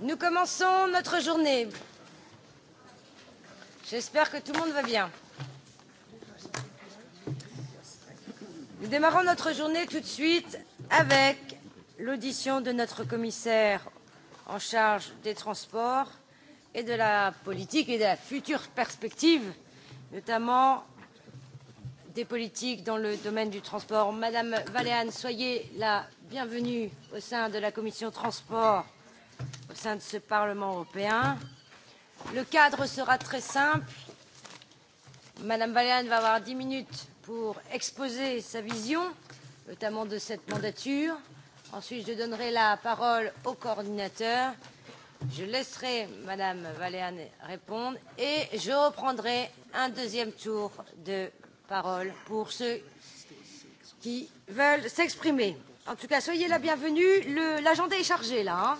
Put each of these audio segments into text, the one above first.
Nous commençons notre journée. J'espère que tout le monde va bien. Nous démarrons notre journée tout de suite avec l'audition de notre commissaire en charge des transports et de la politique et de la future perspective, notamment des politiques dans le domaine du transport. Madame Valéane, soyez la bienvenue au sein de la commission transport sein de ce Parlement européen. Le cadre sera très simple. Madame Valéane va avoir dix minutes pour exposer sa vision, notamment de cette mandature. Ensuite, je donnerai la parole au coordinateur. Je laisserai Madame Valéane répondre et je reprendrai un deuxième tour de parole pour ceux qui veulent s'exprimer. En tout cas, soyez la bienvenue. L'agenda est chargé là. Hein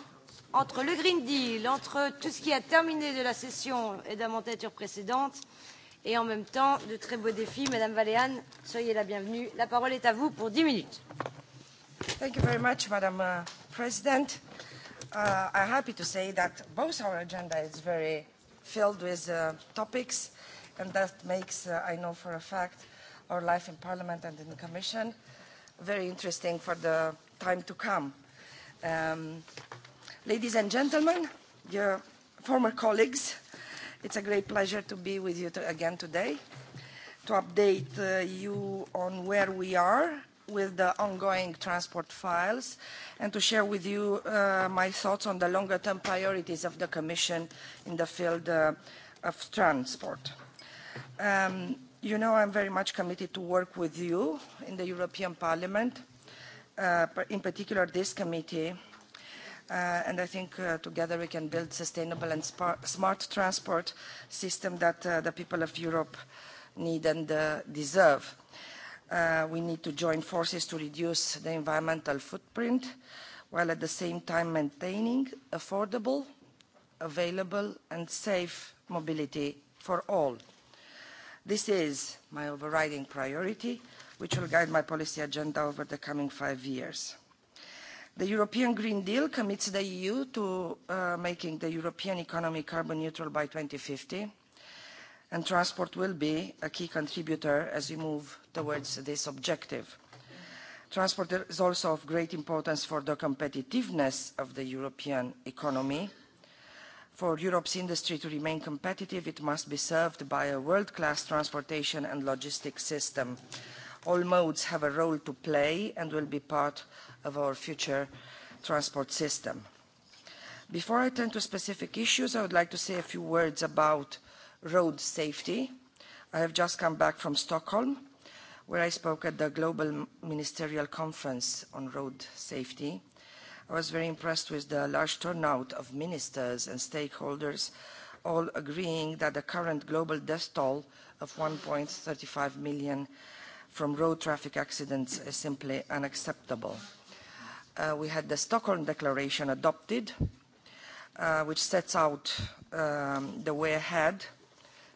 entre le Green Deal, entre tout ce qui a terminé de la session et de la mandature précédente, et en même temps de très beaux défis. Madame Valéane, soyez la bienvenue. La parole est à vous pour 10 minutes. Thank you very much, Madam uh, President. Uh, I'm happy to say that both our agenda is very filled with uh, topics, and that makes, uh, I know for a fact, our life in Parliament and in the Commission very interesting for the time to come. Um, Ladies and gentlemen, your former colleagues, it's a great pleasure to be with you to again today to update uh, you on where we are with the ongoing transport files and to share with you uh, my thoughts on the longer-term priorities of the Commission in the field uh, of transport. Um, you know I'm very much committed to work with you in the European Parliament, uh, in particular this committee, Uh, and I think uh, together we can build sustainable and smart transport system that uh, the people of Europe need and uh, deserve. Uh, we need to join forces to reduce the environmental footprint while at the same time maintaining affordable, available and safe mobility for all. This is my overriding priority, which will guide my policy agenda over the coming five years. The European Green Deal commits the EU to uh, making the European economy carbon neutral by 2050, and transport will be a key contributor as we move towards this objective. Transport is also of great importance for the competitiveness of the European economy. For Europe's industry to remain competitive, it must be served by a world-class transportation and logistics system. Uh, All modes have a role to play and will be part of our future transport system. Before I turn to specific issues, I would like to say a few words about road safety. I have just come back from Stockholm, where I spoke at the Global Ministerial Conference on Road Safety. I was very impressed with the large turnout of ministers and stakeholders, all agreeing that the current global death toll of 1.35 million from road traffic accidents is simply unacceptable. Uh, we had the Stockholm Declaration adopted, uh, which sets out um, the way ahead.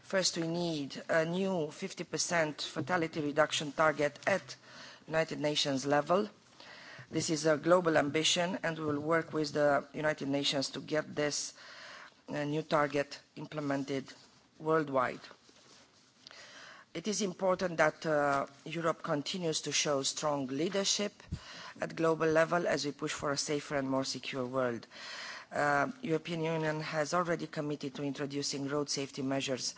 First, we need a new 50% fatality reduction target at United Nations level. This is a global ambition, and we will work with the United Nations to get this uh, new target implemented worldwide. It is important that uh, Europe continues to show strong leadership at global level as we push for a safer and more secure world. Uh, European Union has already committed to introducing road safety measures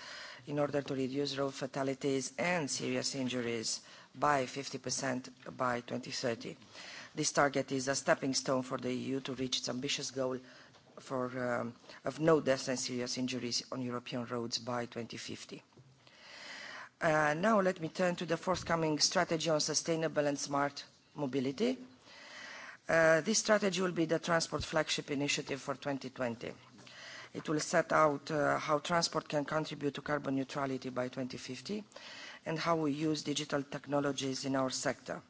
in order to reduce road fatalities and serious injuries by 50% by 2030. This target is a stepping stone for the EU to reach its ambitious goal for, um, of no deaths and serious injuries on European roads by 2050. Uh, now let me turn to the forthcoming strategy on sustainable and smart mobility. Uh, this strategy will be the transport flagship initiative for 2020. It will set out uh, how transport can contribute to carbon neutrality by 2050 and how we use digital technologies in our sector.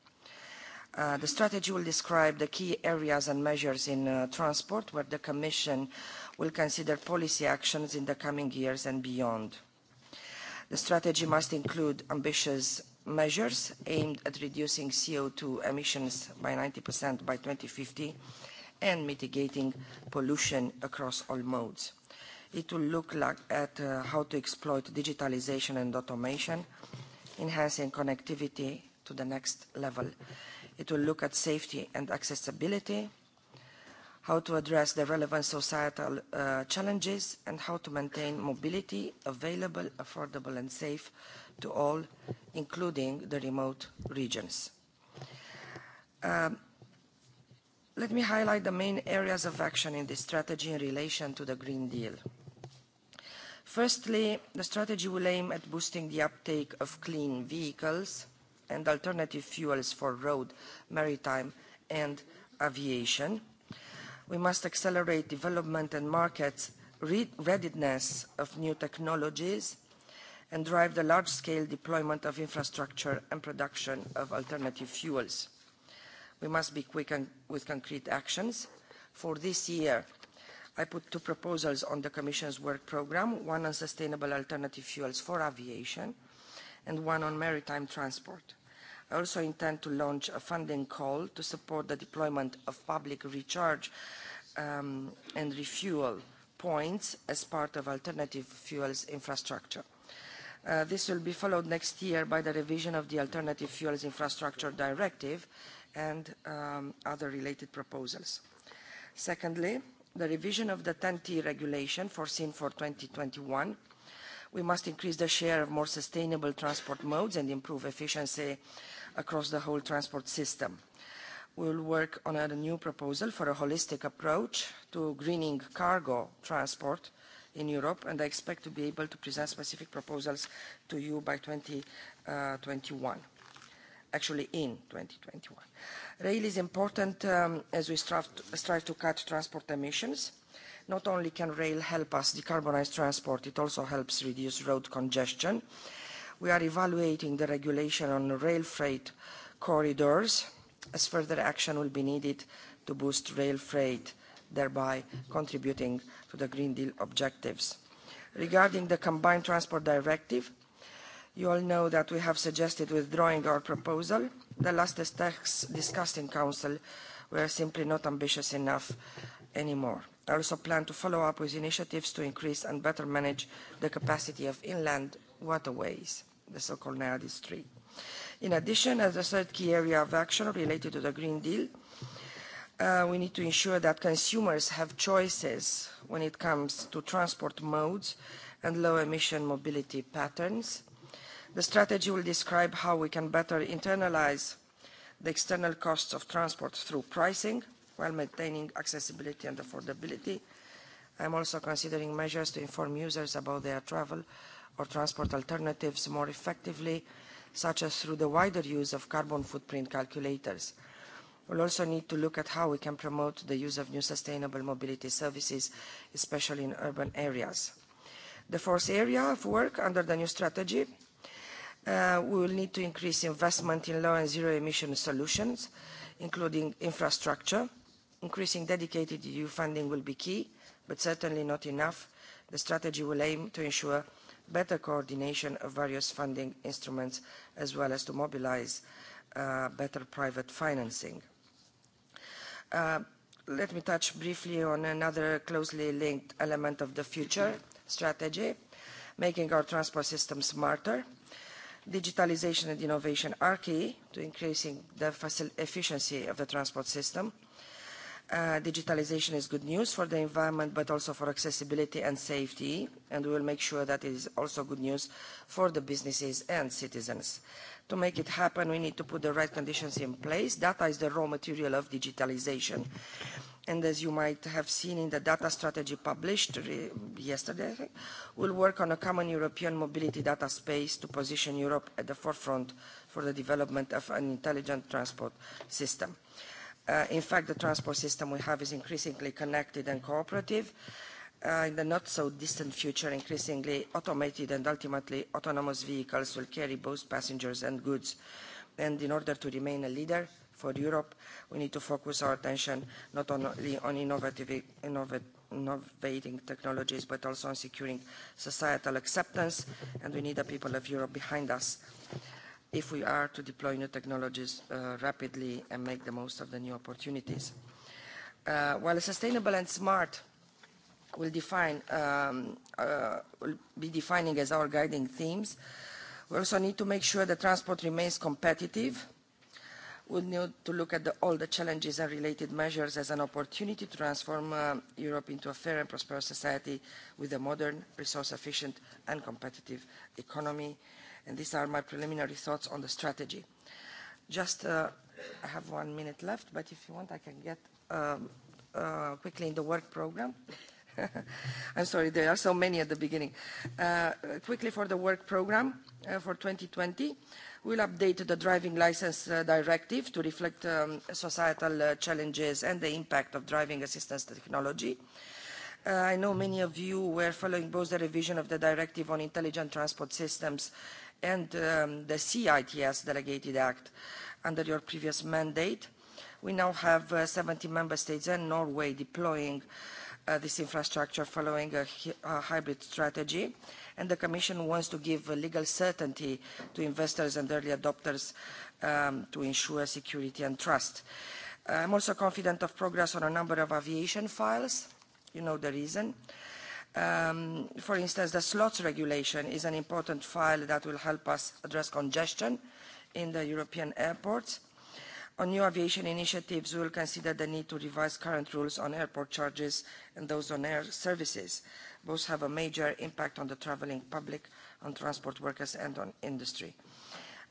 Uh, the strategy will describe the key areas and measures in uh, transport where the Commission will consider policy actions in the coming years and beyond. Uh, The strategy must include ambitious measures aimed at reducing CO2 emissions by 90% by 2050 and mitigating pollution across all modes. It will look like at uh, how to exploit digitalization and automation, enhancing connectivity to the next level. It will look at safety and accessibility, how to address the relevant societal uh, challenges, and how to maintain mobility available, affordable, and safe to all, including the remote regions. Um, let me highlight the main areas of action in this strategy in relation to the Green Deal. Firstly, the strategy will aim at boosting the uptake of clean vehicles and alternative fuels for road, maritime, and aviation. We must accelerate development and market re readiness of new technologies and drive the large-scale deployment of infrastructure and production of alternative fuels. We must be quick and with concrete actions. For this year, I put two proposals on the Commission's work programme, one on sustainable alternative fuels for aviation and one on maritime transport. I also intend to launch a funding call to support the deployment of public recharge um, and refuel points as part of alternative fuels infrastructure. Uh, this will be followed next year by the revision of the Alternative Fuels Infrastructure Directive and um, other related proposals. Secondly, the revision of the TEN-T regulation foreseen for 2021 We must increase the share of more sustainable transport modes and improve efficiency across the whole transport system. We will work on a new proposal for a holistic approach to greening cargo transport in Europe, and I expect to be able to present specific proposals to you by 2021. Uh, Actually, in 2021. Rail is important um, as we strive to, strive to cut transport emissions Not only can rail help us decarbonize transport, it also helps reduce road congestion. We are evaluating the regulation on rail freight corridors, as further action will be needed to boost rail freight, thereby contributing to the Green Deal objectives. Regarding the Combined Transport Directive, you all know that we have suggested withdrawing our proposal. The last attacks discussed in Council were simply not ambitious enough anymore. I also plan to follow up with initiatives to increase and better manage the capacity of inland waterways, the so-called NAIADIS 3. In addition, as the third key area of action related to the Green Deal, uh, we need to ensure that consumers have choices when it comes to transport modes and low-emission mobility patterns. The strategy will describe how we can better internalize the external costs of transport through pricing, while maintaining accessibility and affordability. I'm also considering measures to inform users about their travel or transport alternatives more effectively, such as through the wider use of carbon footprint calculators. We'll also need to look at how we can promote the use of new sustainable mobility services, especially in urban areas. The fourth area of work under the new strategy, uh, we will need to increase investment in low and zero emission solutions, including infrastructure, Increasing dedicated EU funding will be key, but certainly not enough. The strategy will aim to ensure better coordination of various funding instruments as well as to mobilize uh, better private financing. Uh, let me touch briefly on another closely linked element of the future strategy, making our transport system smarter. Digitalization and innovation are key to increasing the efficiency of the transport system Uh, digitalization is good news for the environment, but also for accessibility and safety, and we will make sure that it is also good news for the businesses and citizens. To make it happen, we need to put the right conditions in place. Data is the raw material of digitalization. And as you might have seen in the data strategy published yesterday, we'll work on a common European mobility data space to position Europe at the forefront for the development of an intelligent transport system. Uh, Uh, in fact, the transport system we have is increasingly connected and cooperative. Uh, in the not so distant future, increasingly automated and ultimately autonomous vehicles will carry both passengers and goods. And in order to remain a leader for Europe, we need to focus our attention not only on innovative, innovat, innovating technologies, but also on securing societal acceptance, and we need the people of Europe behind us. Uh, if we are to deploy new technologies uh, rapidly and make the most of the new opportunities. Uh, while sustainable and smart will, define, um, uh, will be defining as our guiding themes, we also need to make sure that transport remains competitive. We'll need to look at the, all the challenges and related measures as an opportunity to transform uh, Europe into a fair and prosperous society with a modern, resource-efficient and competitive economy. Uh, And these are my preliminary thoughts on the strategy. Just, uh, I have one minute left, but if you want, I can get um, uh, quickly in the work program. I'm sorry, there are so many at the beginning. Uh, quickly for the work program uh, for 2020, we'll update the driving license uh, directive to reflect um, societal uh, challenges and the impact of driving assistance technology. Uh, I know many of you were following both the revision of the directive on intelligent transport systems and um, the CITS Delegated Act under your previous mandate. We now have uh, 70 member states and Norway deploying uh, this infrastructure following a, a hybrid strategy, and the Commission wants to give legal certainty to investors and early adopters um, to ensure security and trust. I'm also confident of progress on a number of aviation files. You know the reason. Uh, Um, for instance, the slots regulation is an important file that will help us address congestion in the European airports. On new aviation initiatives, we will consider the need to revise current rules on airport charges and those on air services. Both have a major impact on the traveling public, on transport workers, and on industry. Uh,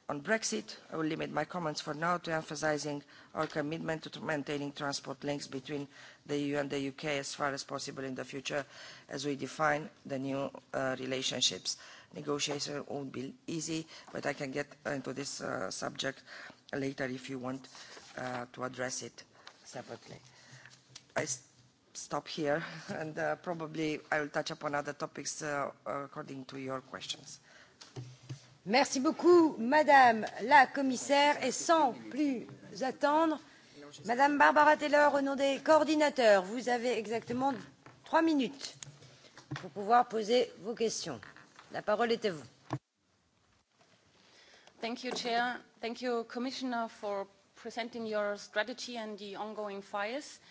On Brexit, I will limit my comments for now to emphasizing our commitment to maintaining transport links between the EU and the U.K. as far as possible in the future as we define the new uh, relationships. Negotiation won't be easy, but I can get into this uh, subject later if you want uh, to address it separately. I stop here, and uh, probably I will touch upon other topics uh, according to your questions. Merci beaucoup, Madame la Commissaire. Et sans plus attendre, Madame Barbara Taylor, au nom des coordinateurs, vous avez exactement trois minutes pour pouvoir poser vos questions. La parole est à vous. Thank you, Chair. Thank you, Commissioner, for presenting your strategy and the ongoing fires. Uh,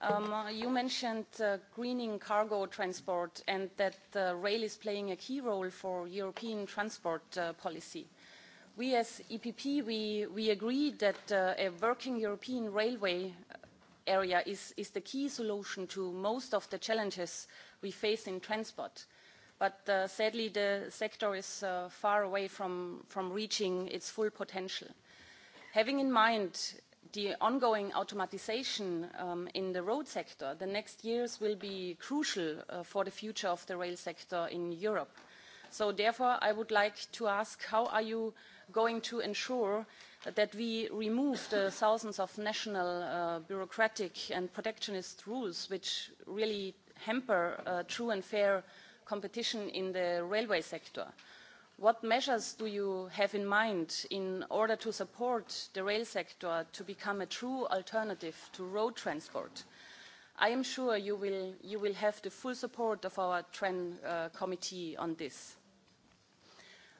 Um, uh, you mentioned uh, greening cargo transport and that uh, rail is playing a key role for European transport uh, policy. We as EPP, we, we agree that uh, a working European railway area is, is the key solution to most of the challenges we face in transport. But uh, sadly, the sector is uh, far away from, from reaching its full potential. Having in mind the ongoing automation um, in the road sector, the next years will be crucial uh, for the future of the rail sector in Europe. So therefore, I would like to ask, how are you going to ensure that we remove the thousands of national uh, bureaucratic and protectionist rules which really hamper uh, true and fair competition in the railway sector? Uh, what measures do you have in mind in order to support the rail sector to become a true alternative to road transport? i am sure you will, you will have the full support of our tran uh, committee on this.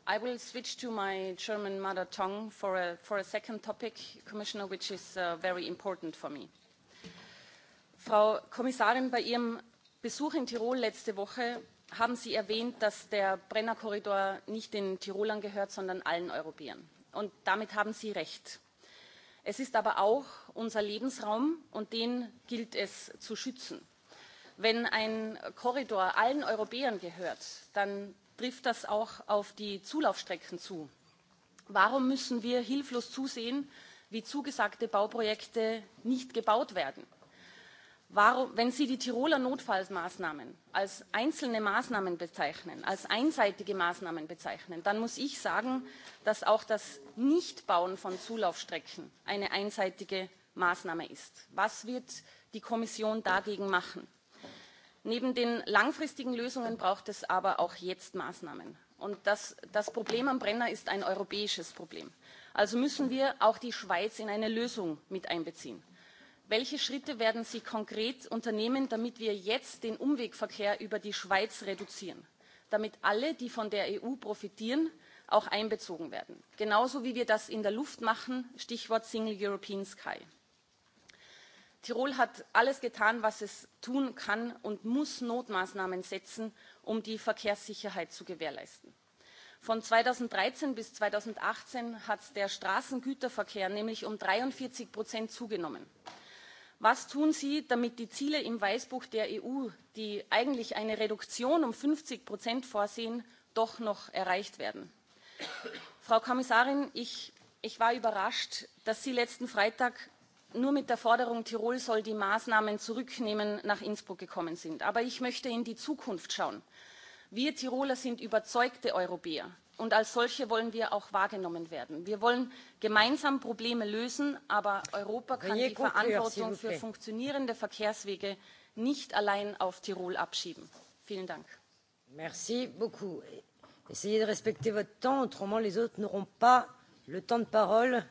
i will switch to my german mother tongue for a, for a second topic commissioner which is uh, very important for me. frau kommissarin bei ihrem besuch in tirol letzte woche haben Sie erwähnt, dass der Brennerkorridor nicht den Tirolern gehört, sondern allen Europäern. Und damit haben Sie recht. Es ist aber auch unser Lebensraum und den gilt es zu schützen. Wenn ein Korridor allen Europäern gehört, dann trifft das auch auf die Zulaufstrecken zu. Warum müssen wir hilflos zusehen, wie zugesagte Bauprojekte nicht gebaut werden? warum, wenn Sie die Tiroler Notfallmaßnahmen als einzelne Maßnahmen bezeichnen, als einseitige Maßnahmen bezeichnen, dann muss ich sagen, dass auch das Nichtbauen von Zulaufstrecken eine einseitige Maßnahme ist. Was wird die Kommission dagegen machen? Neben den langfristigen Lösungen braucht es aber auch jetzt Maßnahmen. Und das, das Problem am Brenner ist ein europäisches Problem. Also müssen wir auch die Schweiz in eine Lösung mit einbeziehen welche schritte werden sie konkret unternehmen damit wir jetzt den umwegverkehr über die schweiz reduzieren damit alle die von der eu profitieren auch einbezogen werden genauso wie wir das in der luft machen stichwort single european sky? tirol hat alles getan was es tun kann und muss notmaßnahmen setzen um die verkehrssicherheit zu gewährleisten. von zweitausenddreizehn bis zweitausendachtzehn hat der straßengüterverkehr nämlich um dreiundvierzig zugenommen was tun sie damit die ziele im weißbuch der eu die eigentlich eine reduktion um fünfzig vorsehen doch noch erreicht werden? frau kommissarin ich war überrascht dass sie letzten freitag nur mit der forderung tirol soll die maßnahmen zurücknehmen nach innsbruck gekommen sind. aber ich möchte in die zukunft schauen. wir tiroler sind überzeugte europäer und als solche wollen wir auch wahrgenommen werden. wir wollen gemeinsam probleme lösen aber europa kann die verantwortung für funktionierende verkehrswege nicht allein auf tirol abschieben. vielen dank. merci beaucoup. essayez de respecter votre temps autrement les autres n'auront pas le temps de parole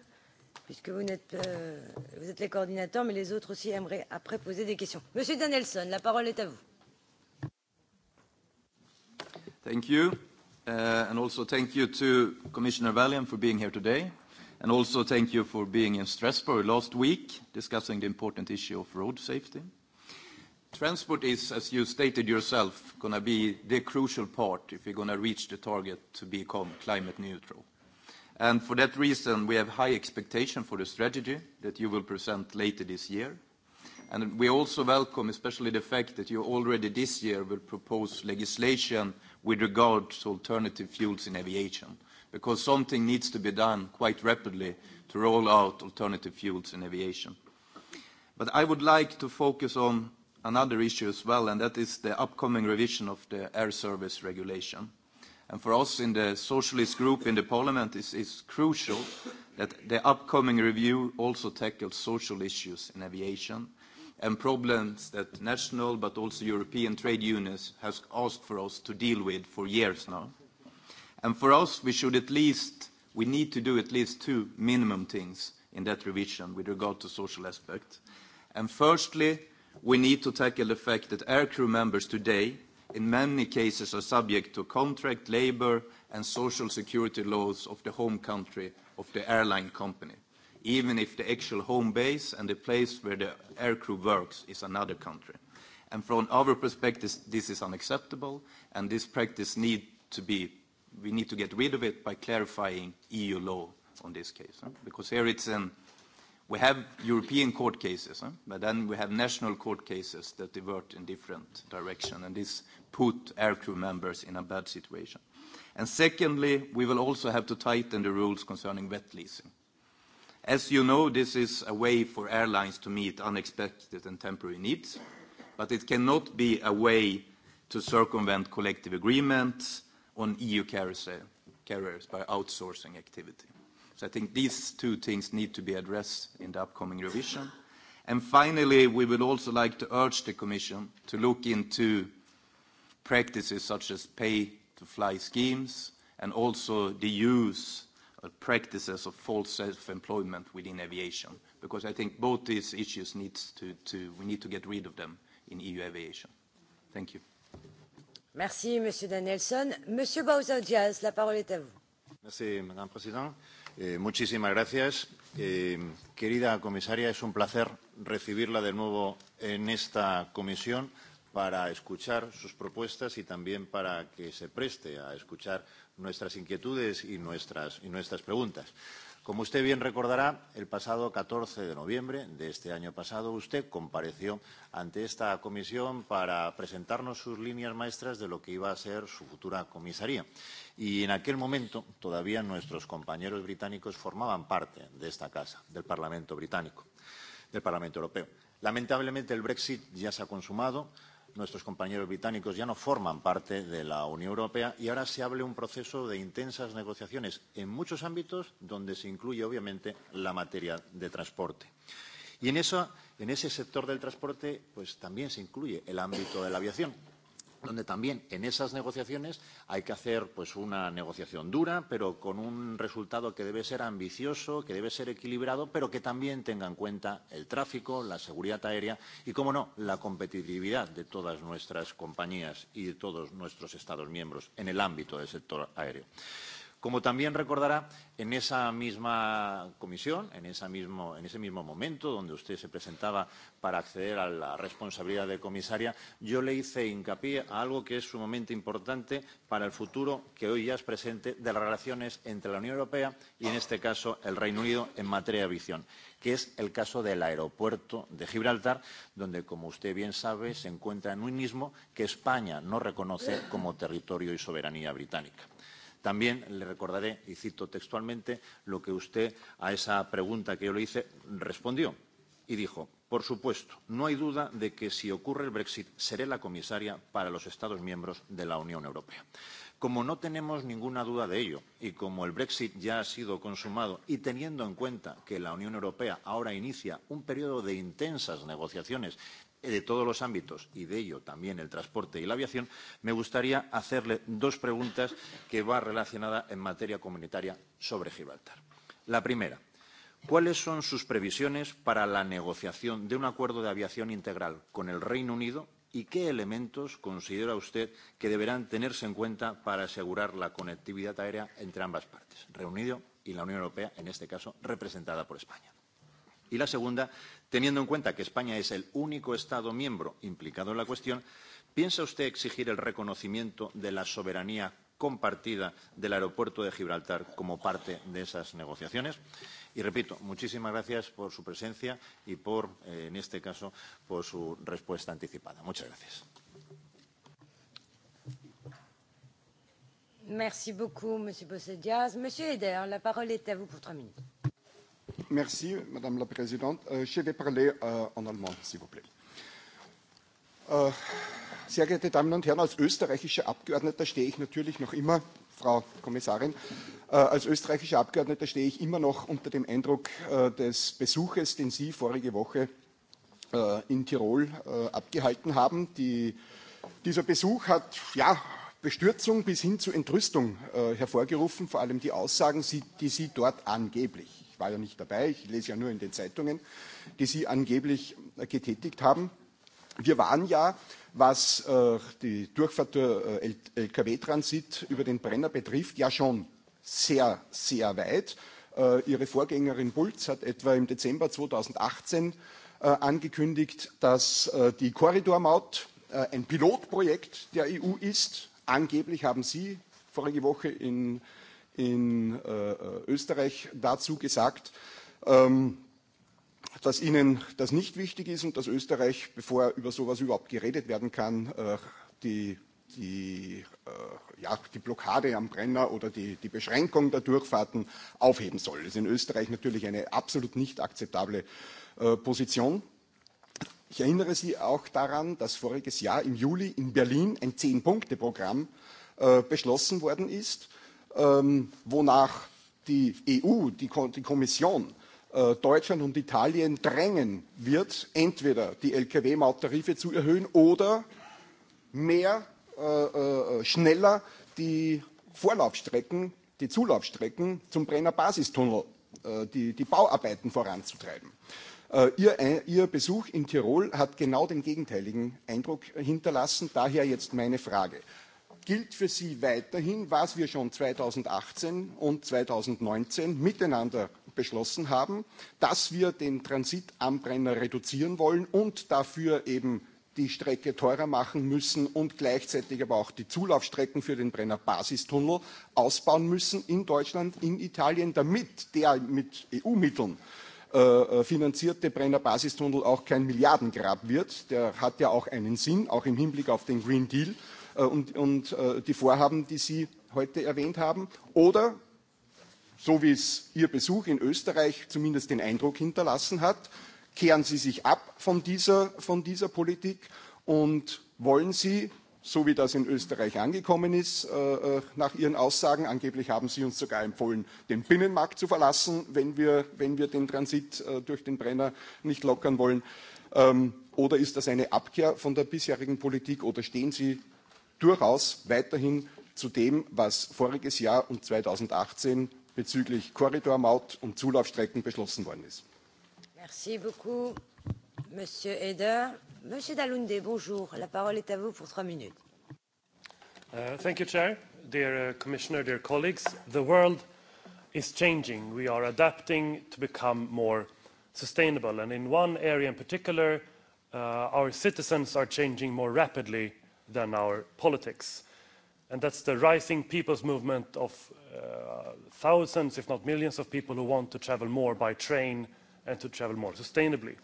puisque vous êtes, euh, vous êtes les coordinateurs mais les autres aussi aimeraient après poser des questions. monsieur danielson la parole est à vous. Thank you. Uh, and also thank you to Commissioner Vălean for being here today, and also thank you for being in Strasbourg last week, discussing the important issue of road safety. Transport is, as you stated yourself, gonna be the crucial part if we're gonna reach the target to become climate neutral. And for that reason, we have high expectation for the strategy that you will present later this year. And we also welcome, especially the fact that you already this year will propose legislation with regard to alternative fuels in aviation, because something needs to be done quite rapidly to roll out alternative fuels in aviation. But I would like to focus on another issue as well, and that is the upcoming revision of the air service regulation. And for us in the socialist group in the parliament, it's, it's crucial that the upcoming review also tackles social issues in aviation and problems that national but also European trade unions has asked for us to deal with for years now. And for us, we should at least, we need to do at least two minimum things in that revision with regard to social aspect. And firstly, we need to tackle the fact that aircrew members today, in many cases, are subject to contract, labor, and social security laws of the home country of the airline company even if the actual home base and the place where the aircrew works is another country. And from our perspective, this is unacceptable, and this practice need to be, we need to get rid of it by clarifying EU law on this case. Huh? Because here it's an, we have European court cases, huh? but then we have national court cases that divert in different direction, and this put aircrew members in a bad situation. And secondly, we will also have to tighten the rules concerning wet leasing As you know, this is a way for airlines to meet unexpected and temporary needs, but it cannot be a way to circumvent collective agreements on EU carriers, carriers by outsourcing activity. So I think these two things need to be addressed in the upcoming revision. And finally, we would also like to urge the Commission to look into practices such as pay-to-fly schemes and also the use Uh, practices of false self-employment within aviation? Because I think both these issues needs to, to we need to get rid of them in EU aviation. Thank you. Merci, Monsieur Danielson. Monsieur Bausa Diaz, la parole est à vous. Merci, Madame la Présidente. Eh, muchísimas gracias. Eh, querida comisaria, es un placer recibirla de nuevo en esta comisión. Eh, para escuchar sus propuestas y también para que se preste a escuchar nuestras inquietudes y nuestras, y nuestras preguntas. Como usted bien recordará, el pasado 14 de noviembre de este año pasado usted compareció ante esta comisión para presentarnos sus líneas maestras de lo que iba a ser su futura comisaría. Y en aquel momento todavía nuestros compañeros británicos formaban parte de esta casa, del Parlamento británico, del Parlamento Europeo. Lamentablemente el Brexit ya se ha consumado, nuestros compañeros británicos ya no forman parte de la Unión Europea y ahora se hable un proceso de intensas negociaciones en muchos ámbitos donde se incluye obviamente la materia de transporte. Y en, eso, en ese sector del transporte pues también se incluye el ámbito de la aviación donde también en esas negociaciones hay que hacer pues una negociación dura, pero con un resultado que debe ser ambicioso, que debe ser equilibrado, pero que también tenga en cuenta el tráfico, la seguridad aérea y, cómo no, la competitividad de todas nuestras compañías y de todos nuestros Estados miembros en el ámbito del sector aéreo. Eh, Como también recordará, en esa misma comisión, en, esa mismo, en ese mismo momento donde usted se presentaba para acceder a la responsabilidad de comisaria, yo le hice hincapié a algo que es sumamente importante para el futuro, que hoy ya es presente, de las relaciones entre la Unión Europea y, en este caso, el Reino Unido en materia de visión que es el caso del aeropuerto de Gibraltar, donde, como usted bien sabe, se encuentra en un mismo que España no reconoce como territorio y soberanía británica. También le recordaré, y cito textualmente, lo que usted a esa pregunta que yo le hice respondió y dijo, por supuesto, no hay duda de que si ocurre el Brexit seré la comisaria para los Estados miembros de la Unión Europea. Como no tenemos ninguna duda de ello y como el Brexit ya ha sido consumado y teniendo en cuenta que la Unión Europea ahora inicia un periodo de intensas negociaciones de todos los ámbitos y de ello también el transporte y la aviación, me gustaría hacerle dos preguntas que van relacionadas en materia comunitaria sobre Gibraltar. La primera, ¿cuáles son sus previsiones para la negociación de un acuerdo de aviación integral con el Reino Unido y qué elementos considera usted que deberán tenerse en cuenta para asegurar la conectividad aérea entre ambas partes, Reino Unido y la Unión Europea, en este caso representada por España? Y la segunda, teniendo en cuenta que España es el único Estado miembro implicado en la cuestión, ¿piensa usted exigir el reconocimiento de la soberanía compartida del aeropuerto de Gibraltar como parte de esas negociaciones. Y repito, muchísimas gracias por su presencia y por, eh, en este caso, por su respuesta anticipada. Muchas gracias. Merci beaucoup, Monsieur Bossé-Diaz. Monsieur Eder, la parole est à vous pour trois minutes. Merci, Madame la Présidente. Euh, je vais parler äh, en allemand, s'il vous plaît. Äh, sehr geehrte Damen und Herren, als österreichischer Abgeordneter stehe ich natürlich noch immer, Frau Kommissarin, äh, als österreichischer Abgeordneter stehe ich immer noch unter dem Eindruck äh, des Besuches, den Sie vorige Woche äh, in Tirol äh, abgehalten haben. Die, dieser Besuch hat ja, Bestürzung bis hin zu Entrüstung äh, hervorgerufen, vor allem die Aussagen, die Sie dort angeblich ich war ja nicht dabei, ich lese ja nur in den Zeitungen, die Sie angeblich äh, getätigt haben. Wir waren ja, was äh, die Durchfahrt der äh, Lkw-Transit über den Brenner betrifft, ja schon sehr, sehr weit. Äh, Ihre Vorgängerin Bulz hat etwa im Dezember 2018 äh, angekündigt, dass äh, die Korridormaut äh, ein Pilotprojekt der EU ist. Angeblich haben Sie vorige Woche in in äh, Österreich dazu gesagt, ähm, dass Ihnen das nicht wichtig ist und dass Österreich, bevor über sowas überhaupt geredet werden kann, äh, die, die, äh, ja, die Blockade am Brenner oder die, die Beschränkung der Durchfahrten aufheben soll. Das ist in Österreich natürlich eine absolut nicht akzeptable äh, Position. Ich erinnere Sie auch daran, dass voriges Jahr im Juli in Berlin ein Zehn-Punkte-Programm äh, beschlossen worden ist, äh, ähm, wonach die EU, die, die Kommission äh, Deutschland und Italien drängen wird, entweder die Lkw-Mauttarife zu erhöhen oder mehr, äh, äh, schneller die Vorlaufstrecken, die Zulaufstrecken zum Brenner Basistunnel, äh, die, die Bauarbeiten voranzutreiben. Äh, ihr, äh, ihr Besuch in Tirol hat genau den gegenteiligen Eindruck hinterlassen. Daher jetzt meine Frage gilt für Sie weiterhin, was wir schon 2018 und 2019 miteinander beschlossen haben, dass wir den Transit am Brenner reduzieren wollen und dafür eben die Strecke teurer machen müssen und gleichzeitig aber auch die Zulaufstrecken für den Brenner Basistunnel ausbauen müssen in Deutschland, in Italien, damit der mit EU-Mitteln äh, äh, finanzierte Brenner Basistunnel auch kein Milliardengrab wird. Der hat ja auch einen Sinn, auch im Hinblick auf den Green Deal. Äh, und, und äh, die Vorhaben, die Sie heute erwähnt haben? Oder, so wie es Ihr Besuch in Österreich zumindest den Eindruck hinterlassen hat, kehren Sie sich ab von dieser, von dieser Politik und wollen Sie, so wie das in Österreich angekommen ist, äh, nach Ihren Aussagen, angeblich haben Sie uns sogar empfohlen, den Binnenmarkt zu verlassen, wenn wir, wenn wir den Transit durch den Brenner nicht lockern wollen. Ähm, oder ist das eine Abkehr von der bisherigen Politik oder stehen Sie durchaus weiterhin zu dem, was voriges Jahr und 2018 bezüglich Korridormaut und Zulaufstrecken beschlossen worden ist. Merci beaucoup, Monsieur Eder. Monsieur Dalunde, bonjour. La parole est à vous pour trois minutes. Uh, thank you, Chair. Dear uh, Commissioner, dear colleagues, the world is changing. We are adapting to become more sustainable. And in one area in particular, uh, our citizens are changing more rapidly than our politics. And that's the rising people's movement of uh, thousands, if not millions, of people who want to travel more by train and to travel more sustainably.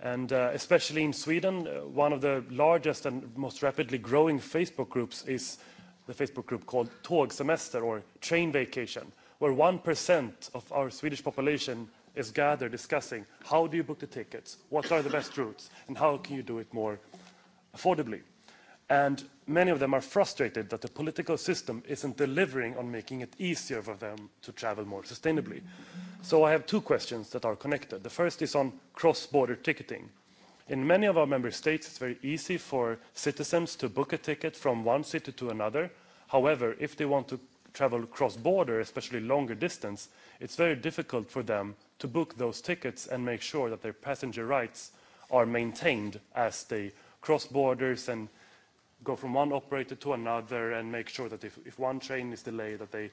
And uh, especially in Sweden, uh, one of the largest and most rapidly growing Facebook groups is the Facebook group called Tåg Semester or Train Vacation, where 1% of our Swedish population is gathered discussing how do you book the tickets, what are the best routes, and how can you do it more affordably and many of them are frustrated that the political system isn't delivering on making it easier for them to travel more sustainably. So I have two questions that are connected. The first is on cross-border ticketing. In many of our member states, it's very easy for citizens to book a ticket from one city to another. However, if they want to travel cross-border, especially longer distance, it's very difficult for them to book those tickets and make sure that their passenger rights are maintained as they cross borders and go from one operator to another and make sure that if, if one train is delayed that they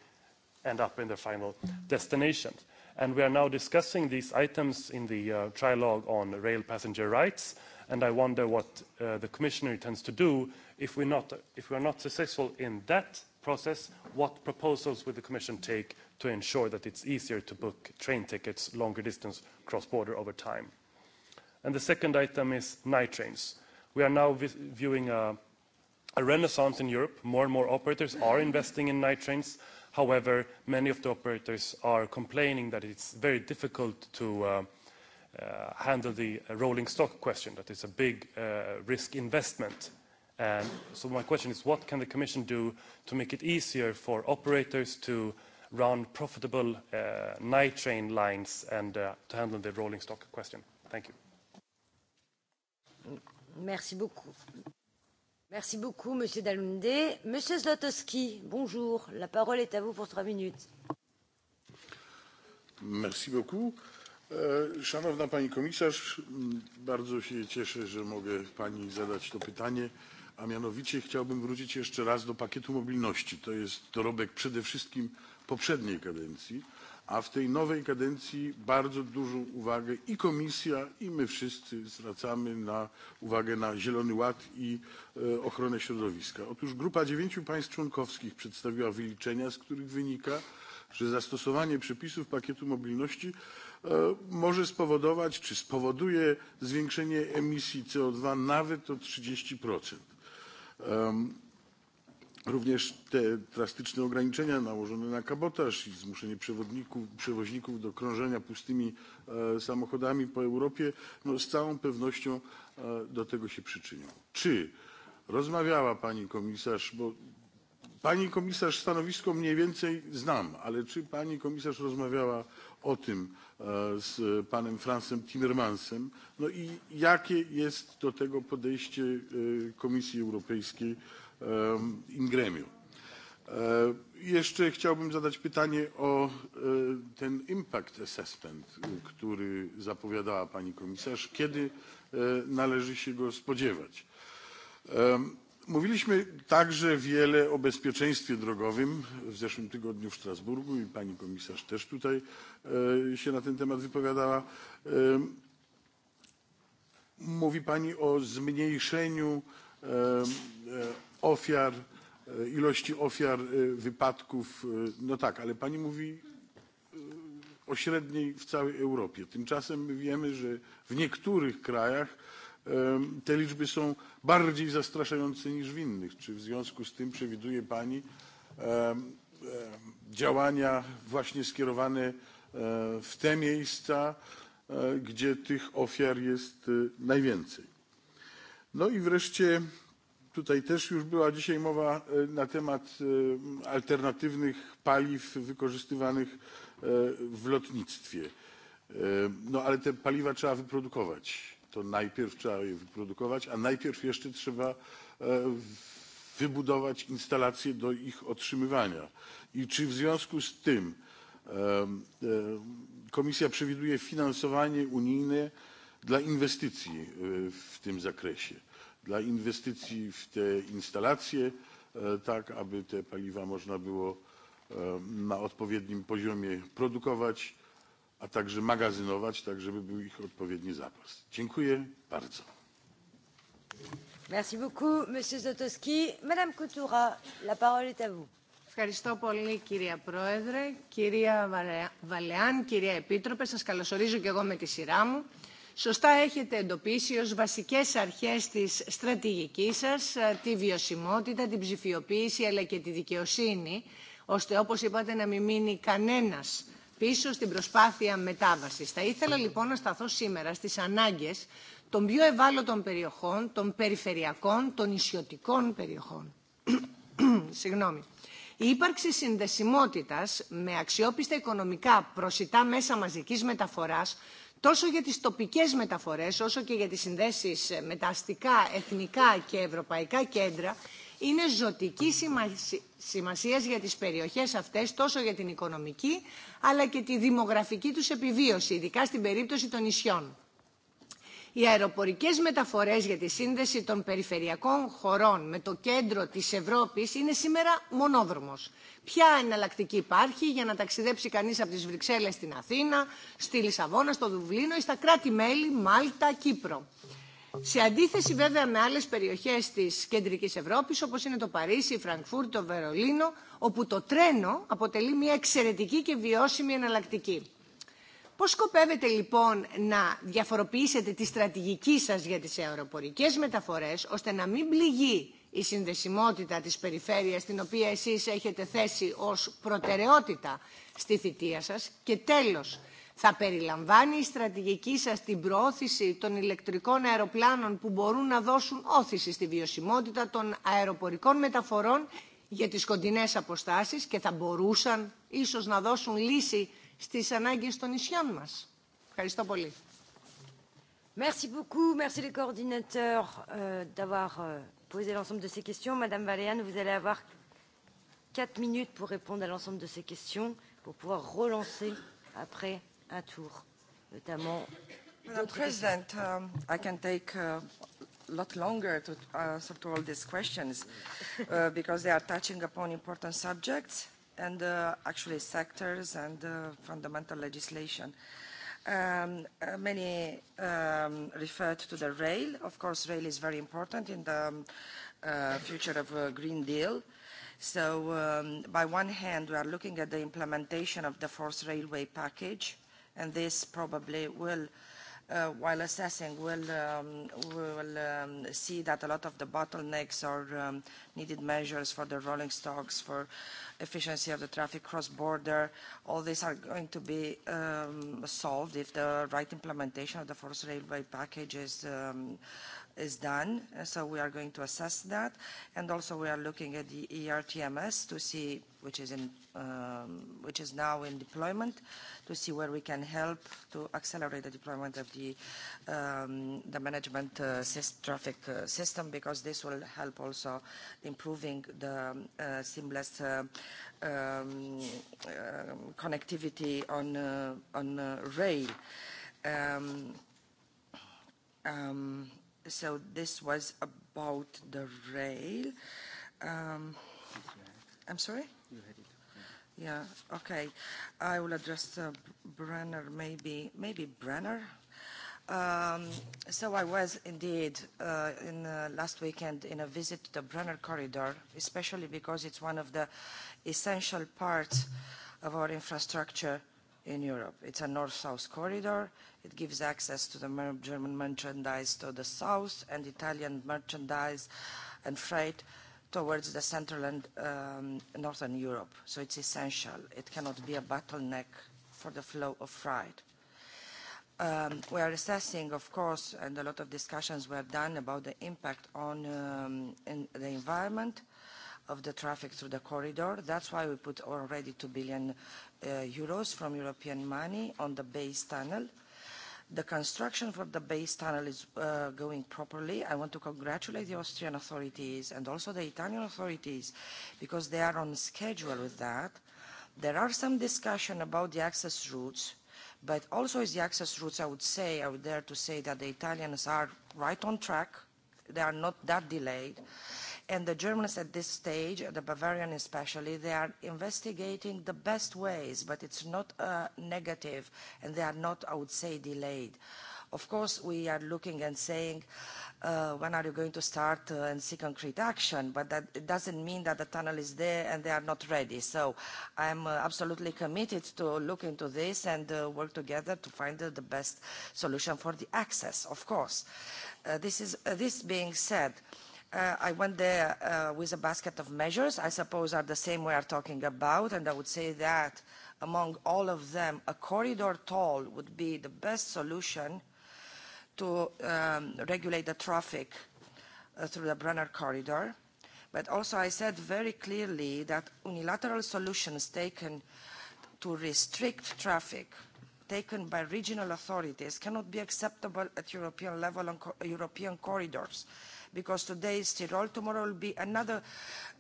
end up in their final destination. And we are now discussing these items in the uh, trilogue on rail passenger rights, and I wonder what uh, the Commissioner intends to do if we're, not, if we're not successful in that process, what proposals will the Commission take to ensure that it's easier to book train tickets longer distance cross-border over time? And the second item is night trains. We are now viewing a a renaissance in Europe. More and more operators are investing in night trains. However, many of the operators are complaining that it's very difficult to uh, uh, handle the rolling stock question, that it's a big uh, risk investment. And so my question is, what can the Commission do to make it easier for operators to run profitable uh, night train lines and uh, to handle the rolling stock question? Thank you. Merci beaucoup. Merci beaucoup, Monsieur Dalunde. Monsieur Zlotowski, bonjour. La parole est à vous pour trois minutes. Merci beaucoup. E, szanowna Pani Komisarz, bardzo się cieszę, że mogę Pani zadać to pytanie, a mianowicie chciałbym wrócić jeszcze raz do pakietu mobilności. To jest dorobek przede wszystkim poprzedniej kadencji a w tej nowej kadencji bardzo dużą uwagę i komisja i my wszyscy zwracamy na uwagę na zielony ład i e, ochronę środowiska. otóż grupa dziewięciu państw członkowskich przedstawiła wyliczenia z których wynika że zastosowanie przepisów pakietu mobilności e, może spowodować czy spowoduje zwiększenie emisji co dwa nawet o trzydzieści procent Również te drastyczne ograniczenia nałożone na kabotaż i zmuszenie przewoźników do krążenia pustymi e, samochodami po Europie no, z całą pewnością e, do tego się przyczynią. Czy rozmawiała pani komisarz, bo pani komisarz stanowisko mniej więcej znam, ale czy pani komisarz rozmawiała o tym e, z panem Fransem Timmermansem? No i jakie jest do tego podejście e, Komisji Europejskiej? in gremium. E, jeszcze chciałbym zadać pytanie o e, ten impact assessment, który zapowiadała pani komisarz. Kiedy e, należy się go spodziewać? Mówiliśmy także wiele o bezpieczeństwie drogowym w zeszłym tygodniu w Strasburgu i pani komisarz też tutaj się na ten temat wypowiadała. Mówi pani o zmniejszeniu ofiar, e, ilości ofiar e, wypadków. E, no tak, ale pani mówi o średniej w całej Europie. Tymczasem my wiemy, że w niektórych krajach te liczby są bardziej zastraszające niż w innych. Czy w związku z tym przewiduje Pani działania właśnie skierowane w te miejsca, gdzie tych ofiar jest najwięcej? No i wreszcie Tutaj też już była dzisiaj mowa e, na temat e, alternatywnych paliw wykorzystywanych e, w lotnictwie. No ale te paliwa trzeba wyprodukować. To najpierw trzeba je wyprodukować, a najpierw jeszcze trzeba wybudować instalacje do ich otrzymywania. I czy w związku z tym Komisja przewiduje finansowanie unijne dla inwestycji w tym zakresie? dla inwestycji w te instalacje, e, tak aby te paliwa można było e, na odpowiednim poziomie produkować, a także magazynować, tak żeby był ich odpowiedni zapas. Dziękuję bardzo. Merci beaucoup, Monsieur Zotowski. Madame Coutura, la parole est à vous. Ευχαριστώ πολύ κυρία Πρόεδρε, κυρία Βαλεάν, κυρία Επίτροπε. Σας καλωσορίζω και εγώ με τη σειρά μου σωστά έχετε εντοπίσει ως βασικές αρχές της στρατηγικής σας τη βιωσιμότητα, την ψηφιοποίηση αλλά και τη δικαιοσύνη, ώστε όπως είπατε να μην μείνει κανένας πίσω στην προσπάθεια μετάβασης. Θα ήθελα λοιπόν να σταθώ σήμερα στις ανάγκες των πιο ευάλωτων περιοχών, των περιφερειακών, των ισιωτικών περιοχών. Συγγνώμη. Η ύπαρξη συνδεσιμότητας με αξιόπιστα οικονομικά προσιτά μέσα μαζικής μεταφοράς τόσο για τις τοπικές μεταφορές όσο και για τις συνδέσεις με τα αστικά, εθνικά και ευρωπαϊκά κέντρα είναι ζωτική σημασία για τις περιοχές αυτές τόσο για την οικονομική αλλά και τη δημογραφική τους επιβίωση, ειδικά στην περίπτωση των νησιών οι αεροπορικές μεταφορές για τη σύνδεση των περιφερειακών χωρών με το κέντρο της Ευρώπης είναι σήμερα μονόδρομος. Ποια εναλλακτική υπάρχει για να ταξιδέψει κανείς από τις Βρυξέλλες στην Αθήνα, στη Λισαβόνα, στο Δουβλίνο ή στα κράτη-μέλη Μάλτα, Κύπρο. Σε αντίθεση βέβαια με άλλες περιοχές της κεντρικής Ευρώπης, όπως είναι το Παρίσι, η Φραγκφούρτη, το Βερολίνο, όπου το τρένο αποτελεί μια εξαιρετική και βιώσιμη εναλλακτική. Πώς σκοπεύετε λοιπόν να διαφοροποιήσετε τη στρατηγική σας για τις αεροπορικές μεταφορές, ώστε να μην πληγεί η συνδεσιμότητα της περιφέρειας, την οποία εσείς έχετε θέσει ως προτεραιότητα στη θητεία σας. Και τέλος, θα περιλαμβάνει η στρατηγική σας την προώθηση των ηλεκτρικών αεροπλάνων που μπορούν να δώσουν όθηση στη βιωσιμότητα των αεροπορικών μεταφορών για τις κοντινές αποστάσεις και θα μπορούσαν ίσως να δώσουν λύση στις ανάγκες των νησιών μας. Ευχαριστώ πολύ. Merci beaucoup, merci les coordinateurs euh, d'avoir euh, posé l'ensemble de ces questions. Madame Valéane, vous allez avoir quatre minutes pour répondre à l'ensemble de ces questions, pour pouvoir relancer après un tour, notamment. Madame President, um, I can take uh, a lot longer to uh, answer to all these questions uh, because they are touching upon important subjects and uh, actually sectors and uh, fundamental legislation. Um, uh, many um, referred to the rail. Of course, rail is very important in the um, uh, future of uh, Green Deal. So um, by one hand, we are looking at the implementation of the fourth railway package, and this probably will uh, uh, while assessing, we'll, um, we will um, see that a lot of the bottlenecks or um, needed measures for the rolling stocks, for efficiency of the traffic cross-border, all these are going to be um, solved if the right implementation of the forced railway package is um, uh, is done. So we are going to assess that. And also we are looking at the ERTMS to see, which is, in, um, which is now in deployment, to see where we can help to accelerate the deployment of the, um, the management uh, traffic uh, system, because this will help also improving the um, uh, seamless uh, um, uh, connectivity on, uh, on uh, rail. Um, um, so this was about the rail. Um, I'm sorry? You had it. Yeah, okay. I will address uh, Brenner, maybe, maybe Brenner. Um, so I was indeed uh, in uh, last weekend in a visit to the Brenner corridor, especially because it's one of the essential parts of our infrastructure uh, in Europe. It's a north-south corridor. It gives access to the German merchandise to the south and Italian merchandise and freight towards the central and um, northern Europe. So it's essential. It cannot be a bottleneck for the flow of freight. Um, we are assessing, of course, and a lot of discussions were done about the impact on um, in the environment. Uh, of the traffic through the corridor. That's why we put already 2 billion uh, euros from European money on the base tunnel. The construction for the base tunnel is uh, going properly. I want to congratulate the Austrian authorities and also the Italian authorities because they are on schedule with that. There are some discussion about the access routes, but also as the access routes, I would say, I would dare to say that the Italians are right on track. They are not that delayed. Uh, And the Germans at this stage, the Bavarian especially, they are investigating the best ways, but it's not uh, negative, and they are not, I would say, delayed. Of course, we are looking and saying, uh, when are you going to start uh, and see concrete action? But that it doesn't mean that the tunnel is there and they are not ready. So I'm uh, absolutely committed to look into this and uh, work together to find uh, the best solution for the access, of course. Uh, this, is, uh, this being said, uh, Uh, I went there uh, with a basket of measures, I suppose are the same we are talking about, and I would say that among all of them, a corridor toll would be the best solution to um, regulate the traffic uh, through the Brenner corridor. But also I said very clearly that unilateral solutions taken to restrict traffic taken by regional authorities cannot be acceptable at European level on co European corridors. Uh, because today is Tyrol, tomorrow will be another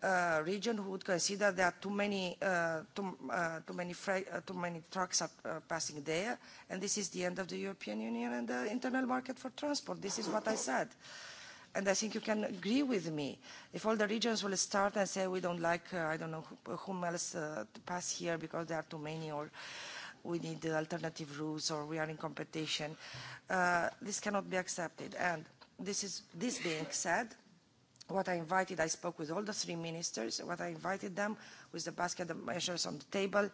uh, region who would consider there are too many, uh, too, uh, too, many fra uh, too many trucks are uh, passing there, and this is the end of the European Union and the internal market for transport. This is what I said. And I think you can agree with me. If all the regions will start and say, we don't like, uh, I don't know, whom else uh, to pass here because there are too many or... Uh, we need alternative rules or we are in competition. Uh, this cannot be accepted. And This, is, this being said, what I invited, I spoke with all the three ministers, what I invited them with the basket of measures on the table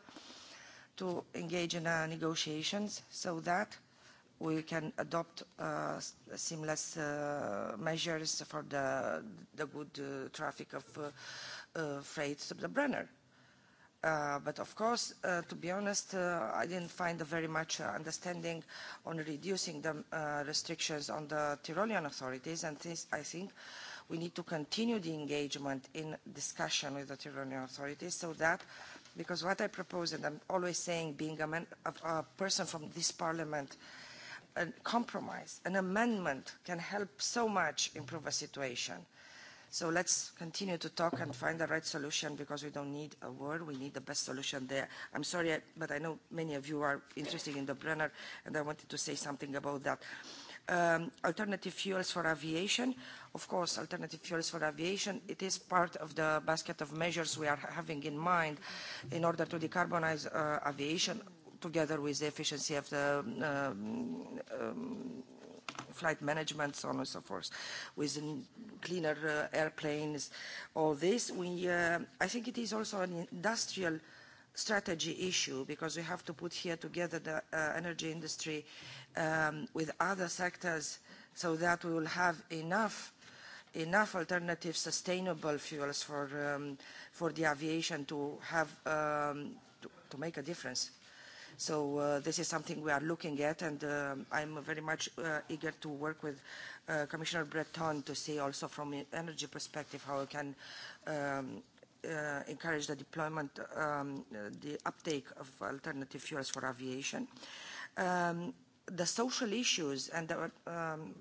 to engage in uh, negotiations so that we can adopt uh, seamless uh, measures for the, the good uh, traffic of uh, uh, freight to the Brenner. Uh, Uh, but of course, uh, to be honest, uh, I didn't find a very much uh, understanding on reducing the uh, restrictions on the Tyrolean authorities, and this, I think we need to continue the engagement in discussion with the Tyrolean authorities so that, because what I propose, and I'm always saying being a, man, a, a person from this parliament, a compromise, an amendment can help so much improve a situation. Uh, So let's continue to talk and find the right solution because we don't need a war, we need the best solution there. I'm sorry, but I know many of you are interested in the Brenner and I wanted to say something about that. Um, alternative fuels for aviation, of course, alternative fuels for aviation, it is part of the basket of measures we are having in mind in order to decarbonize uh, aviation together with the efficiency of the um, um, flight management, so on and so forth, with cleaner uh, airplanes, all this. We, uh, I think it is also an industrial strategy issue because we have to put here together the uh, energy industry um, with other sectors so that we will have enough enough alternative sustainable fuels for um, for the aviation to have um, to, to make a difference So uh, this is something we are looking at, and uh, I'm very much uh, eager to work with uh, Commissioner Breton to see also from an energy perspective how we can um, uh, encourage the deployment, um, the uptake of alternative fuels for aviation. Um, the social issues and the, um,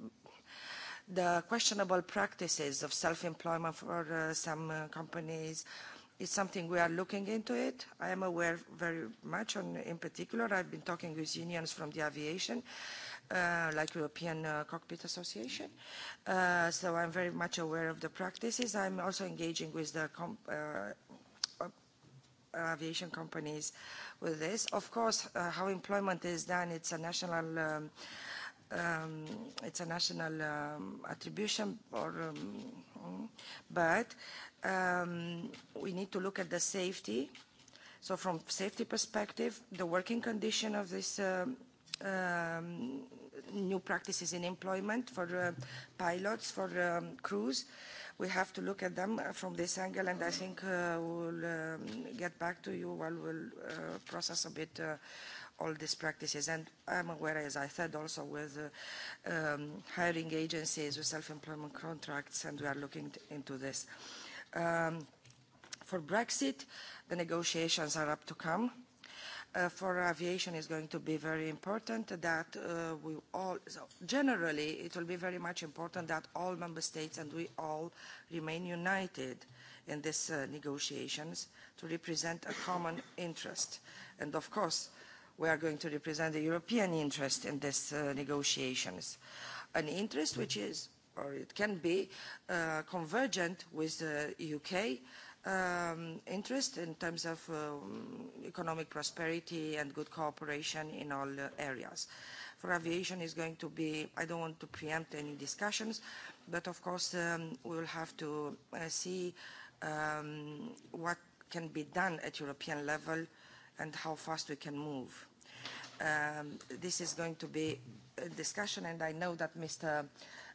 the questionable practices of self-employment for uh, some uh, companies, uh, It's something we are looking into it. I am aware very much, and in particular, I've been talking with unions from the aviation, uh, like European uh, Cockpit Association. Uh, so I'm very much aware of the practices. I'm also engaging with the com uh, uh aviation companies with this. Of course, uh, how employment is done, it's a national um, um, it's a national um, attribution, or um, but um, we need to look at the safety. So from safety perspective, the working condition of this uh, um, new practices in employment for uh, pilots, for um, crews. We have to look at them uh, from this angle, and I think uh, we'll um, get back to you while we'll uh, process a bit uh, all these practices. And I'm aware, as I said, also with uh, um, hiring agencies, with self-employment contracts, and we are looking into this. Uh, Um, for Brexit, the negotiations are up to come. Uh, for aviation is going to be very important that uh, we all, so generally it will be very much important that all member states and we all remain united in these uh, negotiations to represent a common interest. And of course, we are going to represent the European interest in these uh, negotiations, an interest which is or it can be uh, convergent with the UK um, interest in terms of um, economic prosperity and good cooperation in all uh, areas. For aviation is going to be, I don't want to preempt any discussions, but of course um, we will have to uh, see um, what can be done at European level and how fast we can move. Um, this is going to be a discussion and I know that Mr. Uh,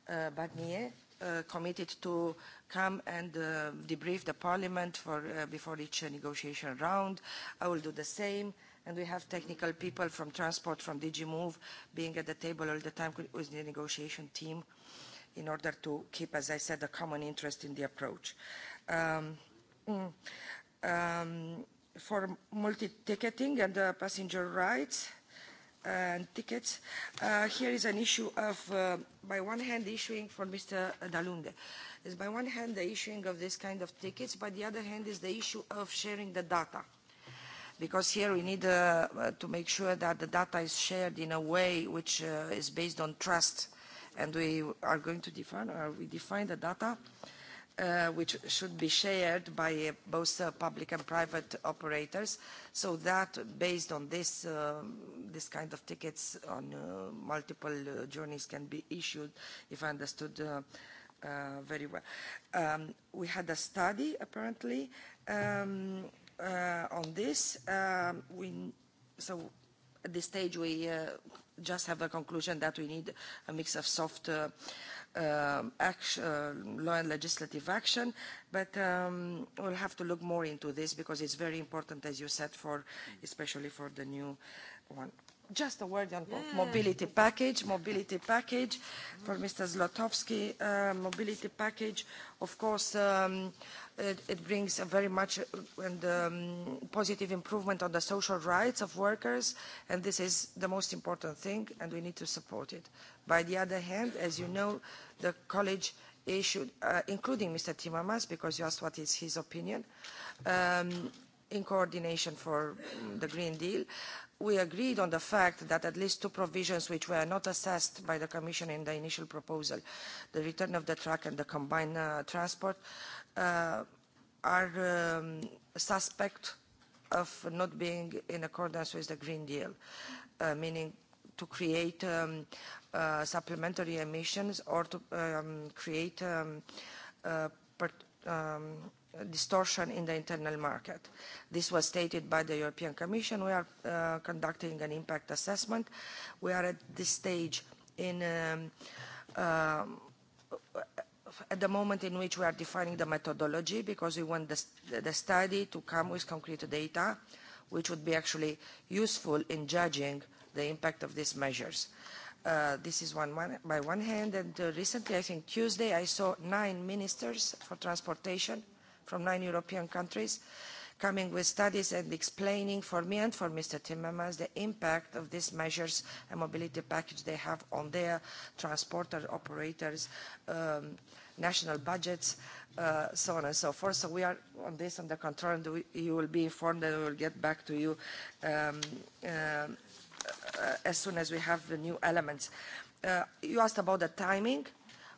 uh, Barnier uh, committed to come and uh, debrief the Parliament for, uh, before each uh, negotiation round. I will do the same. And we have technical people from transport, from DG Move, being at the table all the time with the negotiation team in order to keep, as I said, a common interest in the approach. Um, mm, um, for multi-ticketing and uh, passenger rights, uh, and tickets. Uh, here is an issue of, uh, by one hand, issuing for Mr. Dalunde. Is by one hand the issuing of this kind of tickets, by the other hand is the issue of sharing the data. Because here we need uh, uh to make sure that the data is shared in a way which uh, is based on trust. And we are going to define, or uh, we define the data uh, Uh, which should be shared by uh, both uh, public and private operators, so that based on this, uh, this kind of tickets on uh, multiple uh, journeys can be issued, if I understood very well. Um, we had a study, apparently, um, on this. Um, we, so at this stage, we just have a conclusion that we need a mix of soft um, uh, action, uh, law and legislative action, but um, we'll have to look more into this because it's very important, as you said, for especially for the new one. Just a word on yeah. mobility package. Mobility package for Mr. Zlotowski. Uh, mobility package, of course, um, it, it brings a very much uh, and, um, positive improvement on the social rights of workers, and this is the most important thing, and we need to support it. By the other hand, as you know, the college issued, uh, including Mr. Timmermans, because you asked what is his opinion, um, in coordination for mm, the Green Deal, uh, we agreed on the fact that at least two provisions which were not assessed by the Commission in the initial proposal, the return of the truck and the combined uh, transport, uh, are um, suspect of not being in accordance with the Green Deal, uh, meaning to create um, uh, supplementary emissions or to um, create um, uh, per, um, Uh, distortion in the internal market. This was stated by the European Commission. We are uh, conducting an impact assessment. We are at this stage in um, um, at the moment in which we are defining the methodology because we want the, the study to come with concrete data which would be actually useful in judging the impact of these measures. Uh, this is one, one by one hand and uh, recently I think Tuesday I saw nine ministers for transportation from nine European countries coming with studies and explaining for me and for Mr. Timmermans the impact of these measures and mobility package they have on their transporter operators, um, national budgets, uh, so on and so forth. So we are on this under control and we, you will be informed and we will get back to you um, uh, uh, as soon as we have the new elements. Uh, you asked about the timing.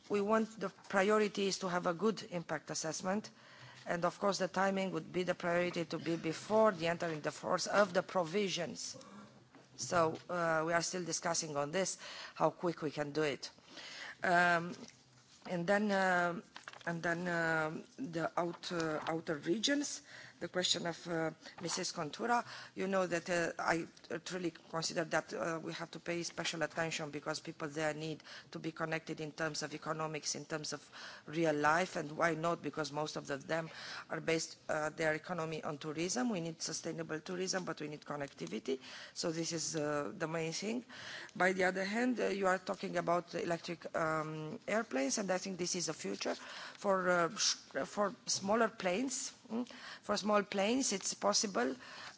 We want the priority is to have a good impact assessment. Uh, and of course the timing would be the priority to be before the entering the force of the provisions. So uh, we are still discussing on this, how quick we can do it. Um, and then, uh, and then uh, the out, uh, outer regions. Uh, the question of uh, Mrs. Contura, you know that uh, I uh, truly consider that uh, we have to pay special attention because people there need to be connected in terms of economics, in terms of real life, and why not? Because most of the, them are based uh, their economy on tourism. We need sustainable tourism, but we need connectivity. So this is uh, the main thing. By the other hand, uh, you are talking about electric um, airplanes, and I think this is the future for uh, for smaller planes Hmm? For small planes, it's possible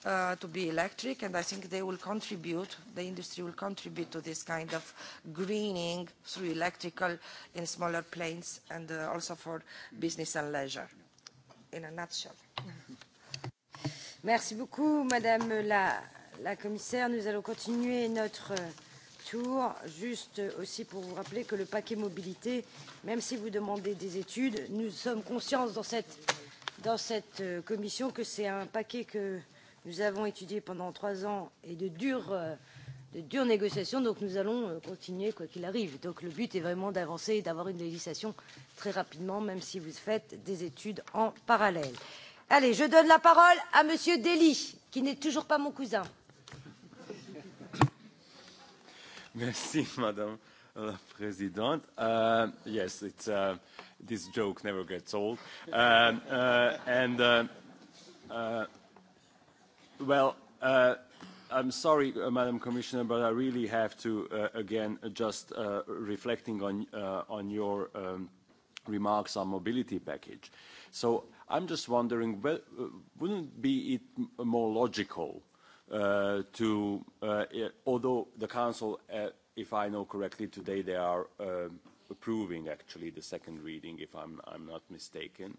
uh, to be electric, and I think they will contribute, the industry will contribute to this kind of greening through electrical in smaller planes and uh, also for business and leisure, in a nutshell. Merci beaucoup, Madame la, la Commissaire. Nous allons continuer notre euh, tour, juste aussi pour vous rappeler que le paquet mobilité, même si vous demandez des études, nous sommes conscients dans cette dans cette euh, commission que c'est un paquet que nous avons étudié pendant trois ans et de dures, euh, de dures négociations, donc nous allons euh, continuer quoi qu'il arrive. Donc le but est vraiment d'avancer et d'avoir une législation très rapidement, même si vous faites des études en parallèle. Allez, je donne la parole à Monsieur Dely, qui n'est toujours pas mon cousin. Merci, Madame la Présidente. Uh, yes, it's uh, this joke never gets old. Uh, uh, and uh, uh, well, uh, I'm sorry, uh, Madam Commissioner, but I really have to uh, again uh, just uh, reflecting on uh, on your um, remarks on mobility package. So I'm just wondering, well, uh, wouldn't be it more logical uh, to, uh, although the council, uh, if I know correctly, today they are. Um, approving actually the second reading, if I'm, I'm not mistaken.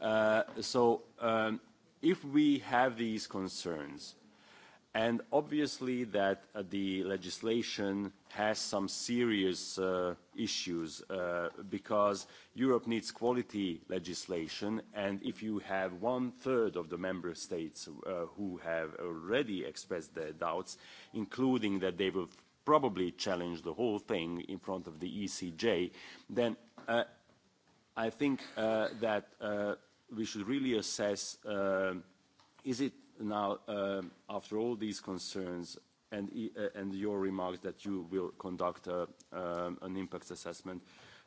Uh, so um, if we have these concerns, and obviously that uh, the legislation has some serious uh, issues uh, because Europe needs quality legislation and if you have one third of the member states uh, who have already expressed their doubts, including that they will probably challenge the whole thing in front of the ECJ, then uh, I think uh, that uh, we should really assess uh, is it now, uh, after all these concerns and, e, uh, and your remarks that you will conduct a, uh, um, an impact assessment,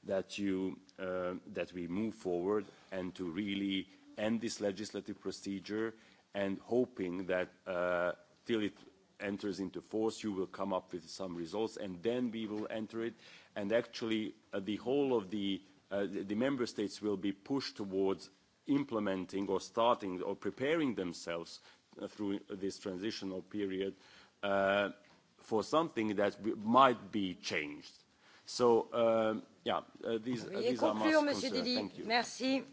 that, you, uh, that we move forward and to really end this legislative procedure and hoping that uh, till it enters into force, you will come up with some results, and then we will enter it. And actually, uh, the whole of the, uh, the, the member states will be pushed towards implementing or starting or preparing themselves uh, through this transitional period uh, for something that might be changed. So, um, yeah, uh, these, uh, these conclure, are my Monsieur concerns. Didi. Thank you. Merci.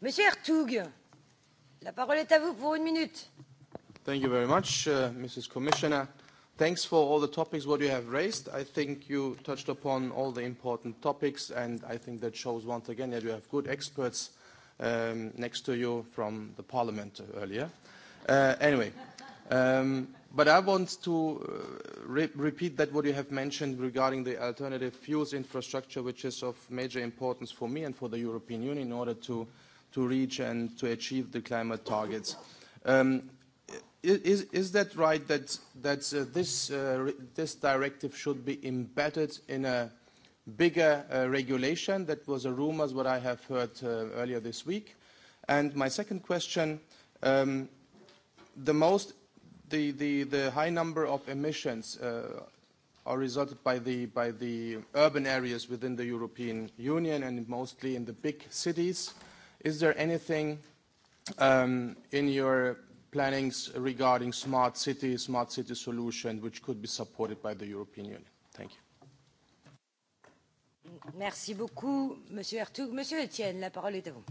Monsieur Hertoug, la parole est à vous pour une minute. Thank you very much, uh, Mrs. Commissioner. Thanks for all the topics what you have raised. I think you touched upon all the important topics, and I think that shows once again that you have good experts um, next to you from the parliament earlier. Uh, anyway, um, but I want to uh, re repeat that what you have mentioned regarding the alternative fuels infrastructure, which is of major importance for me and for the European Union in order to, to reach and to achieve the climate targets. Um, Is, is that right that, that uh, this, uh, this directive should be embedded in a bigger uh, regulation? That was a rumor, what I have heard uh, earlier this week. And my second question, um, the most, the, the, the high number of emissions uh, are resulted by the, by the urban areas within the European Union and mostly in the big cities. Is there anything um, in your plannings regarding smart city, smart city solution, which could be supported by the European Union. Thank you. Merci beaucoup, Monsieur Hertug. Monsieur Etienne, la parole est à vous.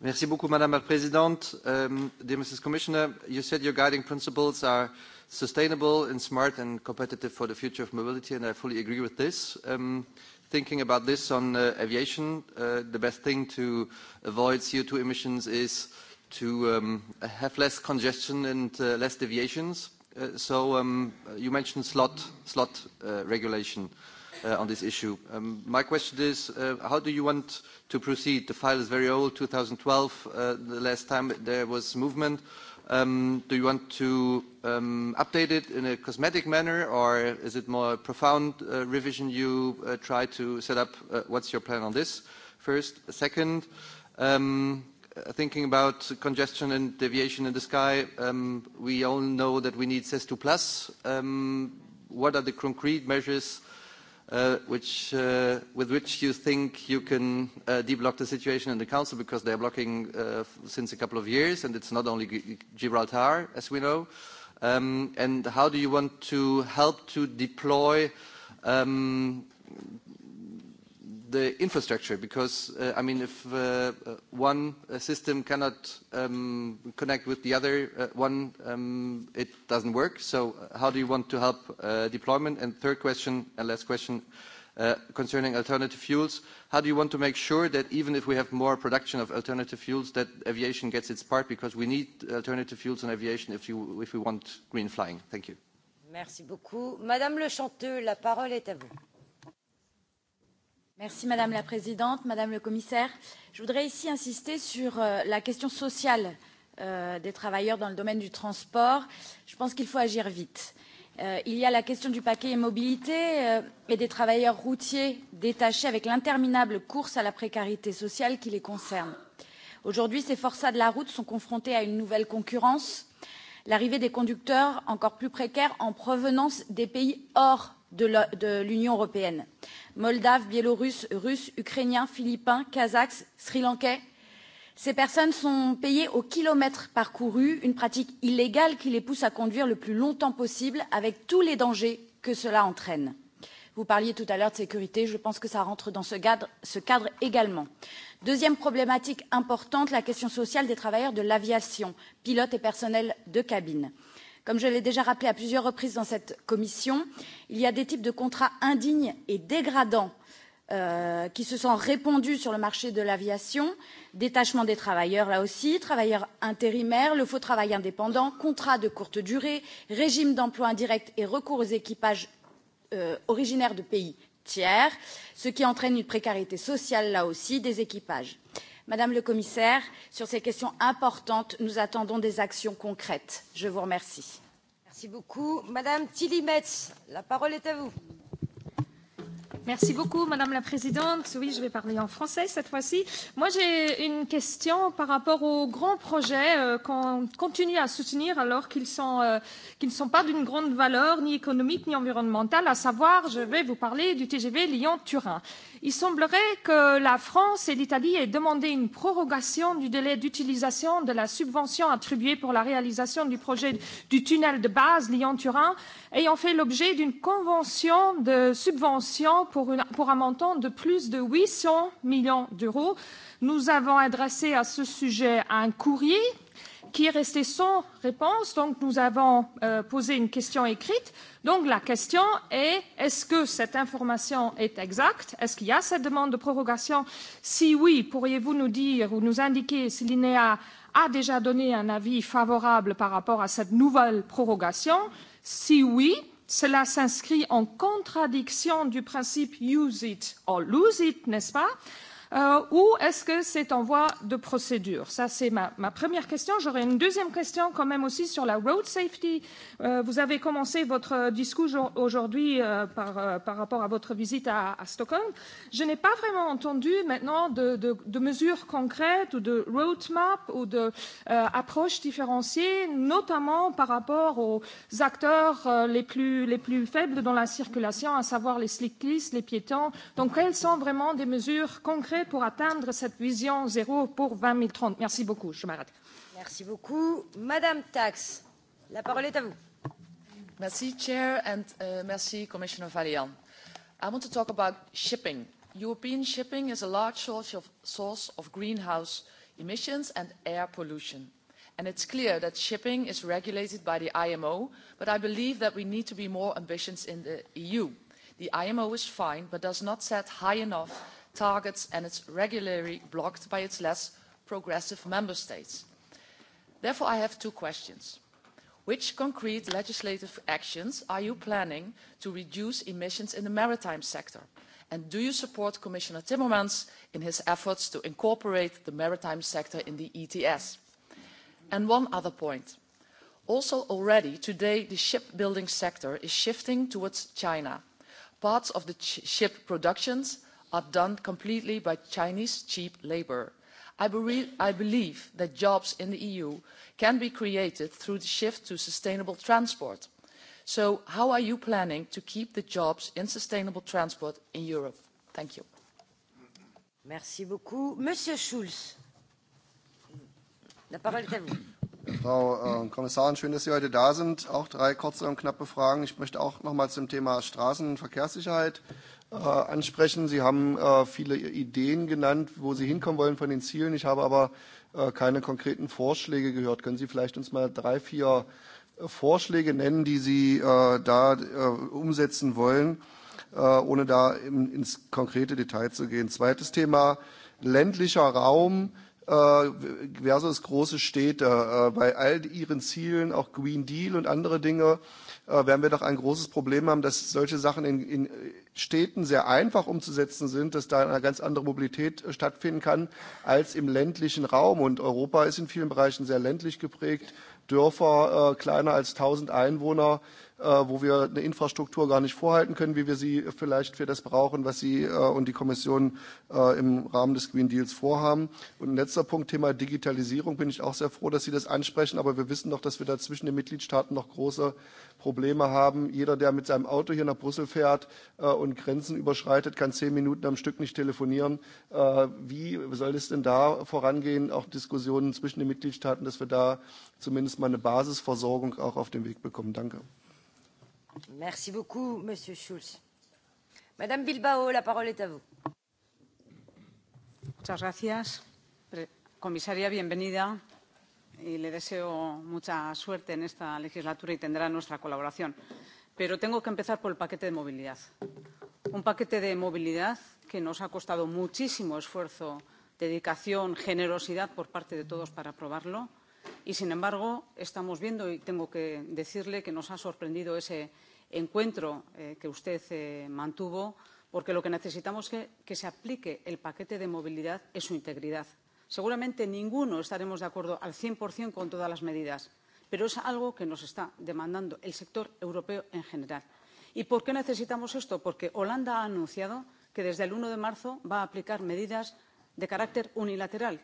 Merci beaucoup, Madame la Présidente. Um, dear Mrs. Commissioner, you said your guiding principles are sustainable and smart and competitive for the future of mobility, and I fully agree with this. Um, thinking about this on uh, aviation, uh, the best thing to avoid CO2 emissions is uh, to um, uh, have less congestion and uh, less deviations. Uh, so um, uh, you mentioned slot, slot uh, regulation uh, on this issue. Um, my question is, uh, how do you want to proceed? The file is very old, 2012, uh, the last time there was movement. Um, do you want to um, update it in a cosmetic manner, or is it more profound uh, revision you uh, try to set up? Uh, what's your plan on this, first? Second, um, thinking about congestion and deviation in the sky, um, we all know that we need CES2+. Um, what are the concrete measures uh, which, uh, with which you think you can uh, deblock the situation in the council? Because they are blocking uh, since a couple of years, and it's not only G Gibraltar, as we know. Um, and how do you want to help to deploy um, the infrastructure because uh, I mean if uh, uh one uh, system cannot um, connect with the other uh, one um, it doesn't work so uh, how do you want to help uh, deployment and third question and last question uh, concerning alternative fuels how do you want to make sure that even if we have more production of alternative fuels that aviation gets its part because we need alternative fuels in aviation if you if we want green flying thank you Merci beaucoup. Madame Le Chanteux, la parole est à vous. Merci Madame la Présidente, Madame le Commissaire. Je voudrais ici insister sur euh, la question sociale euh, des travailleurs dans le domaine du transport. Je pense qu'il faut agir vite. Euh, il y a la question du paquet mobilité euh, et des travailleurs routiers détachés avec l'interminable course à la précarité sociale qui les concerne. Aujourd'hui, ces forçats de la route sont confrontés à une nouvelle concurrence, l'arrivée des conducteurs encore plus précaires en provenance des pays hors de l'Union européenne. Moldaves, Biélorusses, Russes, Ukrainiens, Philippins, Kazakhs, Sri Lankais. Ces personnes sont payées au kilomètre parcouru, une pratique illégale qui les pousse à conduire le plus longtemps possible avec tous les dangers que cela entraîne. Vous parliez tout à l'heure de sécurité, je pense que ça rentre dans ce cadre, ce cadre également. Deuxième problématique importante, la question sociale des travailleurs de l'aviation, pilotes et personnels de cabine comme je l'ai déjà rappelé à plusieurs reprises dans cette commission il y a des types de contrats indignes et dégradants euh, qui se sont répandus sur le marché de l'aviation détachement des travailleurs là aussi travailleurs intérimaires le faux travail indépendant contrats de courte durée régime d'emploi indirect et recours aux équipages euh, originaires de pays tiers ce qui entraîne une précarité sociale là aussi des équipages. il Madame le Commissaire, sur ces questions importantes, nous attendons des actions concrètes. Je vous remercie. Merci beaucoup. Madame Tilly Metz, la parole est à vous. Merci beaucoup, Madame la Présidente. Oui, je vais parler en français cette fois-ci. Moi, j'ai une question par rapport aux grands projets euh, qu'on continue à soutenir alors qu'ils sont, euh, qu ne sont pas d'une grande valeur ni économique ni environnementale, à savoir, je vais vous parler du TGV Lyon-Turin. Euh, Il semblerait que la France et l'Italie aient demandé une prorogation du délai d'utilisation de la subvention attribuée pour la réalisation du projet du tunnel de base Lyon-Turin, ayant fait l'objet d'une convention de subvention pour, une, pour un montant de plus de 800 millions d'euros. Nous avons adressé à ce sujet un courrier qui est resté sans réponse. Donc, nous avons euh, posé une question écrite. Donc, la question est, est-ce que cette information est exacte Est-ce qu'il y a cette demande de prorogation Si oui, pourriez-vous nous dire ou nous indiquer si l'INEA a déjà donné un avis favorable par rapport à cette nouvelle prorogation Si oui, cela s'inscrit en contradiction du principe use it or lose it, n'est-ce pas euh, ou est-ce que c'est en voie de procédure Ça, c'est ma, ma première question. J'aurais une deuxième question quand même aussi sur la road safety. Euh, vous avez commencé votre euh, discours aujourd'hui euh, par, euh, par rapport à votre visite à, à Stockholm. Je n'ai pas vraiment entendu maintenant de, de, de mesures concrètes ou de roadmap ou d'approches euh, différenciées, notamment par rapport aux acteurs euh, les, plus, les plus faibles dans la circulation, à savoir les cyclistes, les piétons. Donc, quelles sont vraiment des mesures concrètes fait pour atteindre cette vision zéro pour 2030 Merci beaucoup. Je m'arrête. Merci beaucoup. Madame Tax, la parole est à vous. Merci, Chair, and uh, merci, Commissioner Valian. I want to talk about shipping. European shipping is a large source of, source of greenhouse emissions and air pollution. And it's clear that shipping is regulated by the IMO, but I believe that we need to be more ambitious in the EU. The IMO is fine, but does not set high enough targets and is regularly blocked by its less progressive member states. therefore i have two questions which concrete legislative actions are you planning to reduce emissions in the maritime sector and do you support commissioner timmermans in his efforts to incorporate the maritime sector in the ets? and one other point also already today the shipbuilding sector is shifting towards china. parts of the ship productions are done completely by chinese cheap labour. I, be i believe that jobs in the eu can be created through the shift to sustainable transport so how are you planning to keep the jobs in sustainable transport in europe? thank you. Merci beaucoup. Monsieur Schulz, la parole est à vous. Frau äh, Kommissarin, schön, dass Sie heute da sind. Auch drei kurze und knappe Fragen. Ich möchte auch noch mal zum Thema Straßenverkehrssicherheit äh, ansprechen. Sie haben äh, viele Ideen genannt, wo Sie hinkommen wollen von den Zielen. Ich habe aber äh, keine konkreten Vorschläge gehört. Können Sie vielleicht uns mal drei, vier äh, Vorschläge nennen, die Sie äh, da äh, umsetzen wollen, äh, ohne da im, ins konkrete Detail zu gehen? Zweites Thema, ländlicher Raum. Äh, versus äh, große Städte. Äh, äh, bei all ihren Zielen, auch Green Deal und andere Dinge, werden wir doch ein großes Problem haben, dass solche Sachen in, in Städten sehr einfach umzusetzen sind, dass da eine ganz andere Mobilität stattfinden kann als im ländlichen Raum. Und Europa ist in vielen Bereichen sehr ländlich geprägt. Dörfer äh, kleiner als 1000 Einwohner Äh, wo wir eine Infrastruktur gar nicht vorhalten können, wie wir sie vielleicht für das brauchen, was Sie äh, und die Kommission äh, im Rahmen des Green Deals vorhaben. Und ein letzter Punkt, Thema Digitalisierung, bin ich auch sehr froh, dass Sie das ansprechen. Aber wir wissen doch, dass wir da zwischen den Mitgliedstaaten noch große Probleme haben. Jeder, der mit seinem Auto hier nach Brüssel fährt und Grenzen überschreitet, kann zehn Minuten am Stück nicht telefonieren. Wie soll es denn da vorangehen, auch Diskussionen zwischen den Mitgliedstaaten, dass wir da zumindest mal eine Basisversorgung auch auf den Weg bekommen? Danke. Merci beaucoup, Monsieur Schulz. Madame Bilbao, la parole est à vous. Muchas gracias. Comisaria, bienvenida y le deseo mucha suerte en esta legislatura y tendrá nuestra colaboración. Pero tengo que empezar por el paquete de movilidad. Un paquete de movilidad que nos ha costado muchísimo esfuerzo, dedicación, generosidad por parte de todos para aprobarlo Y, sin embargo, estamos viendo, y tengo que decirle que nos ha sorprendido ese encuentro eh, que usted eh, mantuvo, porque lo que necesitamos es que, que se aplique el paquete de movilidad en su integridad. Seguramente ninguno estaremos de acuerdo al 100% con todas las medidas, pero es algo que nos está demandando el sector europeo en general. ¿Y por qué necesitamos esto? Porque Holanda ha anunciado que desde el 1 de marzo va a aplicar medidas de carácter unilateral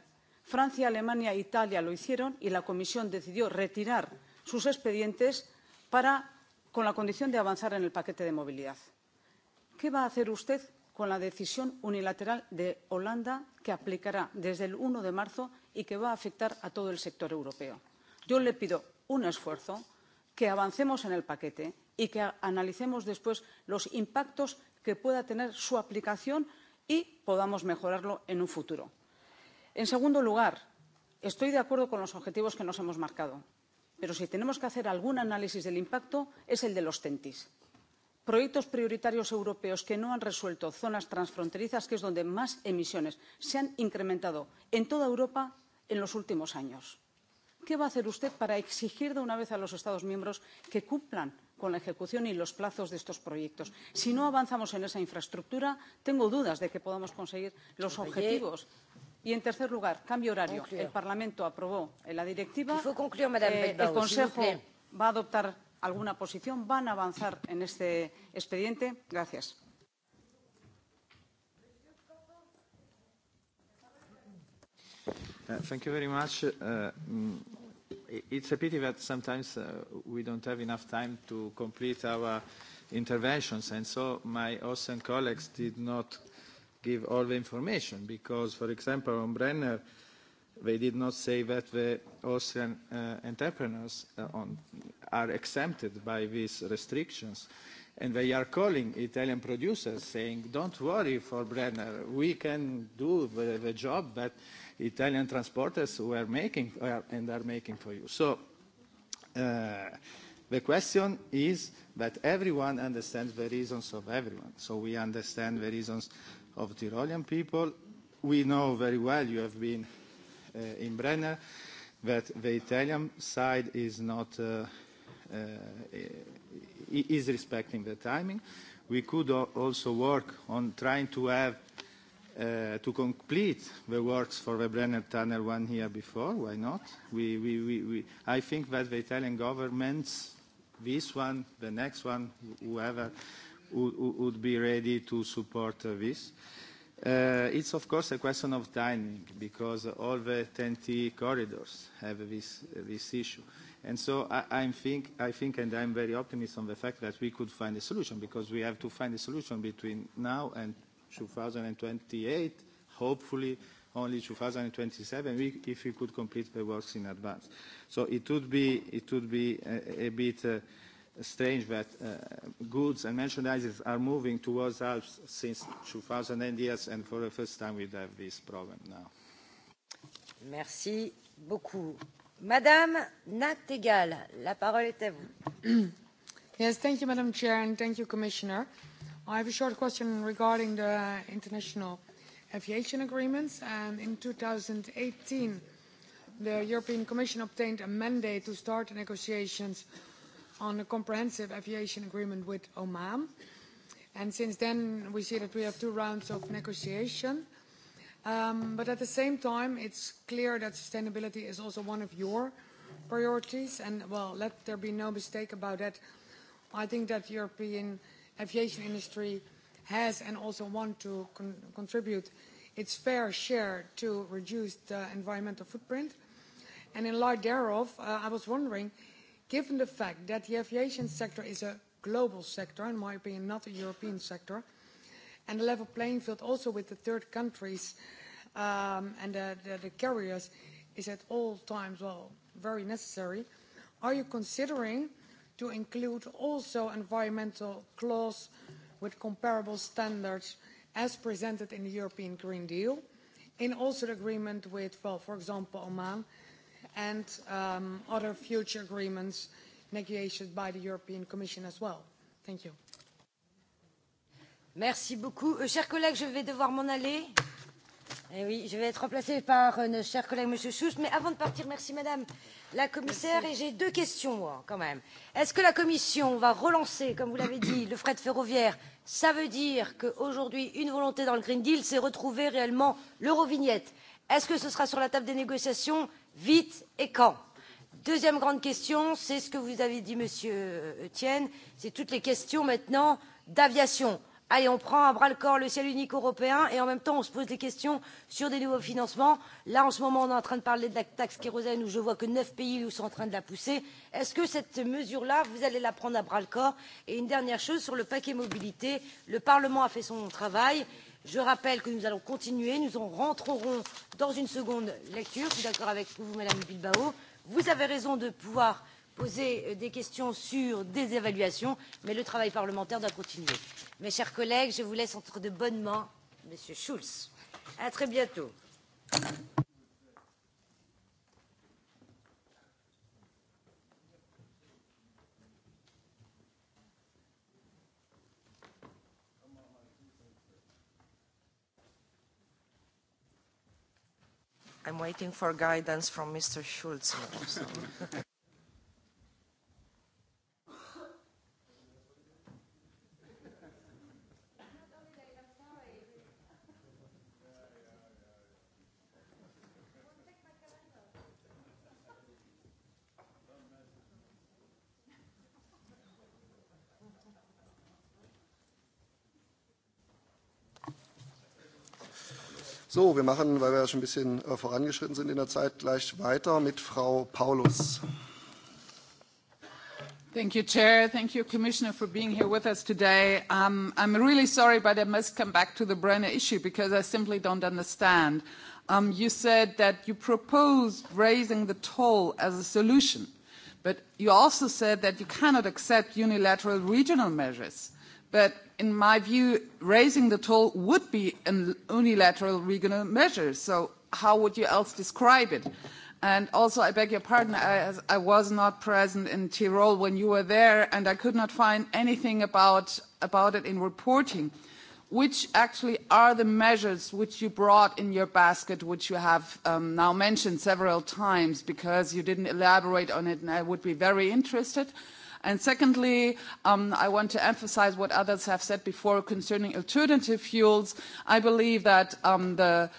francia alemania e italia lo hicieron y la comisión decidió retirar sus expedientes para, con la condición de avanzar en el paquete de movilidad. qué va a hacer usted con la decisión unilateral de holanda que aplicará desde el uno de marzo y que va a afectar a todo el sector europeo? yo le pido un esfuerzo que avancemos en el paquete y que analicemos después los impactos que pueda tener su aplicación y podamos mejorarlo en un futuro en segundo lugar estoy de acuerdo con los objetivos que nos hemos marcado pero si tenemos que hacer algún análisis del impacto es el de los ten t proyectos prioritarios europeos que no han resuelto zonas transfronterizas que es donde más emisiones se han incrementado en toda europa en los últimos años. qué va a hacer usted para exigir de una vez a los estados miembros que cumplan con la ejecución y los plazos de estos proyectos? si no avanzamos en esa infraestructura tengo dudas de que podamos conseguir los objetivos Oye Y, en tercer lugar, cambio horario. Concluir. El Parlamento aprobó la directiva. Concluir, eh, Bilbao, el Consejo si va a adoptar alguna posición. ¿Van a avanzar en este expediente? Gracias. Uh, thank you very much. Uh, mm, it's a pity that sometimes uh, we don't have enough time to complete our interventions, and so my Austrian colleagues did not uh, give all the information because, for example, on Brenner, they did not say that the Austrian uh, entrepreneurs uh, on, are exempted by these restrictions. And they are calling Italian producers saying, don't worry for Brenner, we can do the, the job that Italian transporters were making uh, and are making for you. So uh, the question is that everyone understands the reasons of everyone. So we understand the reasons of Tyrolean people. We know very well, you have been uh, in Brenner, that the Italian side is not uh, uh, is respecting the timing. We could also work on trying to have uh, to complete the works for the Brenner Tunnel one year before. Why not? We, we, we, we, I think that the Italian governments, this one, the next one, whoever, would, would be ready to support uh, this. Uh, it's of course a question of timing because all the TEN-T corridors have this, uh, this issue. And so I, I'm think, I think, and I'm very optimistic on the fact that we could find a solution because we have to find a solution between now and 2028, hopefully only 2027, we, if we could complete the works in advance. So it would be, it would be a, a bit uh, strange that uh, goods and merchandises are moving towards Alps since 2000 years, and for the first time we have this problem now. Merci beaucoup. Madame Nattegal, la parole est à vous. yes, thank you, Madam Chair, and thank you, Commissioner. I have a short question regarding the international aviation agreements. And in 2018, the European Commission obtained a mandate to start negotiations on a comprehensive aviation agreement with Oman. And since then, we see that we have two rounds of negotiation. Um, but at the same time, it's clear that sustainability is also one of your priorities. And, well, let there be no mistake about that. I think that European aviation industry has and also want to con contribute its fair share to reduce the environmental footprint. And in light thereof, uh, I was wondering Given the fact that the aviation sector is a global sector, in my opinion, not a European sector, and the level playing field also with the third countries um, and the, the, the carriers is at all times, well, very necessary. Are you considering to include also environmental clause with comparable standards as presented in the European Green Deal, in also the agreement with, well, for example, Oman, and um, other future agreements negotiated by the European Commission as well. Thank you. Merci beaucoup. Euh, chers collègues, je vais devoir m'en aller. Eh oui, je vais être remplacée par euh, notre cher collègue Monsieur Schulz. Mais avant de partir, merci Madame la Commissaire. Merci. Et j'ai deux questions, moi, quand même. Est-ce que la Commission va relancer, comme vous l'avez dit, le fret ferroviaire Ça veut dire qu'aujourd'hui, une volonté dans le Green Deal, c'est retrouver réellement l'eurovignette. Est-ce que ce sera sur la table des négociations Vite et quand Deuxième grande question, c'est ce que vous avez dit, Monsieur euh, Etienne, c'est toutes les questions maintenant d'aviation. Allez, on prend à bras le corps le ciel unique européen et en même temps on se pose des questions sur des nouveaux financements. Là, en ce moment, on est en train de parler de la taxe kérosène où je vois que neuf pays nous sont en train de la pousser. Est-ce que cette mesure-là, vous allez la prendre à bras le corps Et une dernière chose sur le paquet mobilité, le Parlement a fait son travail je rappelle que nous allons continuer nous en rentrerons dans une seconde lecture je suis d'accord avec vous madame bilbao vous avez raison de pouvoir poser euh, des questions sur des évaluations mais le travail parlementaire doit continuer. mes chers collègues je vous laisse entre de bonnes mains monsieur schulz à très bientôt. I'm waiting for guidance from Mr. Schulz. So. So, wir machen, weil wir ja schon ein bisschen äh, vorangeschritten sind in der Zeit, gleich weiter mit Frau Paulus. Thank you, Chair. Thank you, Commissioner, for being here with us today. Um, I'm really sorry, but I must come back to the Brenner issue because I simply don't understand. Um, you said that you proposed raising the toll as a solution, but you also said that you cannot accept unilateral regional measures. But in my view, raising the toll would be an unilateral regional measure. So how would you else describe it? And also, I beg your pardon, I, I was not present in Tyrol when you were there, and I could not find anything about, about it in reporting. Which actually are the measures which you brought in your basket, which you have um, now mentioned several times because you didn't elaborate on it, and I would be very interested. Uh, And secondly, um, I want to emphasize what others have said before concerning alternative fuels. I believe that um, the,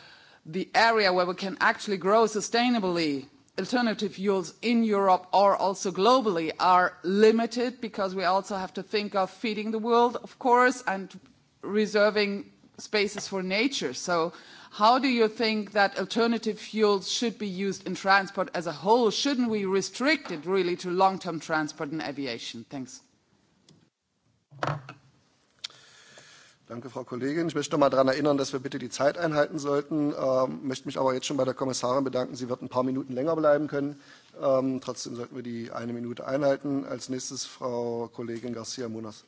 the area where we can actually grow sustainably alternative fuels in Europe or also globally are limited because we also have to think of feeding the world, of course, and reserving spaces for nature. So How do you think that alternative fuels should be used in transport as a whole? Shouldn't we restrict it really to long-term transport and aviation? Thanks. Danke, Frau Kollegin. Ich möchte noch mal daran erinnern, dass wir bitte die Zeit einhalten sollten. Ähm, möchte mich aber jetzt schon bei der Kommissarin bedanken. Sie wird ein paar Minuten länger bleiben können. Ähm, trotzdem sollten wir die eine Minute einhalten. Als nächstes Frau Kollegin Garcia Munas. Äh,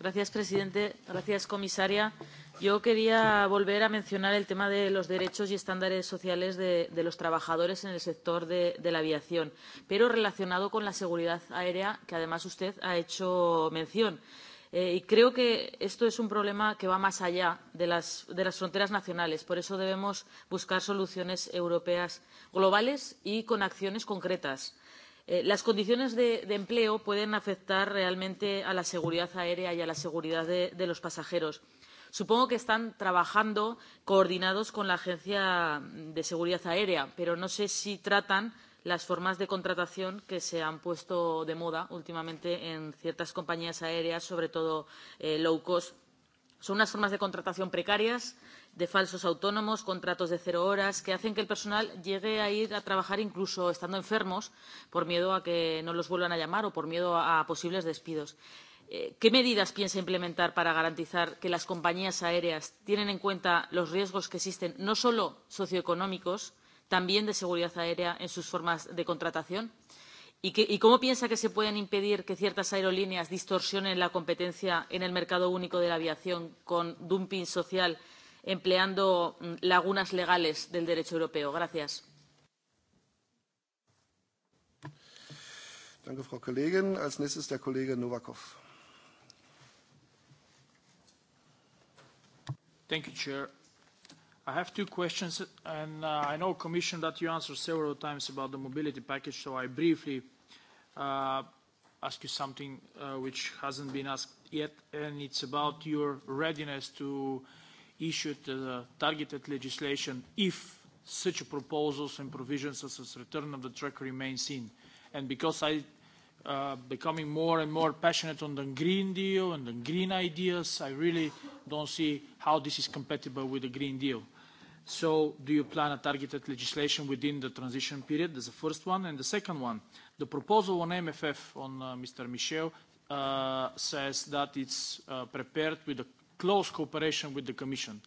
Gracias, presidente. Gracias, comisaria. Yo quería volver a mencionar el tema de los derechos y estándares sociales de, de los trabajadores en el sector de, de la aviación, pero relacionado con la seguridad aérea, que además usted ha hecho mención. Eh, y creo que esto es un problema que va más allá de las, de las fronteras nacionales. Por eso debemos buscar soluciones europeas globales y con acciones concretas Eh, las condiciones de, de empleo pueden afectar realmente a la seguridad aérea y a la seguridad de, de los pasajeros. Supongo que están trabajando coordinados con la Agencia de Seguridad Aérea, pero no sé si tratan las formas de contratación que se han puesto de moda últimamente en ciertas compañías aéreas, sobre todo eh, low cost. Son unas formas de contratación precarias, eh, de falsos autónomos, contratos de cero horas, que hacen que el personal llegue a ir a trabajar incluso estando enfermos por miedo a que no los vuelvan a llamar o por miedo a, a posibles despidos. Eh, ¿Qué medidas piensa implementar para garantizar que las compañías aéreas tienen en cuenta los riesgos que existen, no solo socioeconómicos, también de seguridad aérea en sus formas de contratación? ¿Y, que, ¿Y cómo piensa que se pueden impedir que ciertas aerolíneas distorsionen la competencia en el mercado único de la aviación con dumping social empleando mm, lagunas legales del derecho europeo. Gracias. Danke, Frau Kollegin. Als nächstes der Kollege Novakov. Thank you, Chair. I have two questions, and uh, I know, Commission, that you answered several times about the mobility package, so I briefly uh, ask you something uh, which hasn't been asked yet, and it's about your readiness to uh, issued uh, targeted legislation if such proposals and provisions such as return of the truck remains in. And because I uh, becoming more and more passionate on the Green Deal and the green ideas, I really don't see how this is compatible with the Green Deal. So do you plan a targeted legislation within the transition period? That's the first one. And the second one, the proposal on MFF on uh, Mr. Michel uh, says that it's uh, prepared with a close cooperation with the Commission.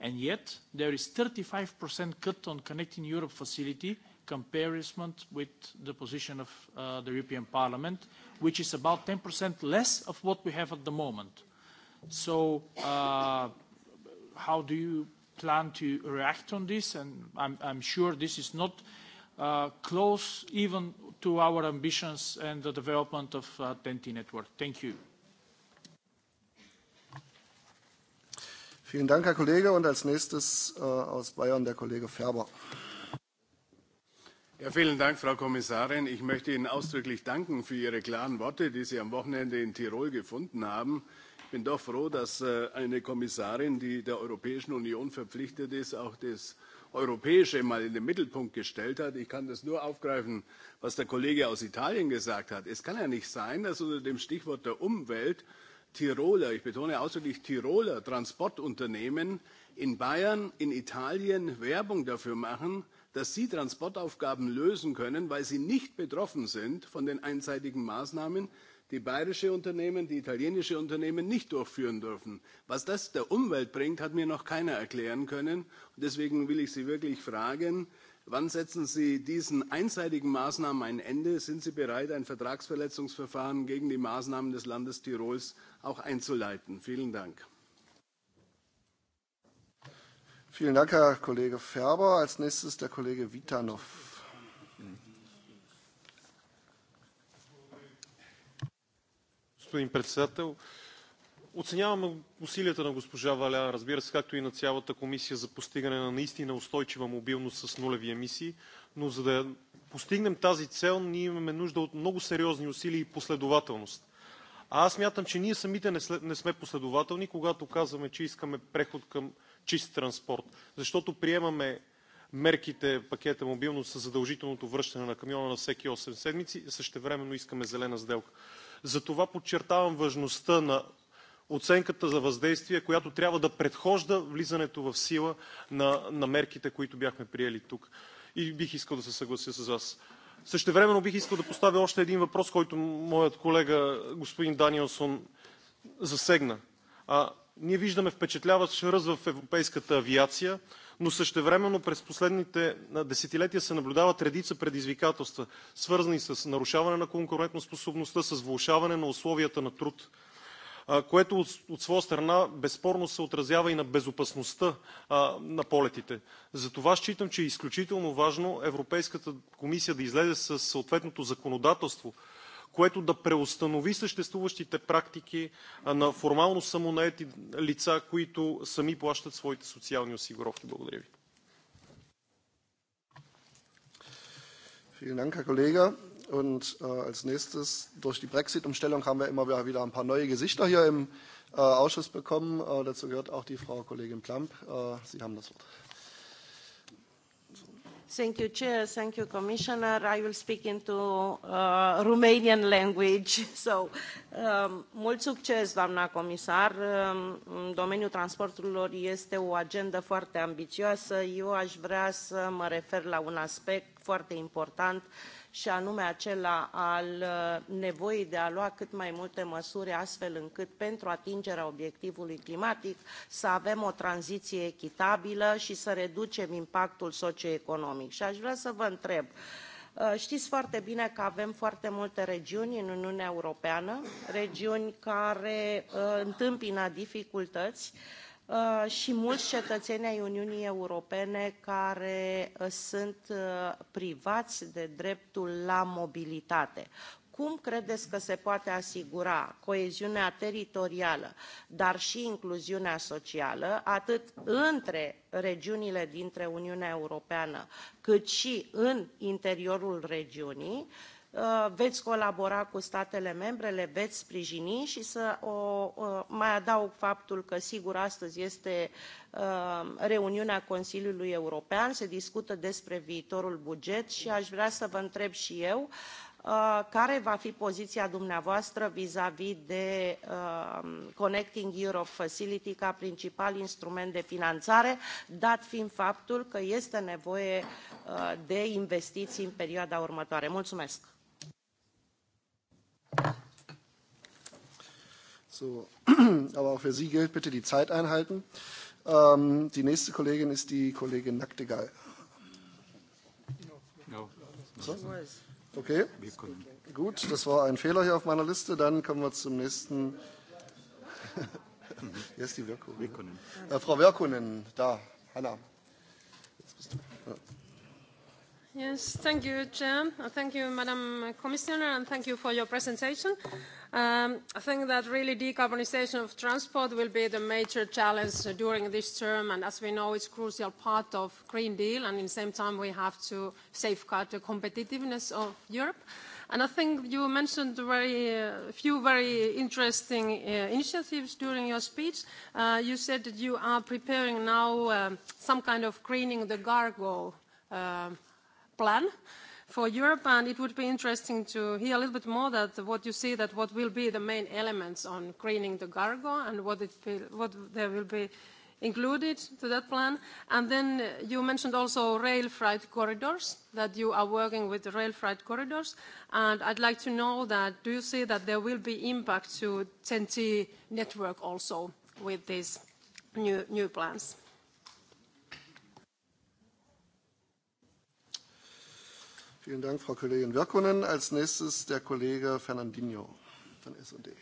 And yet, there is 35% cut on Connecting Europe facility comparison with the position of uh, the European Parliament, which is about 10% less of what we have at the moment. So uh, how do you plan to react on this? And I'm, I'm sure this is not uh, close even to our ambitions and the development of uh, TEN-T network. Thank you. Vielen Dank, Herr Kollege. Und als nächstes äh, aus Bayern der Kollege Ferber. Ja, vielen Dank, Frau Kommissarin. Ich möchte Ihnen ausdrücklich danken für Ihre klaren Worte, die Sie am Wochenende in Tirol gefunden haben. Ich bin doch froh, dass äh, eine Kommissarin, die der Europäischen Union verpflichtet ist, auch das Europäische mal in den Mittelpunkt gestellt hat. Ich kann das nur aufgreifen, was der Kollege aus Italien gesagt hat. Es kann ja nicht sein, dass unter dem Stichwort der Umwelt Tiroler, ich betone ausdrücklich Tiroler Transportunternehmen in Bayern, in Italien Werbung dafür machen, dass sie Transportaufgaben lösen können, weil sie nicht betroffen sind von den einseitigen Maßnahmen, die bayerische Unternehmen, die italienische Unternehmen nicht durchführen dürfen. Was das der Umwelt bringt, hat mir noch keiner erklären können. Und deswegen will ich Sie wirklich fragen, Wann setzen Sie diesen einseitigen Maßnahmen ein Ende? Sind Sie bereit, ein Vertragsverletzungsverfahren gegen die Maßnahmen des Landes Tirols auch einzuleiten? Vielen Dank. Vielen Dank, Herr Kollege Ferber. Als nächstes der Kollege Vitanov. Господин председател, Оценявам усилията на госпожа Валя, разбира се, както и на цялата комисия за постигане на наистина устойчива мобилност с нулеви емисии, но за да постигнем тази цел, ние имаме нужда от много сериозни усилия и последователност. А аз смятам, че ние самите не, не сме последователни, когато казваме, че искаме преход към чист транспорт, защото приемаме мерките, пакета мобилност с задължителното връщане на камиона на всеки 8 седмици, същевременно искаме зелена сделка. Затова подчертавам важността на оценката за въздействие, която трябва да предхожда влизането в сила на, на мерките, които бяхме приели тук. И бих искал да се съглася с вас. Същевременно бих искал да поставя още един въпрос, който моят колега господин Даниелсон засегна. А, ние виждаме впечатляващ ръст в европейската авиация, но същевременно през последните десетилетия се наблюдават редица предизвикателства, свързани с нарушаване на конкурентоспособността, с влушаване на условията на труд което от своя страна безспорно се отразява и на безопасността на полетите. Затова считам, че е изключително важно Европейската комисия да излезе със съответното законодателство, което да преустанови съществуващите практики на формално самонаети лица, които сами плащат своите социални осигуровки. Благодаря ви. Vielen Dank, Herr Kollege. Und äh, als nächstes, durch die Brexit-Umstellung haben wir immer wieder ein paar neue Gesichter hier im äh, Ausschuss bekommen. Äh, dazu gehört auch die Frau Kollegin Plamp. Äh, Sie haben das Wort. Thank you, Chair. Thank you, Commissioner. I will speak into uh, Romanian language. So, um, mult succes, doamna comisar. Um, domeniul transporturilor este o agendă foarte ambițioasă. Eu aș vrea să mă refer la un aspect foarte important uh, și anume acela al uh, nevoii de a lua cât mai multe măsuri astfel încât pentru atingerea obiectivului climatic să avem o tranziție echitabilă și să reducem impactul socioeconomic. Și aș vrea să vă întreb, uh, știți foarte bine că avem foarte multe regiuni în Uniunea Europeană, regiuni care uh, întâmpină dificultăți uh, Uh, și mulți cetățeni ai Uniunii Europene care uh, sunt uh, privați de dreptul la mobilitate. Cum credeți că se poate asigura coeziunea teritorială, dar și incluziunea socială, atât între regiunile dintre Uniunea Europeană, cât și în interiorul regiunii Uh, veți colabora cu statele membre, le veți sprijini și să o, mai adaug faptul că, sigur, astăzi este uh, reuniunea Consiliului European, se discută despre viitorul buget și aș vrea să vă întreb și eu uh, care va fi poziția dumneavoastră vis-a-vis -vis de Connecting Europe Facility ca principal instrument de finanțare, dat fiind faptul că este nevoie de investiții în perioada următoare. Mulțumesc! So, aber auch für Sie gilt bitte die Zeit einhalten. Ähm, die nächste Kollegin ist die Kollegin Naktegal. No. So? Okay, gut, das war ein Fehler hier auf meiner Liste. Dann kommen wir zum nächsten. Hier ist die Wirkung. Wirkunen. Äh, Frau Wirkunen, da, Hanna. Jetzt bist du. Ja. Yes, thank you, Chair. Uh, thank you, Madam Commissioner, and thank you for your presentation. Um, I think that really decarbonization of transport will be the major challenge during this term, and as we know, it's a crucial part of Green Deal, and at the same time, we have to safeguard the competitiveness of Europe. And I think you mentioned very uh, few very interesting uh, initiatives during your speech. Uh, you said that you are preparing now um, some kind of greening the cargo uh, um, plan for Europe, and it would be interesting to hear a little bit more that what you see that what will be the main elements on greening the cargo and what, it will, what there will be included to that plan. And then uh, you mentioned also rail freight corridors, that you are working with the rail freight corridors. And I'd like to know that, do you see that there will be impact to TEN-T network also with these new, new plans? Vielen Dank, Frau Kollegin Wirkunen. Als nächstes der Kollege Fernandinho von SD.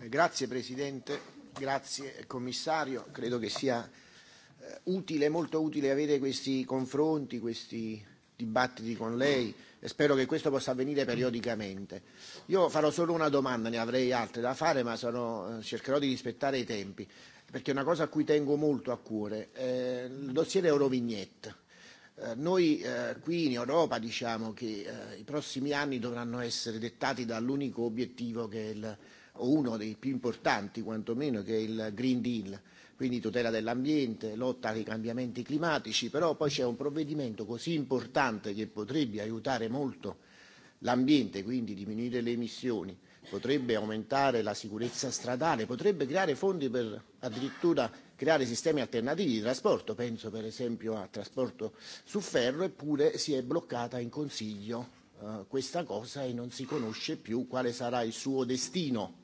Eh, grazie Presidente, grazie eh, Commissario. Credo che sia eh, utile, molto utile avere questi confronti, questi dibattiti con lei e spero che questo possa avvenire periodicamente. Io farò solo una domanda, ne avrei altre da fare, ma sono, cercherò di rispettare i tempi, perché è una cosa a cui tengo molto a cuore. Eh, il dossier Eurovignette. Eh, noi eh, qui in Europa diciamo che eh, i prossimi anni dovranno essere dettati dall'unico obiettivo che è il, o uno dei più importanti quantomeno che è il Green Deal, quindi tutela dell'ambiente, lotta ai cambiamenti climatici, però poi c'è un provvedimento così importante che potrebbe aiutare molto l'ambiente, quindi diminuire le emissioni, potrebbe aumentare la sicurezza stradale, potrebbe creare fondi per addirittura creare sistemi alternativi di trasporto, penso per esempio a trasporto su ferro, eppure si è bloccata in Consiglio eh, questa cosa e non si conosce più quale sarà il suo destino.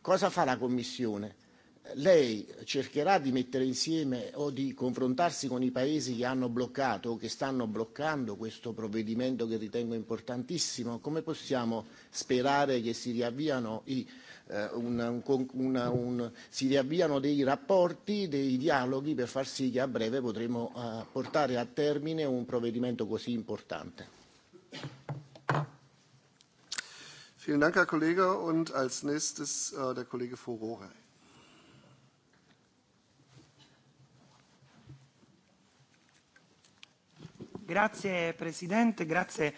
Cosa fa la Commissione? lei cercherà di mettere insieme o di confrontarsi con i paesi che hanno bloccato o che stanno bloccando questo provvedimento che ritengo importantissimo? Come possiamo sperare che si riavviano, i, eh, un, un, una, un, si riavviano dei rapporti, dei dialoghi per far sì che a breve potremo eh, portare a termine un provvedimento così importante? Vielen Dank, Herr Kollege. Und als nächstes äh, der Kollege Furore. Grazie Presidente, grazie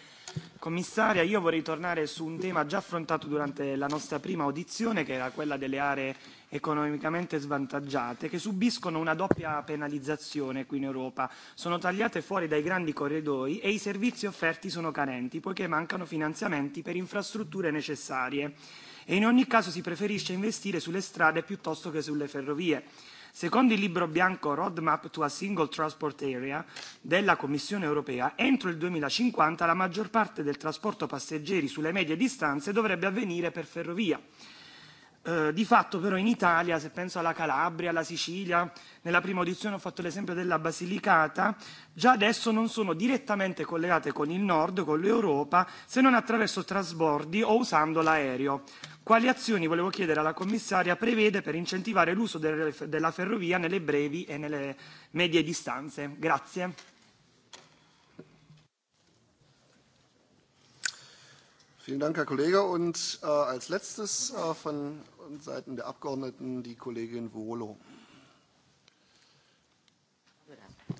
Commissaria. Io vorrei tornare su un tema già affrontato durante la nostra prima audizione, che era quella delle aree economicamente svantaggiate, che subiscono una doppia penalizzazione qui in Europa. Sono tagliate fuori dai grandi corridoi e i servizi offerti sono carenti, poiché mancano finanziamenti per infrastrutture necessarie. E in ogni caso si preferisce investire sulle strade piuttosto che sulle ferrovie. Secondo il libro bianco Roadmap to a Single Transport Area della Commissione europea, entro il 2050 la maggior parte del trasporto passeggeri sulle medie distanze dovrebbe avvenire per ferrovia Eh, di fatto però in Italia, se penso alla Calabria, alla Sicilia, nella prima audizione ho fatto l'esempio della Basilicata, già adesso non sono direttamente collegate con il nord, con l'Europa, se non attraverso trasbordi o usando l'aereo. Quali azioni, volevo chiedere alla commissaria, prevede per incentivare l'uso delle, della ferrovia nelle brevi e nelle medie distanze? Grazie. Vielen Dank, Herr Kollege. Und äh, als letztes äh, von Seiten der Abgeordneten die Kollegin Volo.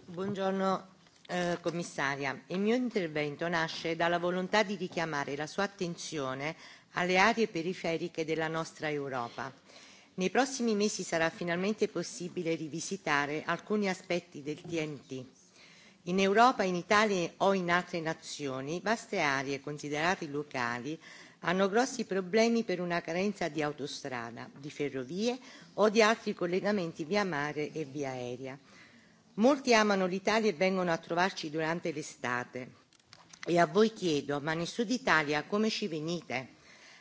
Buongiorno eh, commissaria, il mio intervento nasce dalla volontà di richiamare la sua attenzione alle aree periferiche della nostra Europa. Nei prossimi mesi sarà finalmente possibile rivisitare alcuni aspetti del TNT In Europa, in Italia o in altre nazioni, vaste aree considerate locali hanno grossi problemi per una carenza di autostrada, di ferrovie o di altri collegamenti via mare e via aerea. Molti amano l'Italia e vengono a trovarci durante l'estate. E a voi chiedo, ma nel sud Italia come ci venite?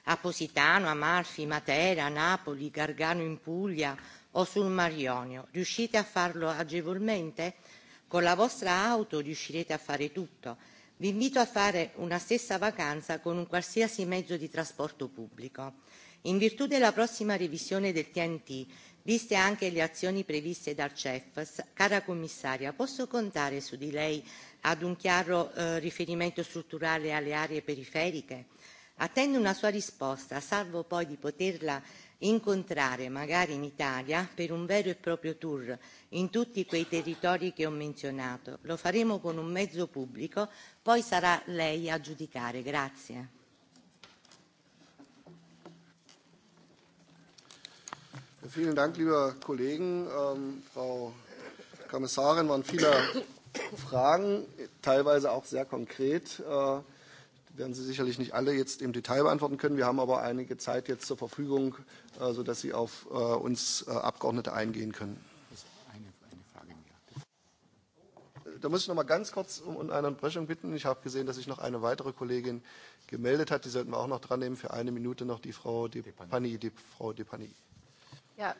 A Positano, Amalfi, Matera, Napoli, Gargano in Puglia o sul Mar Ionio. Riuscite a farlo agevolmente? Con la vostra auto riuscirete a fare tutto. Vi invito a fare una stessa vacanza con un qualsiasi mezzo di trasporto pubblico. In virtù della prossima revisione del TNT, viste anche le azioni previste dal CEF, cara commissaria, posso contare su di lei ad un chiaro eh, riferimento strutturale alle aree periferiche? Attendo una sua risposta, salvo poi di poterla incontrare magari in Italia per un vero e proprio tour in tutti quei territori che ho menzionato. Lo faremo con un mezzo pubblico, poi sarà lei a giudicare. Grazie. Vielen Dank, liebe Kollegen. Ähm, Frau Kommissarin, waren viele Fragen, teilweise auch sehr konkret. Äh, werden Sie sicherlich nicht alle jetzt im Detail beantworten können. Wir haben aber einige Zeit jetzt zur Verfügung, äh, sodass Sie auf äh, uns äh, Abgeordnete eingehen können. Da muss ich noch mal ganz kurz um, um eine Unterbrechung bitten. Ich habe gesehen, dass sich noch eine weitere Kollegin gemeldet hat. Die sollten wir auch noch dran nehmen. Für eine Minute noch die Frau Depani. Die Frau Depani. Ja,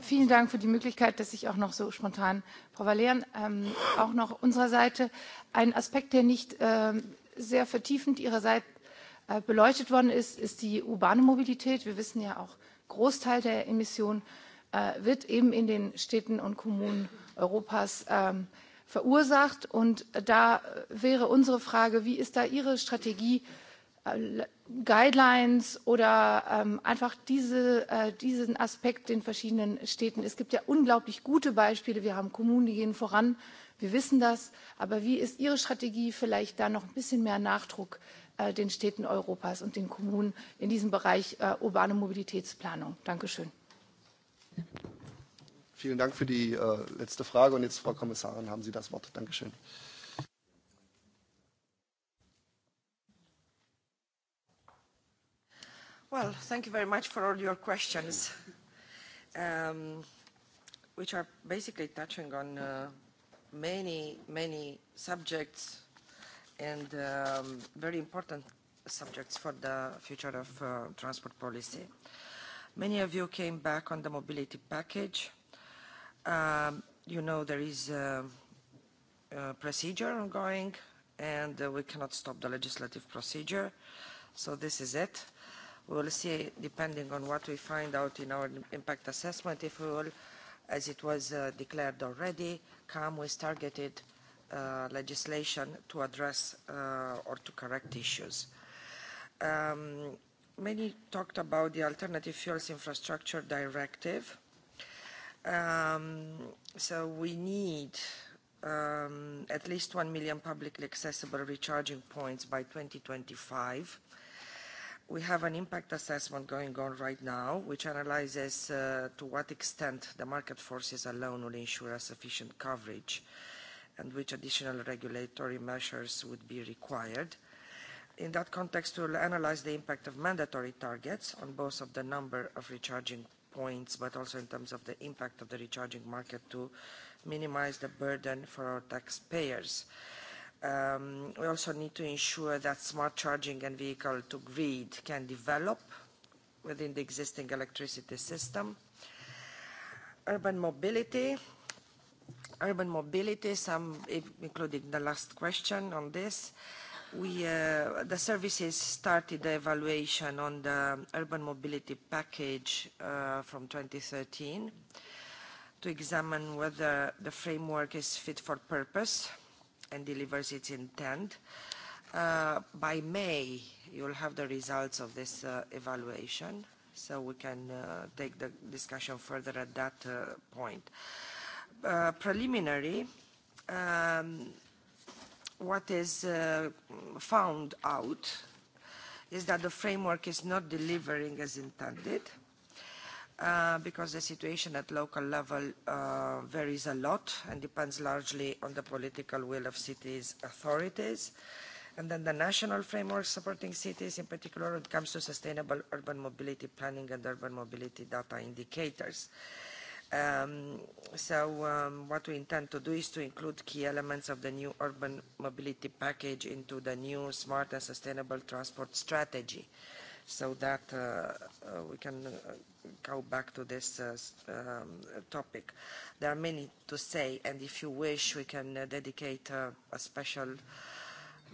Vielen Dank für die Möglichkeit, dass ich auch noch so spontan, Frau Valerian, ähm, auch noch unserer Seite ein Aspekt, der nicht ähm, sehr vertiefend ihrerseits äh, beleuchtet worden ist, ist die urbane Mobilität. Wir wissen ja auch, Großteil der Emissionen äh, wird eben in den Städten und Kommunen Europas ähm, verursacht. Und da wäre unsere Frage, wie ist da Ihre Strategie, äh, Guidelines oder ähm, einfach diese, äh, diesen Aspekt den verschiedenen Städten? Es gibt ja unglaublich gute Beispiele. Wir haben Kommunen, die gehen voran. Äh, Wir wissen das. Aber wie ist Ihre Strategie, vielleicht da noch ein bisschen mehr Nachdruck äh, den Städten Europas und den Kommunen in diesem Bereich äh, urbane Mobilitätsplanung? Dankeschön. Vielen Dank für die äh, letzte Frage. Und jetzt, Frau Kommissarin, haben Sie das Wort. Dankeschön. Well, thank you very much for all your questions, um, which are basically touching on uh, many, many subjects and um, very important subjects for the future of uh, transport policy. Many of you came back on the mobility package. Um, you know there is a, a procedure ongoing and uh, we cannot stop the legislative procedure. So this is it. We will see, depending on what we find out in our impact assessment, if we will as it was uh, declared already, come with targeted uh, legislation to address uh, or to correct issues. Um, many talked about the Alternative Fuels Infrastructure Directive. Um, so we need um, at least 1 million publicly accessible recharging points by 2025 We have an impact assessment going on right now, which analyzes uh, to what extent the market forces alone will ensure sufficient coverage and which additional regulatory measures would be required. In that context, we'll analyze the impact of mandatory targets on both of the number of recharging points, but also in terms of the impact of the recharging market to minimize the burden for our taxpayers. Uh, Um, we also need to ensure that smart charging and vehicle to grid can develop within the existing electricity system. Urban mobility. Urban mobility, some including the last question on this. We, uh, the services started the evaluation on the urban mobility package uh, from 2013 to examine whether the framework is fit for purpose and delivers its intent. Uh, by May, you'll have the results of this uh, evaluation, so we can uh, take the discussion further at that uh, point. Uh, preliminary, um, what is uh, found out is that the framework is not delivering as intended. Uh, uh, because the situation at local level uh, varies a lot and depends largely on the political will of cities' authorities. And then the national framework supporting cities, in particular when it comes to sustainable urban mobility planning and urban mobility data indicators. Um, so um, what we intend to do is to include key elements of the new urban mobility package into the new smart and sustainable transport strategy. Uh, so that uh, uh, we can uh, go back to this uh, um, topic. There are many to say, and if you wish, we can uh, dedicate uh, a special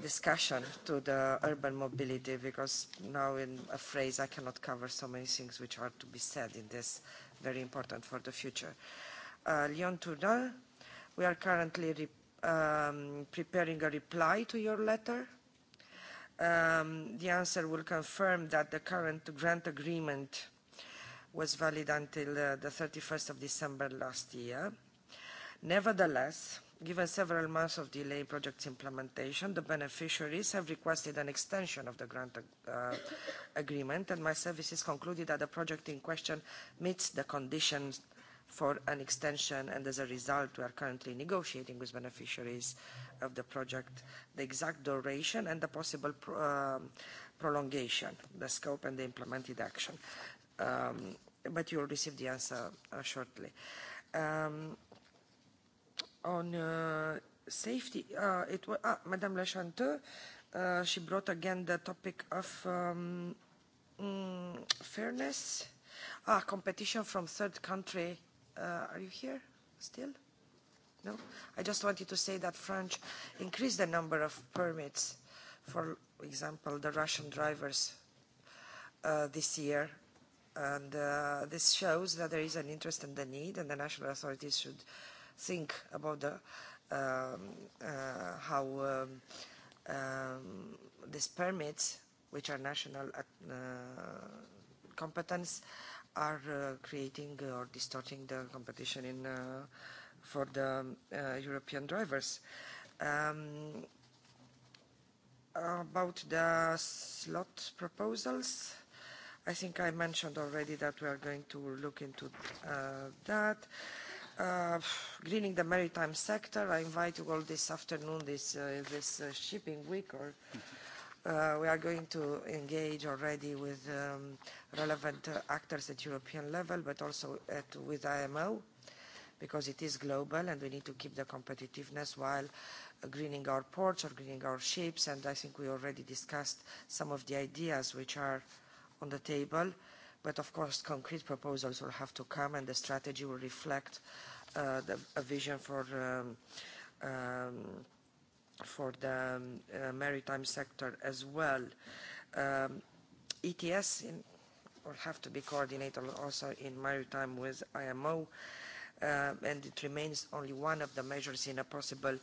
discussion to the urban mobility, because now in a phrase I cannot cover so many things which are to be said in this, very important for the future. Uh, Lyon-Turin, we are currently re um, preparing a reply to your letter um, the answer will confirm that the current grant agreement was valid until uh, the 31st of December last year. Nevertheless, given several months of delay in project's implementation, the beneficiaries have requested an extension of the grant uh, agreement, and my services concluded that the project in question meets the conditions uh, for an extension, and as a result, we are currently negotiating with beneficiaries of the project the exact duration and the possible pro um, prolongation, the scope and the implemented action. Um, but you will receive the answer uh, shortly. Um, on uh, safety, uh, it was ah, Madame Le Chanteux, uh, she brought again the topic of um, mm, fairness, ah, competition from third country Uh, are you here still? No? I just wanted to say that French increased the number of permits, for example, the Russian drivers uh, this year. And uh, this shows that there is an interest and a need, and the national authorities should think about the, um, uh, how um, um, these permits, which are national uh, competence, uh, are uh, creating uh, or distorting the competition in, uh, for the uh, European drivers. Um, about the slot proposals, I think I mentioned already that we are going to look into uh, that. Uh, greening the maritime sector, I invite you all this afternoon, this, uh, this uh, shipping week or... Mm -hmm Uh, we are going to engage already with um, relevant uh, actors at European level, but also at, with IMO, because it is global and we need to keep the competitiveness while uh, greening our ports or greening our ships. And I think we already discussed some of the ideas which are on the table. But of course, concrete proposals will have to come and the strategy will reflect uh, the, a vision for um, um, for the um, uh, maritime sector as well. Um, ETS in, will have to be coordinated also in maritime with IMO, uh, um, and it remains only one of the measures in a possible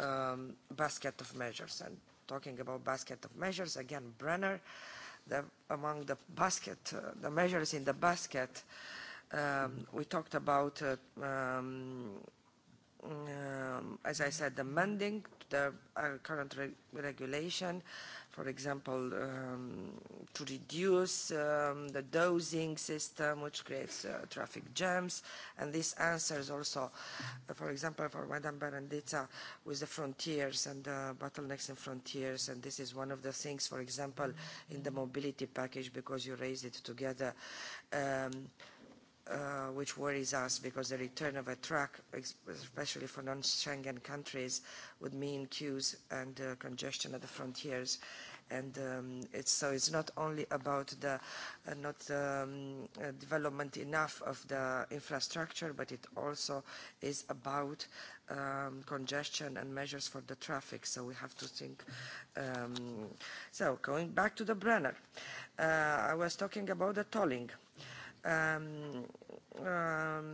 um, basket of measures. And talking about basket of measures, again, Brenner, the, among the basket, uh, the measures in the basket, um, we talked about uh, um, um, as I said, amending the uh, current re regulation, for example, um, to reduce um, the dosing system, which creates uh, traffic jams. And this answers also, uh, for example, for Madame Baranditsa, with the frontiers and the bottlenecks in frontiers. And this is one of the things, for example, in the mobility package, because you raised it together. Um, uh, which worries us because the return of a truck, especially for non-Schengen countries, would mean queues and uh, congestion at the frontiers. And um, it's, so it's not only about the uh, not um, uh, development enough of the infrastructure, but it also is about um, congestion and measures for the traffic. So we have to think. Um, so going back to the Brenner, uh, I was talking about the tolling. Uh, um, um,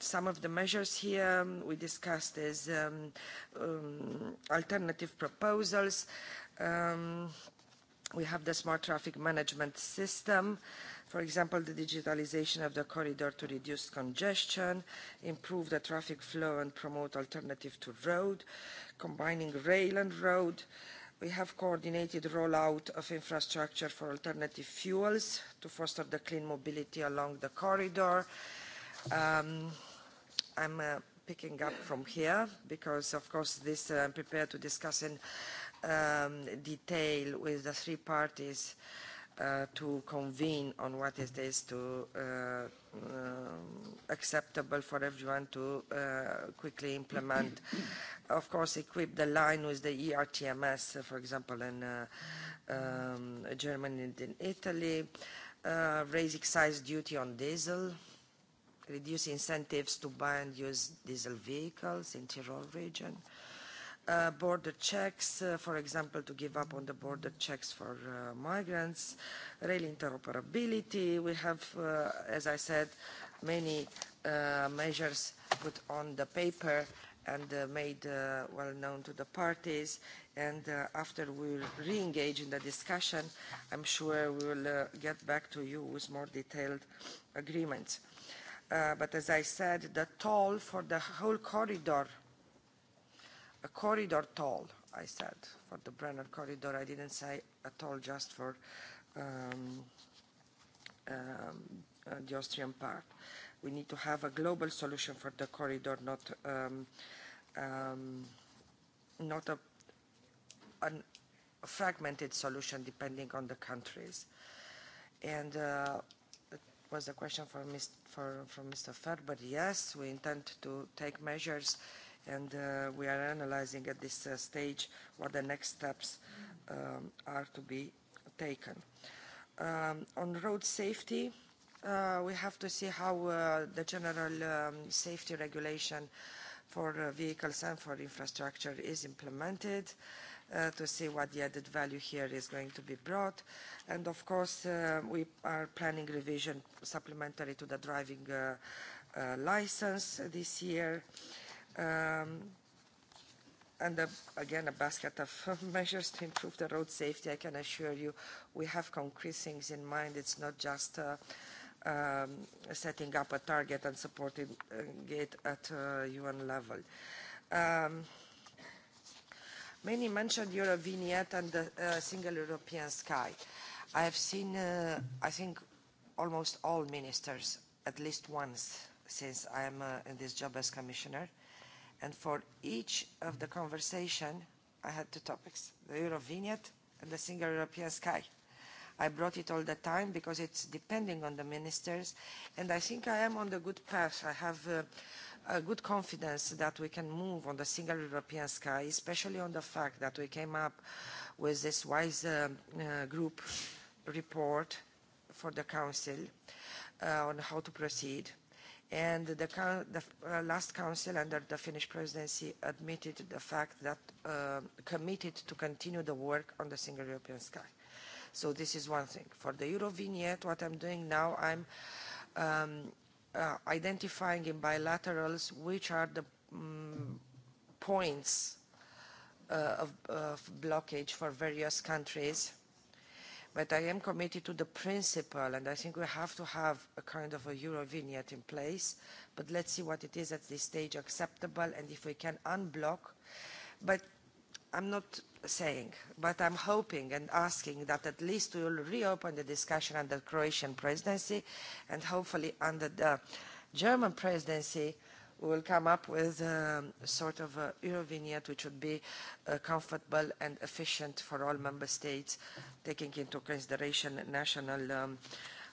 some of the measures here um, we discussed as um, um, alternative proposals. Um, we have the smart traffic management system, for example, the digitalization of the corridor to reduce congestion, improve the traffic flow and promote alternative to road, combining rail and road, uh, We have coordinated rollout of infrastructure for alternative fuels to foster the clean mobility along the corridor. Um, I'm uh, picking up from here because, of course, this uh, I'm prepared to discuss in um, detail with the three parties uh, to convene on what it is to, uh, um, acceptable for everyone to uh, quickly implement. of course, equip the line with the ERTMS, uh, for example, in uh, um, Germany and in Italy, uh, raise excise duty on diesel, reduce incentives to buy and use diesel vehicles in Tyrol region, uh, uh, border checks, uh, for example, to give up on the border checks for uh, migrants, rail interoperability. We have, uh, as I said, many uh, measures put on the paper and uh, made uh, well known to the parties. And uh, after we re-engage in the discussion, I'm sure we will uh, get back to you with more detailed agreements. Uh, but as I said, the toll for the whole corridor a corridor toll, I said, for the Brenner corridor. I didn't say a toll just for um, um, uh, the Austrian part. We need to have a global solution for the corridor, not um, um, not a, an, a fragmented solution depending on the countries. And uh, it was a question for, Mr., for, from Mr. Ferber. Yes, we intend to take measures uh, and uh, we are analyzing at this uh, stage what the next steps um, are to be taken. Um, on road safety, uh, we have to see how uh, the general um, safety regulation for uh, vehicles and for infrastructure is implemented. Uh, Uh, to see what the added value here is going to be brought. And of course, uh, we are planning revision supplementary to the driving uh, uh license this year um, and a, again a basket of measures to improve the road safety. I can assure you, we have concrete things in mind. It's not just uh, um, setting up a target and supporting uh, it at uh, UN level. Um, many mentioned Euro vignette and the uh, single European sky. I have seen, uh, I think, almost all ministers at least once since I am uh, in this job as commissioner. Uh, And for each of the conversation, I had two topics, the Euro vignette and the single European sky. I brought it all the time because it's depending on the ministers. And I think I am on the good path. I have uh, a good confidence that we can move on the single European sky, especially on the fact that we came up with this WISE uh, uh, group report for the Council uh, on how to proceed. Uh, and the, the uh, last council under the Finnish presidency admitted the fact that uh, committed to continue the work on the single European sky. So this is one thing. For the Euro vignette, what I'm doing now, I'm um, uh, identifying in bilaterals which are the um, points uh, of, of blockage for various countries uh, But I am committed to the principle, and I think we have to have a kind of a Euro vignette in place. But let's see what it is at this stage acceptable and if we can unblock. But I'm not saying, but I'm hoping and asking that at least we will reopen the discussion under Croatian presidency and hopefully under the German presidency we will come up with um, a sort of a Euro vignette which would be uh, comfortable and efficient for all member states, taking into consideration national um,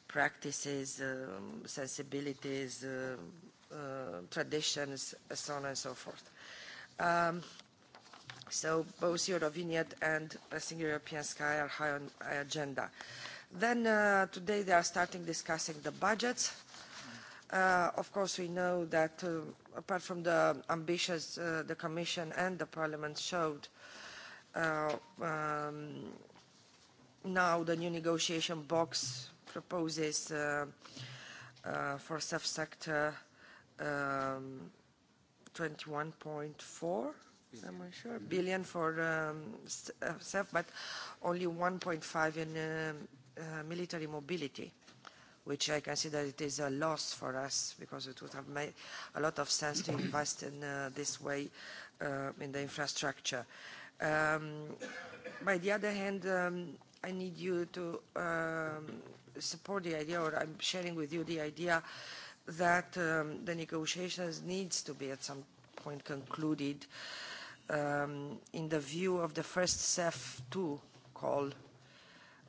practices, um, sensibilities, uh, uh, traditions, so on and so forth. Um, so both Eurovignette and Passing European Sky are high on my agenda. Then uh, today they are starting discussing the budgets Uh, of course, we know that uh, apart from the ambitions uh, the Commission and the Parliament showed, uh, um, now the new negotiation box proposes uh, uh, for self-sector um, 21.4 am I sure billion for um, uh, self, but only 1.5 in uh, uh, military mobility which I consider it is a loss for us because it would have made a lot of sense to invest in uh, this way uh, in the infrastructure. Um, by the other hand, um, I need you to um, support the idea, or I'm sharing with you the idea that um, the negotiations needs to be at some point concluded um, in the view of the first CEF2 call,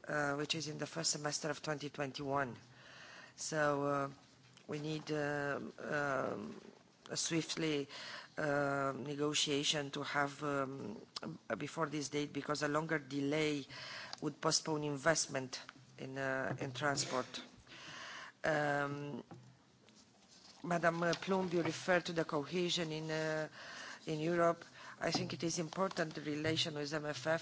uh, which is in the first semester of 2021. So uh, we need uh, um, a swiftly uh, negotiation to have um, before this date because a longer delay would postpone investment in, uh, in transport. Um, Madam Plumb, you referred to the cohesion in, uh, in Europe. I think it is important the relation with MFF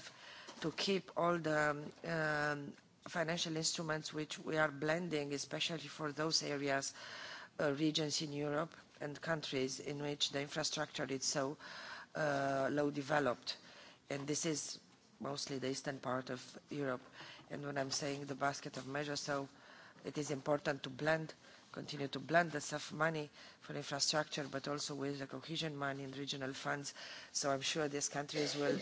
to keep all the um, financial instruments which we are blending, especially for those areas, uh, regions in Europe and countries in which the infrastructure is so uh, low developed. And this is mostly the eastern part of Europe. And when I'm saying the basket of measures, so it is important to blend uh, continue to blend the SEF money for infrastructure, but also with the cohesion money and regional funds. So I'm sure these countries will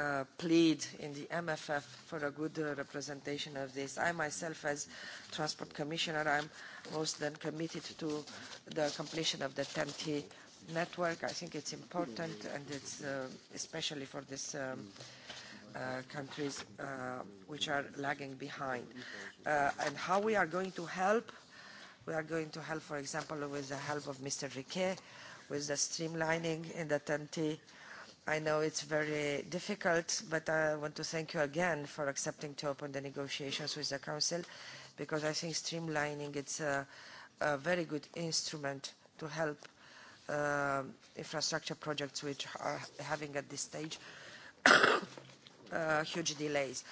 uh, plead in the MFF for a good uh, representation of this. I myself, as Transport Commissioner, I'm most than committed to the completion of the 10T network. I think it's important, and it's uh, especially for this um, Uh, countries uh, which are lagging behind. Uh, and how we are going to help We are going to help, for example, with the help of Mr. Riquet, with the streamlining in the TNT. I know it's very difficult, but I want to thank you again for accepting to open the negotiations with the Council, because I think streamlining it's a, a very good instrument to help uh, infrastructure projects which are having at this stage uh, huge delays.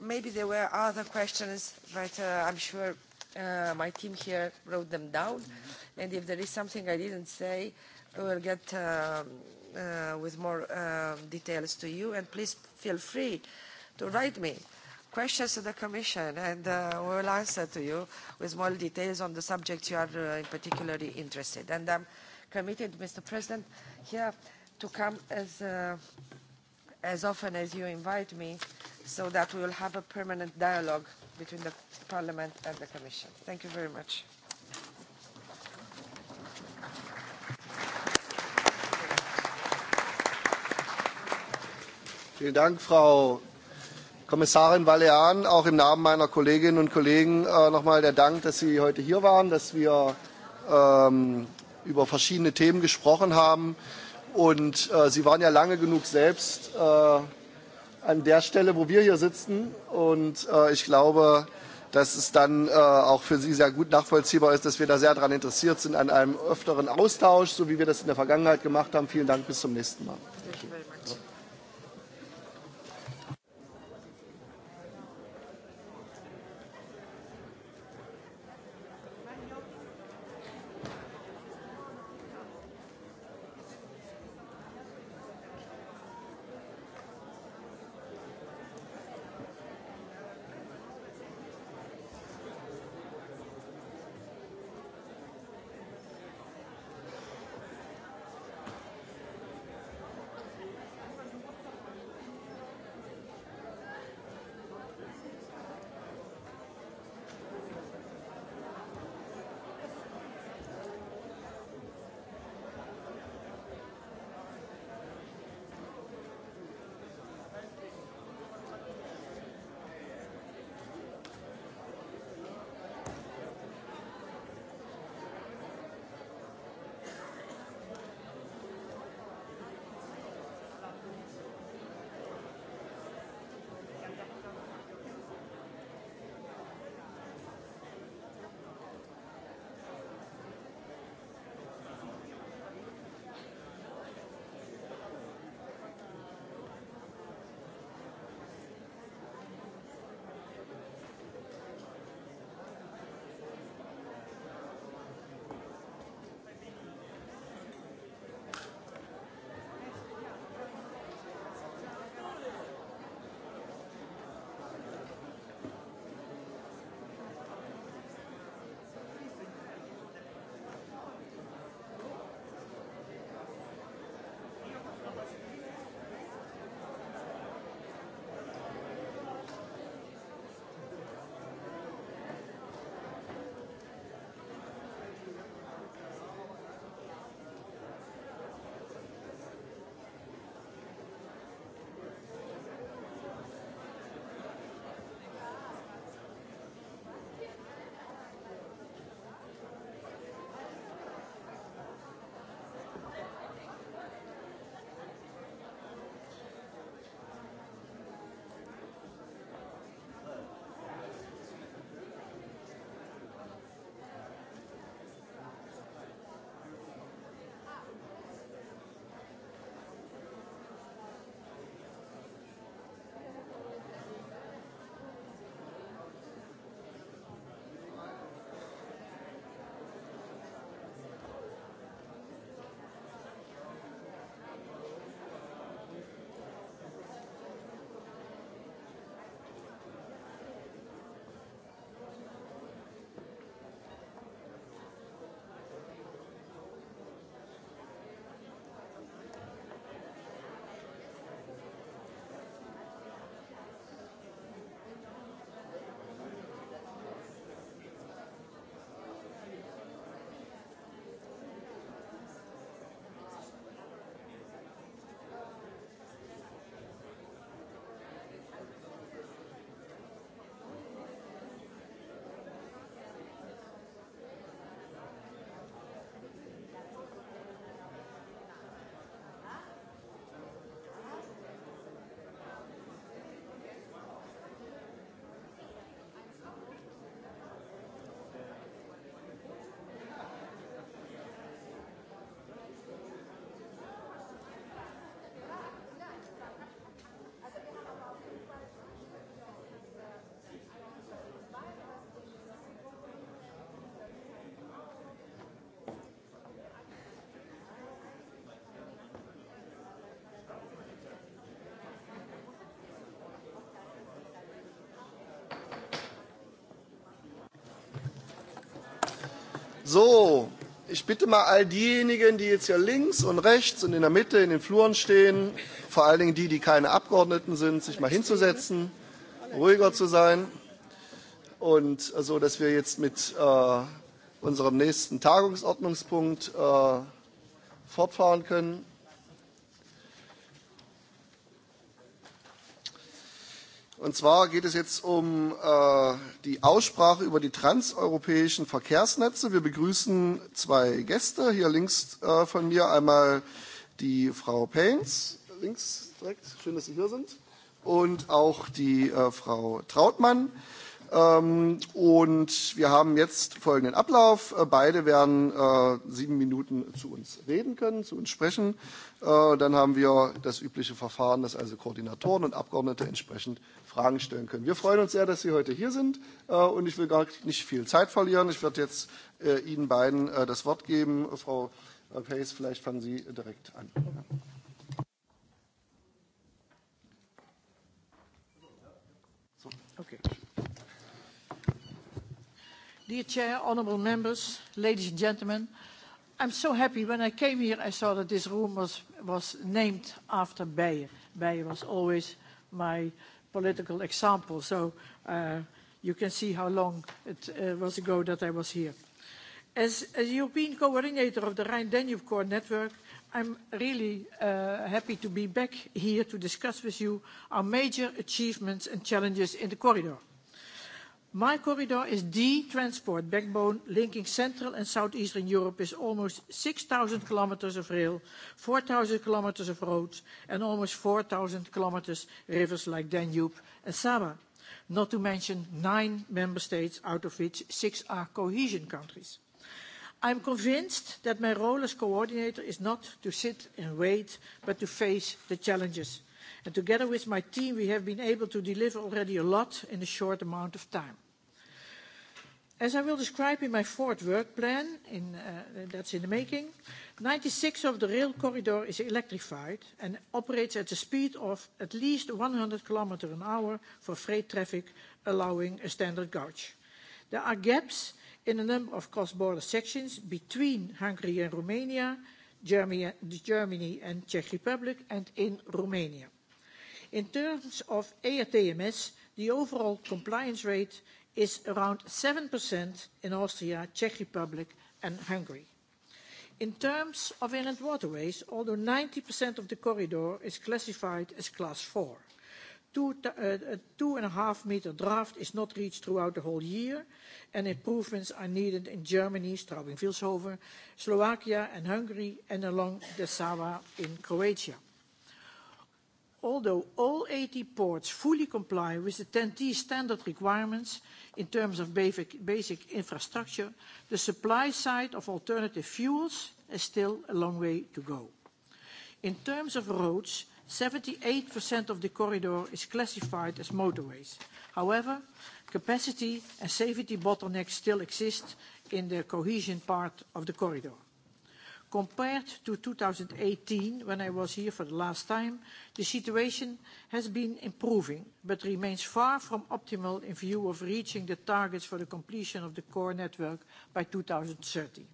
Maybe there were other questions, but uh, I'm sure Uh, my team here wrote them down, mm-hmm. and if there is something I didn't say, we'll get uh, uh, with more uh, details to you. And please feel free to write me questions to the Commission, and uh, we will answer to you with more details on the subject you are uh, in particularly interested. And I'm committed, Mr. President, here to come as, uh, as often as you invite me so that we will have a permanent dialogue uh, between the Parliament and the Commission. Thank you very much. Vielen Dank, Frau Kommissarin Valean. Auch im Namen meiner Kolleginnen und Kollegen äh, nochmal der Dank, dass Sie heute hier waren, dass wir ähm, über verschiedene Themen gesprochen haben. Und äh, Sie waren ja lange genug selbst äh, an der Stelle, wo wir hier sitzen. Und äh, ich glaube, dass es dann äh, auch für Sie sehr gut nachvollziehbar ist, dass wir da sehr daran interessiert sind, an einem öfteren Austausch, so wie wir das in der Vergangenheit gemacht haben. Vielen Dank, bis zum nächsten Mal. Thank you very much. So, ich bitte mal all diejenigen, die jetzt hier links und rechts und in der Mitte in den Fluren stehen, vor allen Dingen die, die keine Abgeordneten sind, sich mal hinzusetzen, ruhiger zu sein und so, dass wir jetzt mit äh, unserem nächsten Tagungsordnungspunkt äh, fortfahren können. Und zwar geht es jetzt um äh, die Aussprache über die transeuropäischen Verkehrsnetze. Wir begrüßen zwei Gäste. Hier links äh, von mir einmal die Frau Paynes, links direkt, schön, dass Sie hier sind, und auch die äh, Frau Trautmann. Ähm, und wir haben jetzt folgenden Ablauf. Äh, beide werden äh, sieben Minuten zu uns reden können, zu uns sprechen. Äh, dann haben wir das übliche Verfahren, dass also Koordinatoren und Abgeordnete entsprechend Fragen stellen können. Wir freuen uns sehr, dass Sie heute hier sind äh, und ich will gar nicht viel Zeit verlieren. Ich werde jetzt äh, Ihnen beiden äh, das Wort geben. Frau Pace, vielleicht fangen Sie direkt an. Ja. So. Okay. Dear Chair, honourable members, ladies and gentlemen, I'm so happy. When I came here, I saw that this room was, was named after Beyer. Beyer was always my political example. So uh, you can see how long it uh, was ago that I was here. As a European coordinator of the Rhine-Danube Core Network, I'm really uh, happy to be back here to discuss with you our major achievements and challenges in the corridor. My corridor is the transport backbone linking Central and Southeastern Europe with almost 6,000 kilometers of rail, 4,000 kilometers of roads, and almost 4,000 kilometers rivers like Danube and Saba, not to mention nine member states, out of which six are cohesion countries. I'm convinced that my role as coordinator is not to sit and wait, but to face the challenges – And together with my team, we have been able to deliver already a lot in a short amount of time. As I will describe in my fourth work plan, in, uh, that's in the making, 96 of the rail corridor is electrified and operates at a speed of at least 100 km an hour for freight traffic, allowing a standard gauge. There are gaps in a number of cross-border sections between Hungary and Romania, Germany, Germany and Czech Republic, and in Romania. In terms of ARTMS, the overall compliance rate is around 7% in Austria, Czech Republic, and Hungary. In terms of inland waterways, although 90% of the corridor is classified as Class 4, 2.5-meter uh, uh draft is not reached throughout the whole year, and improvements are needed in Germany, Straubing-Vilshofen, Slovakia, and Hungary, and along the Sava in Croatia although all 80 ports fully comply with the TEN-T standard requirements in terms of basic, basic infrastructure, the supply side of alternative fuels is still a long way to go. In terms of roads, 78% of the corridor is classified as motorways. However, capacity and safety bottlenecks still exist in the cohesion part of the corridor. Compared to 2018, when I was here for the last time, the situation has been improving, but remains far from optimal in view of reaching the targets for the completion of the core network by 2030.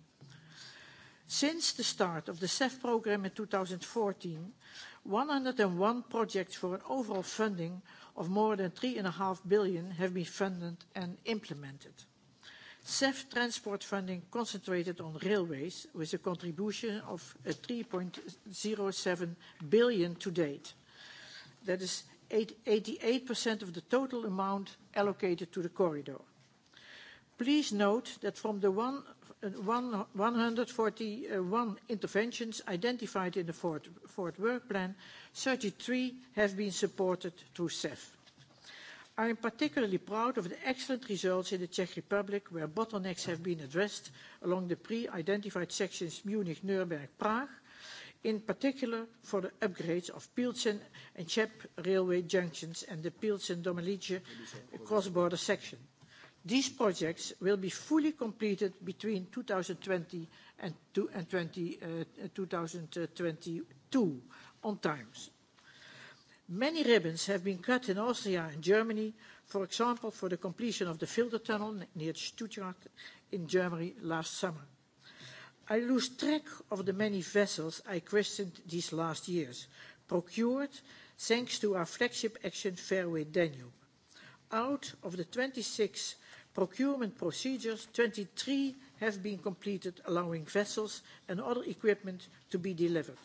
Since the start of the CEF program in 2014, 101 projects for an overall funding of more than 3.5 billion have been funded and implemented. CEF transport funding concentrated on railways with a contribution of 3.07 uh, billion to date. That is 88% of the total amount allocated to the corridor. Please note that from the one, uh, one, 141 interventions identified in the Fort, Fort Worth plan, 33 have been supported through CEF. I am particularly proud of the excellent results in the Czech Republic, where bottlenecks have been addressed along the pre-identified sections Munich-Nuremberg-Prague, in particular for the upgrades of Pilsen and Cheb railway junctions and the Pilsen-Domažlice cross-border section. These projects will be fully completed between 2020 and 2022 uh, on times. Many ribbons have been cut in Austria and Germany, for example, for the completion of the Filter Tunnel near Stuttgart in Germany last summer. I lose track of the many vessels I christened these last years, procured thanks to our flagship action Fairway Danube. Out of the 26 procurement procedures, 23 have been completed, allowing vessels and other equipment to be delivered.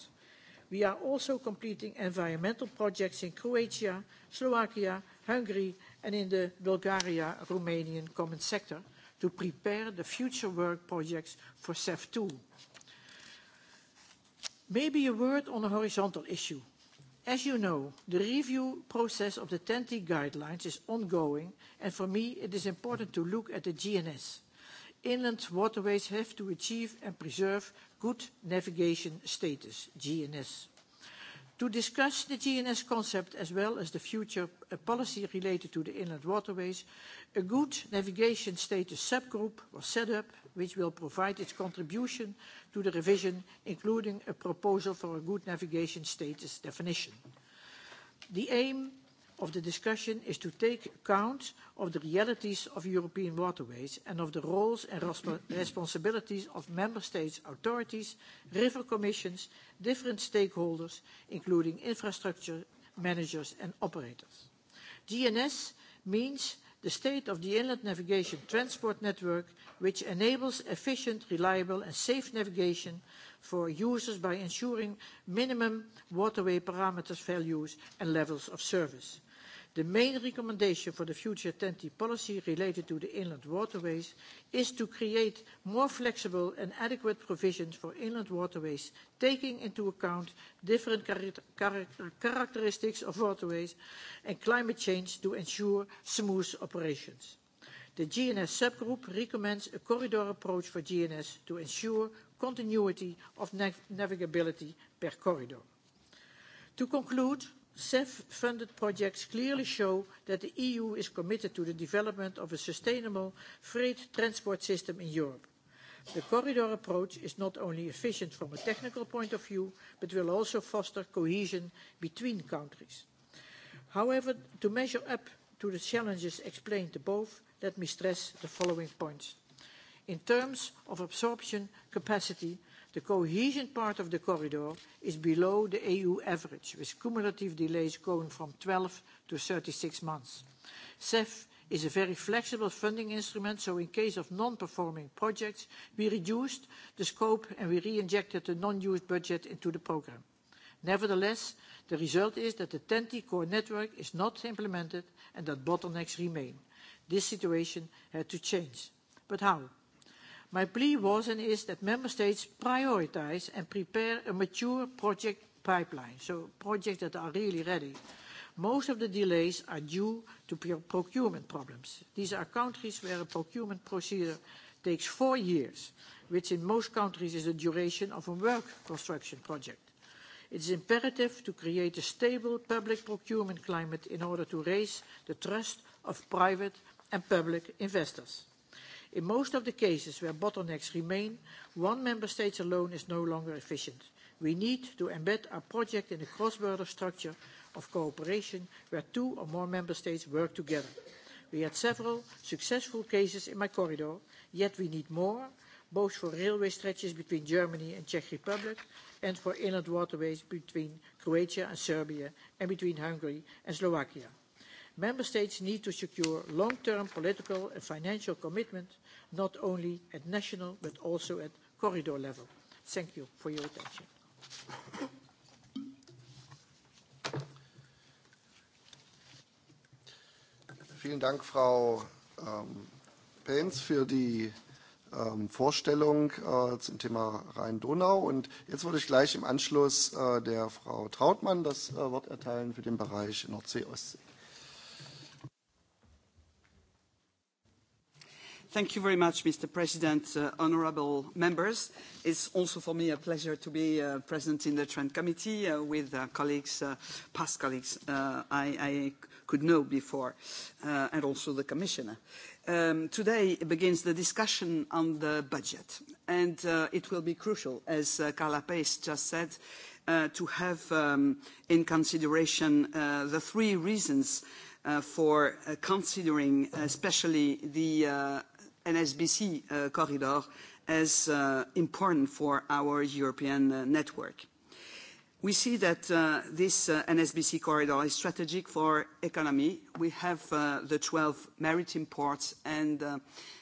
We are also completing environmental projects in Croatia, Slovakia, Hungary, and in the Bulgaria-Romanian common sector to prepare the future work projects for CEF II. Maybe a word on a horizontal issue. As you know, the review process of the TEN-T guidelines is ongoing, and for me, it is important to look at the GNS inland waterways have to achieve and preserve good navigation status, GNS. To discuss the GNS concept as well as the future uh, policy related to the inland waterways, a good navigation status subgroup was set up, which will provide its contribution to the revision, including a proposal for a good navigation status definition. The aim of the discussion is to take account of the realities of European waterways and of the roles and responsibilities of member states' authorities, river commissions, different stakeholders, including infrastructure managers and operators. GNS means the state of the inland navigation transport network, which enables efficient, reliable and safe navigation for users by ensuring minimum waterway parameters, values and levels of service. The main recommendation for the future TEN-T policy related to the inland waterways is to create more flexible and adequate provisions for inland waterways, taking into account different char char characteristics of waterways and climate change to ensure smooth operations. The GNS subgroup recommends a corridor approach for GNS to ensure continuity of nav navigability per corridor. To conclude, CEF-funded projects clearly show that the EU is committed to the development of a sustainable freight transport system in Europe. The corridor approach is not only efficient from a technical point of view, but will also foster cohesion between countries. However, to measure up to the challenges explained above, let me stress the following points. In terms of absorption capacity, The cohesion part of the corridor is below the EU average, with cumulative delays going from 12 to 36 months. CEF is a very flexible funding instrument, so in case of non-performing projects, we reduced the scope and we reinjected the non-used budget into the program. Nevertheless, the result is that the TEN-T core network is not implemented and that bottlenecks remain. This situation had to change. But how? My plea was and is that member states prioritize and prepare a mature project pipeline, so projects that are really ready. Most of the delays are due to procurement problems. These are countries where a procurement procedure takes four years, which in most countries is the duration of a work construction project. It is imperative to create a stable public procurement climate in order to raise the trust of private and public investors. In most of the cases where bottlenecks remain, one member state alone is no longer efficient. We need to embed our project in a cross-border structure of cooperation where two or more member states work together. We had several successful cases in my corridor, yet we need more, both for railway stretches between Germany and Czech Republic, and for inland waterways between Croatia and Serbia, and between Hungary and Slovakia. Member states need to secure long-term political and financial commitment not only at national but also at corridor level. Thank you for your attention. Vielen Dank, Frau ähm, Paens, für die ähm, Vorstellung äh, zum Thema Rhein-Donau. Und jetzt würde ich gleich im Anschluss äh, der Frau Trautmann das äh, Wort erteilen für den Bereich Nordsee-Ostsee. Thank you very much, Mr. President, uh, honorable members. It's also for me a pleasure to be uh, present in the Trend Committee uh, with uh, colleagues, uh, past colleagues uh, I, I could know before, uh, and also the Commissioner. Um, today begins the discussion on the budget, and uh, it will be crucial, as uh, Carla Pace just said, uh, to have um, in consideration uh, the three reasons uh, for uh, considering especially the uh, NSBC uh, corridor as uh, important for our European uh, network. We see that uh, this uh, NSBC corridor is strategic for economy. We have uh, the 12 maritime ports and uh,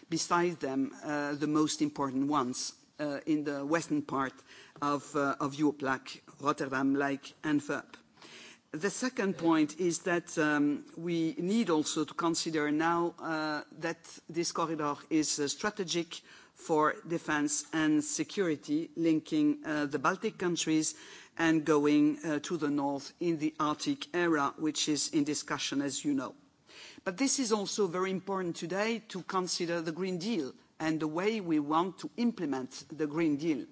beside them uh, the most important ones uh, in the western part of, uh, of Europe, like Rotterdam, like Antwerp. The second point is that um, we need also to consider now uh, that this corridor is uh, strategic for defense and security, linking uh, the Baltic countries and going uh, to the north in the Arctic area, which is in discussion, as you know. But this is also very important today to consider the Green Deal and the way we want to implement the Green Deal.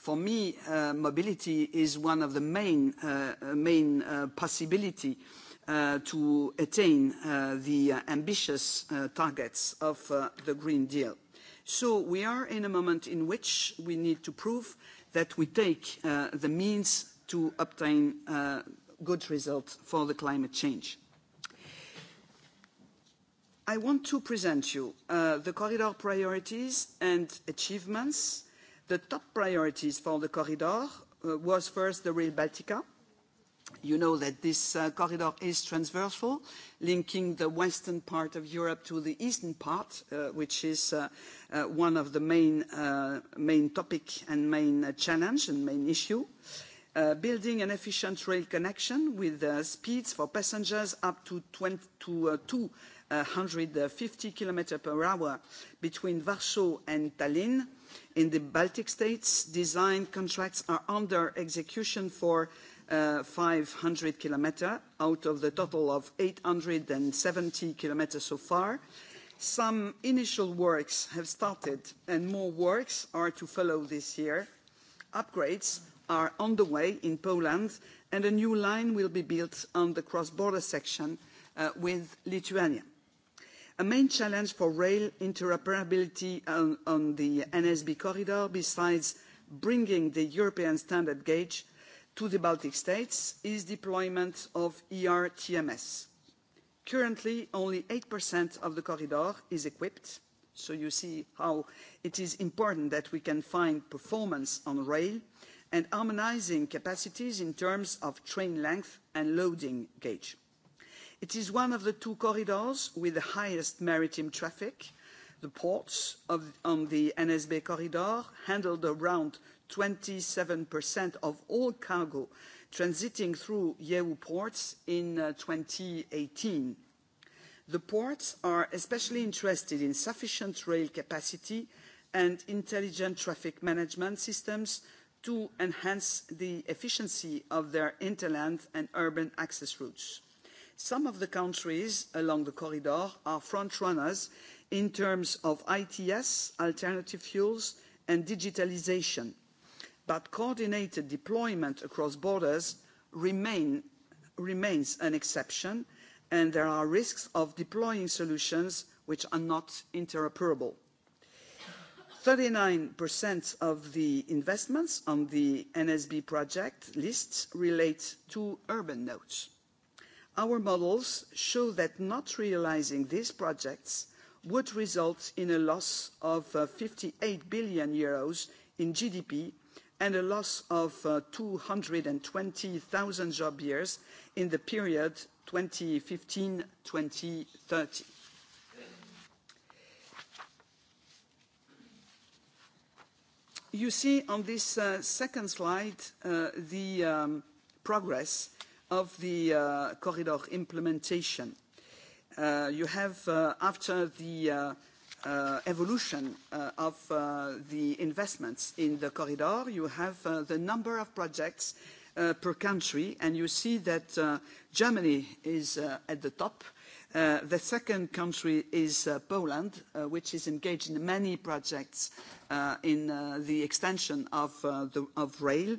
For me, uh, mobility is one of the main, uh, uh, main uh, possibility uh, to attain uh, the uh, ambitious uh, targets of uh, the Green Deal. So we are in a moment in which we need to prove that we take uh, the means to obtain uh, good results for the climate change. I want to present you uh, the corridor priorities and achievements The top priorities for the corridor uh, was first the Rail Baltica. You know that this uh, corridor is transversal, linking the western part of Europe to the eastern part, uh, which is uh, uh, one of the main, uh, main topic and main uh, challenge and main issue. Uh, building an efficient rail connection with uh, speeds for passengers up to, 20, to uh, 250 uh, km per hour between Warsaw and Tallinn, In the Baltic states, design contracts are under execution for uh, 500 kilometers out of the total of 870 kilometers so far. Some initial works have started, and more works are to follow this year. Upgrades are on the way in Poland, and a new line will be built on the cross-border section uh, with Lithuania. A main challenge for rail interoperability on, on the NSB corridor, besides bringing the European standard gauge to the Baltic states, is deployment of ERTMS. Currently, only 8% of the corridor is equipped, so you see how it is important that we can find performance on rail and harmonizing capacities in terms of train length and loading gauge. It is one of the two corridors with the highest maritime traffic. The ports of, on the NSB corridor handled around 27% of all cargo transiting through Yewu ports in uh, 2018. The ports are especially interested in sufficient rail capacity and intelligent traffic management systems to enhance the efficiency of their interland and urban access routes. Some of the countries along the corridor are front runners in terms of ITS, alternative fuels, and digitalization. But coordinated deployment across borders remain, remains an exception, and there are risks of deploying solutions which are not interoperable. 39% of the investments on the NSB project lists relate to urban nodes. Our models show that not realizing these projects would result in a loss of uh, 58 billion euros in GDP and a loss of uh, 220,000 job years in the period 2015-2030. You see on this uh, second slide uh, the um, progress of the uh, corridor implementation. Uh, you have, uh, after the uh, uh, evolution uh, of uh, the investments in the corridor, you have uh, the number of projects uh, per country, and you see that uh, Germany is uh, at the top. Uh, the second country is uh, Poland, uh, which is engaged in many projects uh, in uh, the extension of, uh, the, of rail. Uh,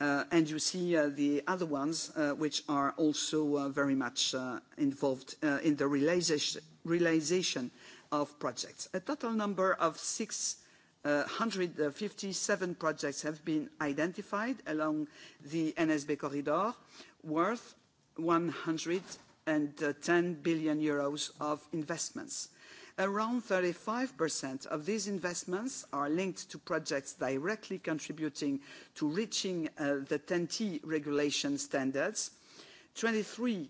Uh, and you see uh, the other ones, uh, which are also uh, very much uh, involved uh, in the realization, realization of projects. A total number of 657 projects have been identified along the NSB corridor, worth 110 billion euros of investments. Around 35% of these investments are linked to projects directly contributing to reaching uh, the TEN-T regulation standards. 23%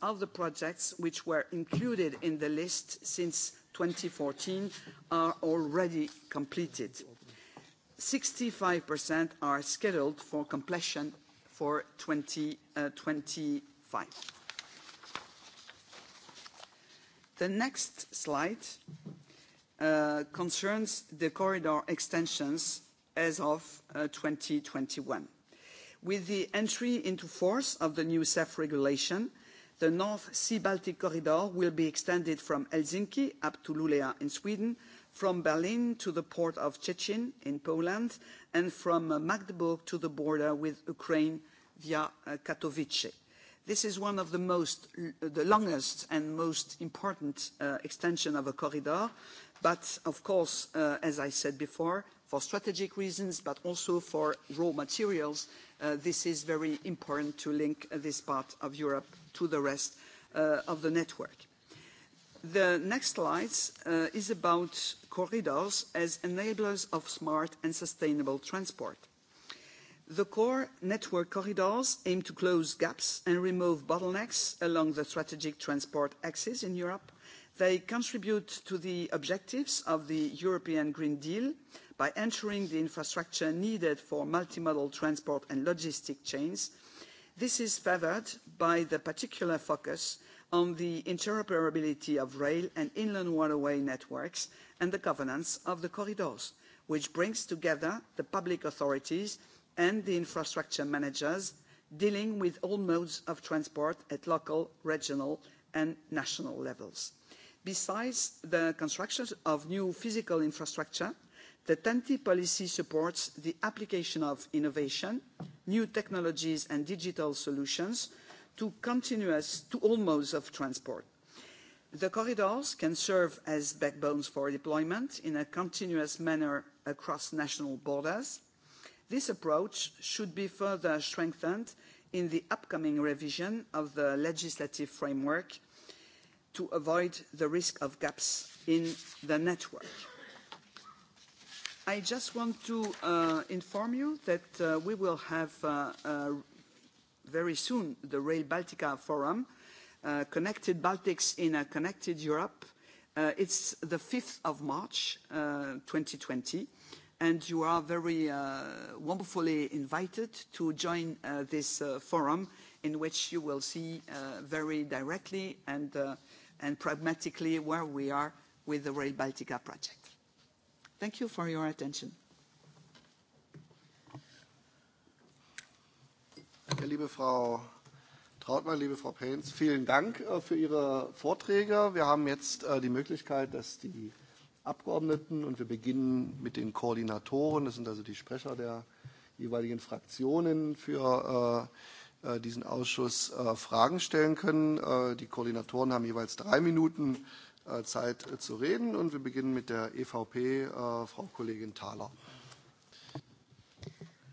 of the projects which were included in the list since 2014 are already completed. 65% are scheduled for completion for 2025. Uh, The next slide uh, concerns the corridor extensions as of uh, 2021. With the entry into force of the new CEF regulation, the North Sea-Baltic corridor will be extended from Helsinki up to Luleå in Sweden, from Berlin to the port of Szczecin in Poland, and from Magdeburg to the border with Ukraine via uh, Katowice. This is one of the most, the longest and most important uh, extension of a corridor. But of course, uh, as I said before, for strategic reasons, but also for raw materials, uh, this is very important to link this part of Europe to the rest uh, of the network. The next slide uh, is about corridors as enablers of smart and sustainable transport. The core network corridors aim to close gaps and remove bottlenecks along the strategic transport axis in Europe. They contribute to the objectives of the European Green Deal by ensuring the infrastructure needed for multimodal transport and logistic chains. This is favored by the particular focus on the interoperability of rail and inland waterway networks and the governance of the corridors, which brings together the public authorities and the infrastructure managers dealing with all modes of transport at local, regional and national levels. Besides the construction of new physical infrastructure, the TEN-T policy supports the application of innovation, new technologies and digital solutions to continuous to all modes of transport. The corridors can serve as backbones for deployment in a continuous manner across national borders This approach should be further strengthened in the upcoming revision of the legislative framework to avoid the risk of gaps in the network. I just want to uh, inform you that uh, we will have uh, uh, very soon the Rail Baltica Forum, uh, Connected Baltics in a Connected Europe. Uh, it's the 5th of March uh, 2020 and you are very uh, wonderfully invited to join uh, this uh, forum in which you will see uh, very directly and, uh, and pragmatically where we are with the Rail Baltica project. Thank you for your attention. Danke, liebe Frau Trautmann, liebe Frau Paens. Vielen Dank äh, für Ihre Vorträge. Wir haben jetzt äh, die Möglichkeit, dass die äh, Abgeordneten und wir beginnen mit den Koordinatoren. Das sind also die Sprecher der jeweiligen Fraktionen für äh, äh, diesen Ausschuss äh, Fragen stellen können. Äh, die Koordinatoren haben jeweils drei Minuten äh, Zeit äh, zu reden und wir beginnen mit der EVP, äh, Frau Kollegin Thaler.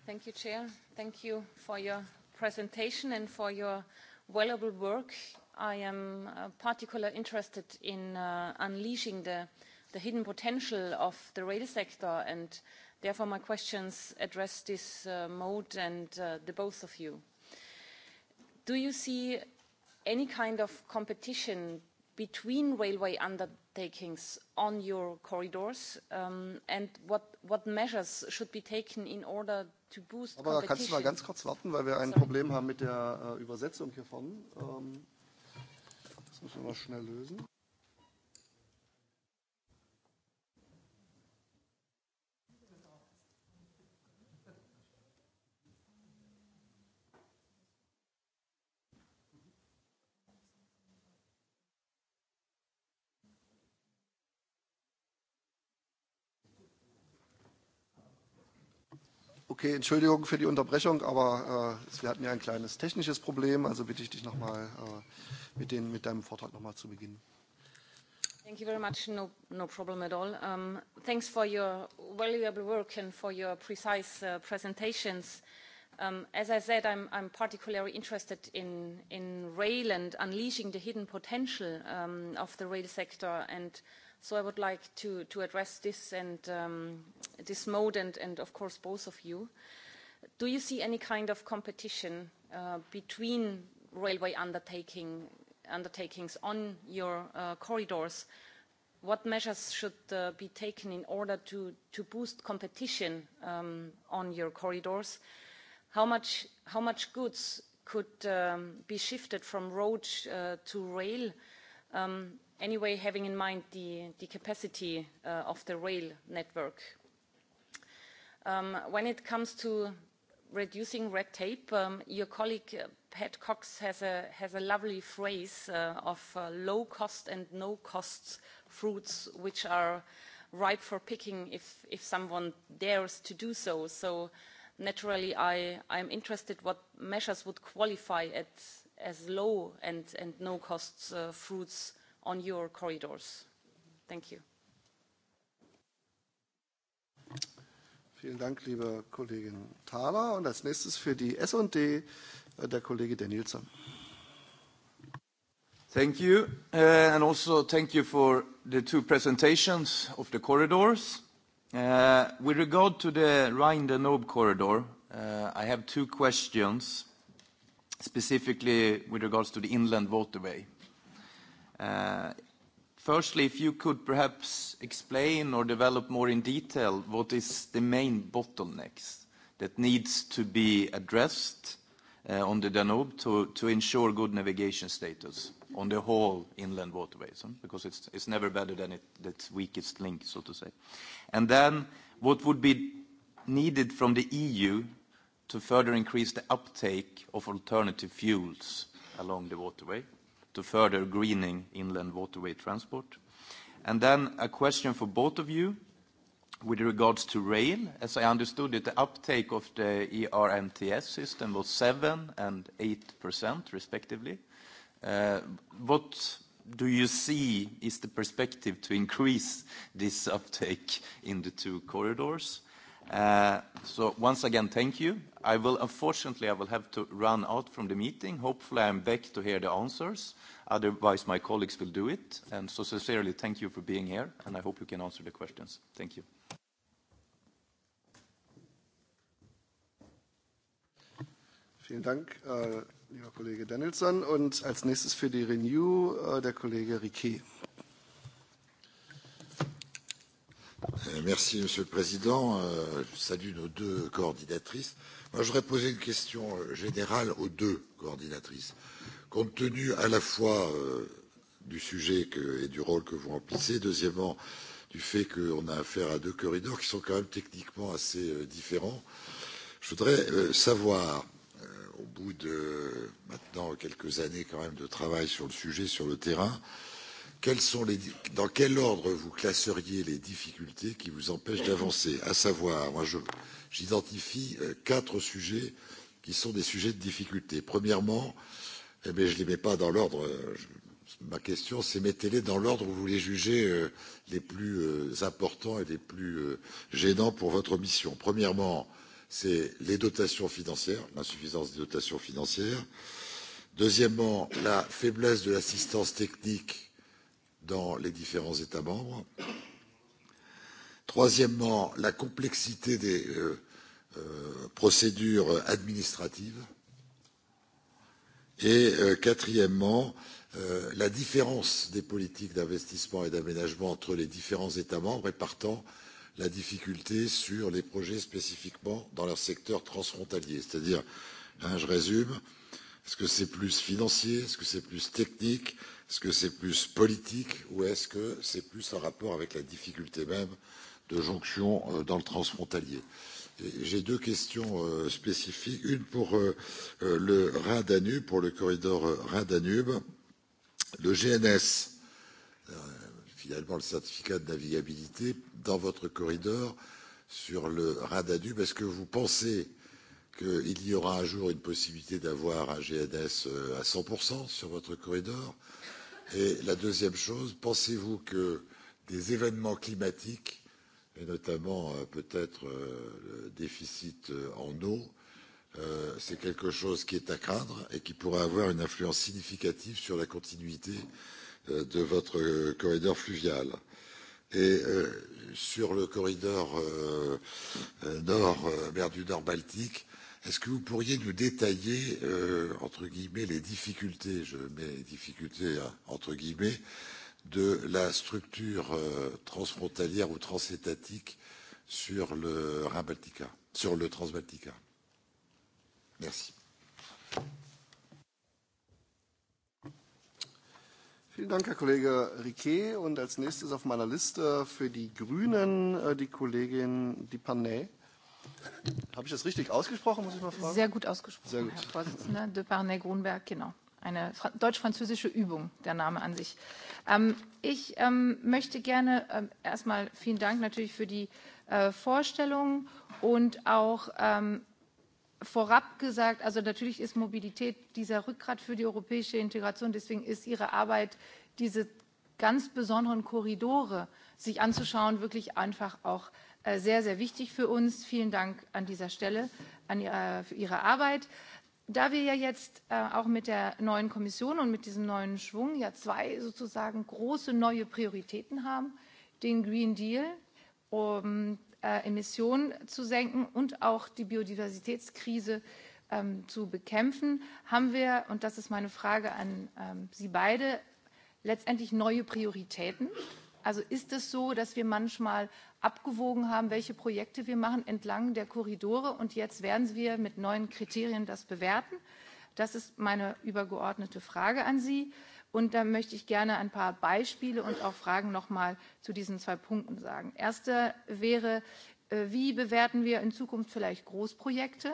Thank you, Chair. Thank you for your presentation and for your valuable work. I am uh, particularly interested in uh, unleashing the uh, the hidden potential of the rail sector and therefore my questions address this uh, mode and uh, the both of you. Do you see any kind of competition between railway undertakings on your corridors um, and what, what measures should be taken in order to boost Aber competition? Aber kannst du mal ganz kurz warten, weil wir ein Sorry. Problem haben mit der äh, Übersetzung hiervon. Ähm, das müssen wir mal schnell lösen. Okay, Entschuldigung für die Unterbrechung, aber äh, wir hatten ja ein kleines technisches Problem, also bitte ich dich nochmal äh, mit, den, mit deinem Vortrag nochmal zu beginnen. Thank you very much. No, no problem at all. Um, thanks for your valuable work and for your precise uh, presentations. Um, as I said, I'm, I'm particularly interested in, in rail and unleashing the hidden potential um, of the rail sector and So I would like to, to address this and um, this mode and, and of course both of you. Do you see any kind of competition uh, between railway undertaking, undertakings on your uh, corridors? What measures should uh, be taken in order to, to boost competition um, on your corridors? How much, how much goods could um, be shifted from road uh, to rail uh, Um, anyway, having in mind the, the capacity uh, of the rail network. Um, when it comes to reducing red tape, um, your colleague uh, Pat Cox has a, has a lovely phrase uh, of uh, low cost and no cost fruits which are ripe for picking if, if someone dares to do so. So naturally I, I'm interested what measures would qualify at, as low and, and no cost uh, fruits on your corridors? Thank you. Vielen Dank, liebe Kollegin Thaler. Und als nächstes für die S&D äh, der Kollege Danielsson. Thank you. Uh, and also thank you for the two presentations of the corridors. Uh, with regard to the Rhine-Danube corridor, uh, I have two questions specifically with regards to the inland waterway. Uh, firstly, if you could perhaps explain or develop more in detail what is the main bottlenecks that needs to be addressed uh, on the Danube to, to ensure good navigation status on the whole inland waterways, huh? because it's, it's never better than it, its weakest link, so to say. And then what would be needed from the EU to further increase the uptake of alternative fuels along the waterway, to further greening inland waterway transport? And then a question for both of you with regards to rail. As I understood it, the uptake of the ERMTS system was 7% and 8% respectively. Uh, what do you see is the perspective to increase this uptake in the two corridors? Uh, so once again, thank you. I will, unfortunately, I will have to run out from the meeting. Hopefully, I'm back to hear the answers. Otherwise, my colleagues will do it. And so sincerely, thank you for being here, and I hope you can answer the questions. Thank you. Vielen Dank, äh, lieber Kollege Danielsson. Und als nächstes für die Renew äh, der Kollege Riquet. Euh, merci, Monsieur le Président. Euh, je salue nos deux coordinatrices. Moi, je voudrais poser une question euh, générale aux deux coordinatrices. Compte tenu à la fois euh, du sujet que, et du rôle que vous remplissez, deuxièmement, du fait qu'on a affaire à deux corridors qui sont quand même techniquement assez euh, différents, je voudrais euh, savoir, euh, au bout de maintenant quelques années quand même de travail sur le sujet, sur le terrain, euh, quels sont les, dans quel ordre vous classeriez les difficultés qui vous empêchent d'avancer À savoir, moi, je, j'identifie euh, quatre sujets qui sont des sujets de difficulté. Premièrement, eh bien, je ne les mets pas dans l'ordre. Euh, ma question, c'est mettez-les dans l'ordre où vous les jugez euh, les plus euh, importants et les plus euh, gênants pour votre mission. Premièrement, c'est les dotations financières, l'insuffisance des dotations financières. Deuxièmement, la faiblesse de l'assistance technique dans les différents États membres. Troisièmement, la complexité des euh, euh, procédures administratives. Et euh, quatrièmement, euh, la différence des politiques d'investissement et d'aménagement entre les différents États membres et partant la difficulté sur les projets spécifiquement dans leur secteur transfrontalier. C'est-à-dire, hein, je résume, est-ce que c'est plus financier, est-ce que c'est plus technique, euh, Est-ce que c'est plus politique ou est-ce que c'est plus en rapport avec la difficulté même de jonction euh, dans le transfrontalier J'ai deux questions euh, spécifiques. Une pour euh, euh le Rhin-Danube, pour le corridor euh, Rhin-Danube. Le GNS, euh, finalement le certificat de navigabilité, dans votre corridor sur le Rhin-Danube, est-ce que vous pensez qu'il y aura un jour une possibilité d'avoir un GNS euh, à 100% sur votre corridor euh, Et la deuxième chose, pensez-vous que des événements climatiques, et notamment euh, peut-être euh, le déficit euh, en eau, euh, c'est quelque chose qui est à craindre et qui pourrait avoir une influence significative sur la continuité euh, de votre euh, corridor fluvial. Et euh, sur le corridor euh, euh nord, euh, mer du Nord-Baltique, Est-ce que vous pourriez nous détailler, euh, entre guillemets, les difficultés, je mets difficultés entre guillemets, de la structure euh, transfrontalière ou transétatique sur le Rhin-Baltica, sur le Transbaltica Merci. Vielen Dank, Herr Kollege Riquet. Und als nächstes auf meiner Liste für die Grünen äh, die Kollegin Dipanay. Habe ich das richtig ausgesprochen, muss ich mal fragen? Sehr gut ausgesprochen, Sehr gut. Herr Vorsitzender. De Parnay-Grunberg, genau. Eine deutsch-französische Übung, der Name an sich. Ähm, ich ähm, möchte gerne ähm, erstmal vielen Dank natürlich für die äh, Vorstellung und auch ähm, vorab gesagt, also natürlich ist Mobilität dieser Rückgrat für die europäische Integration. Deswegen ist Ihre Arbeit, diese ganz besonderen Korridore sich anzuschauen, wirklich einfach auch äh, Äh, sehr, sehr wichtig für uns. Vielen Dank an dieser Stelle an ihre, äh, für Ihre Arbeit. Da wir ja jetzt äh, auch mit der neuen Kommission und mit diesem neuen Schwung ja zwei sozusagen große neue Prioritäten haben, den Green Deal, um äh, Emissionen zu senken und auch die Biodiversitätskrise ähm, zu bekämpfen, haben wir, und das ist meine Frage an ähm, Sie beide, letztendlich neue Prioritäten Also ist es so, dass wir manchmal abgewogen haben, welche Projekte wir machen entlang der Korridore und jetzt werden wir mit neuen Kriterien das bewerten? Das ist meine übergeordnete Frage an Sie. Und da möchte ich gerne ein paar Beispiele und auch Fragen nochmal zu diesen zwei Punkten sagen. Erster wäre, äh, wie bewerten wir in Zukunft vielleicht Großprojekte?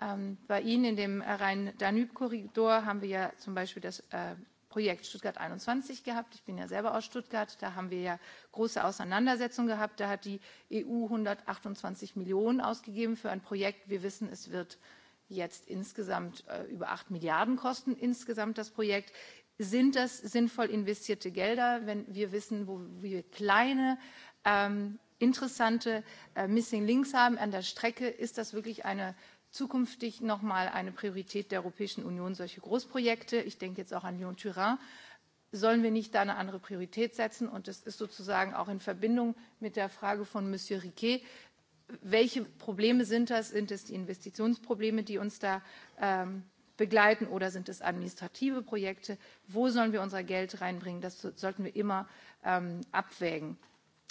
Ähm, bei Ihnen in dem Rhein-Danub-Korridor haben wir ja zum Beispiel das äh, Projekt Stuttgart 21 gehabt. Ich bin ja selber aus Stuttgart. Da haben wir ja große Auseinandersetzungen gehabt. Da hat die EU 128 Millionen ausgegeben für ein Projekt. Wir wissen, es wird jetzt insgesamt äh, über 8 Milliarden kosten, insgesamt das Projekt. Sind das sinnvoll investierte Gelder, wenn wir wissen, wo wir kleine, ähm, interessante äh, Missing Links haben an der Strecke? Ist das wirklich eine zukünftig nochmal eine Priorität der Europäischen Union, solche Großprojekte, ich denke jetzt auch an Lyon-Turin, sollen wir nicht da eine andere Priorität setzen? Und das ist sozusagen auch in Verbindung mit der Frage von Monsieur Riquet, welche Probleme sind das? Sind es die Investitionsprobleme, die uns da ähm, begleiten oder sind es administrative Projekte? Wo sollen wir unser Geld reinbringen? Das sollten wir immer ähm, abwägen.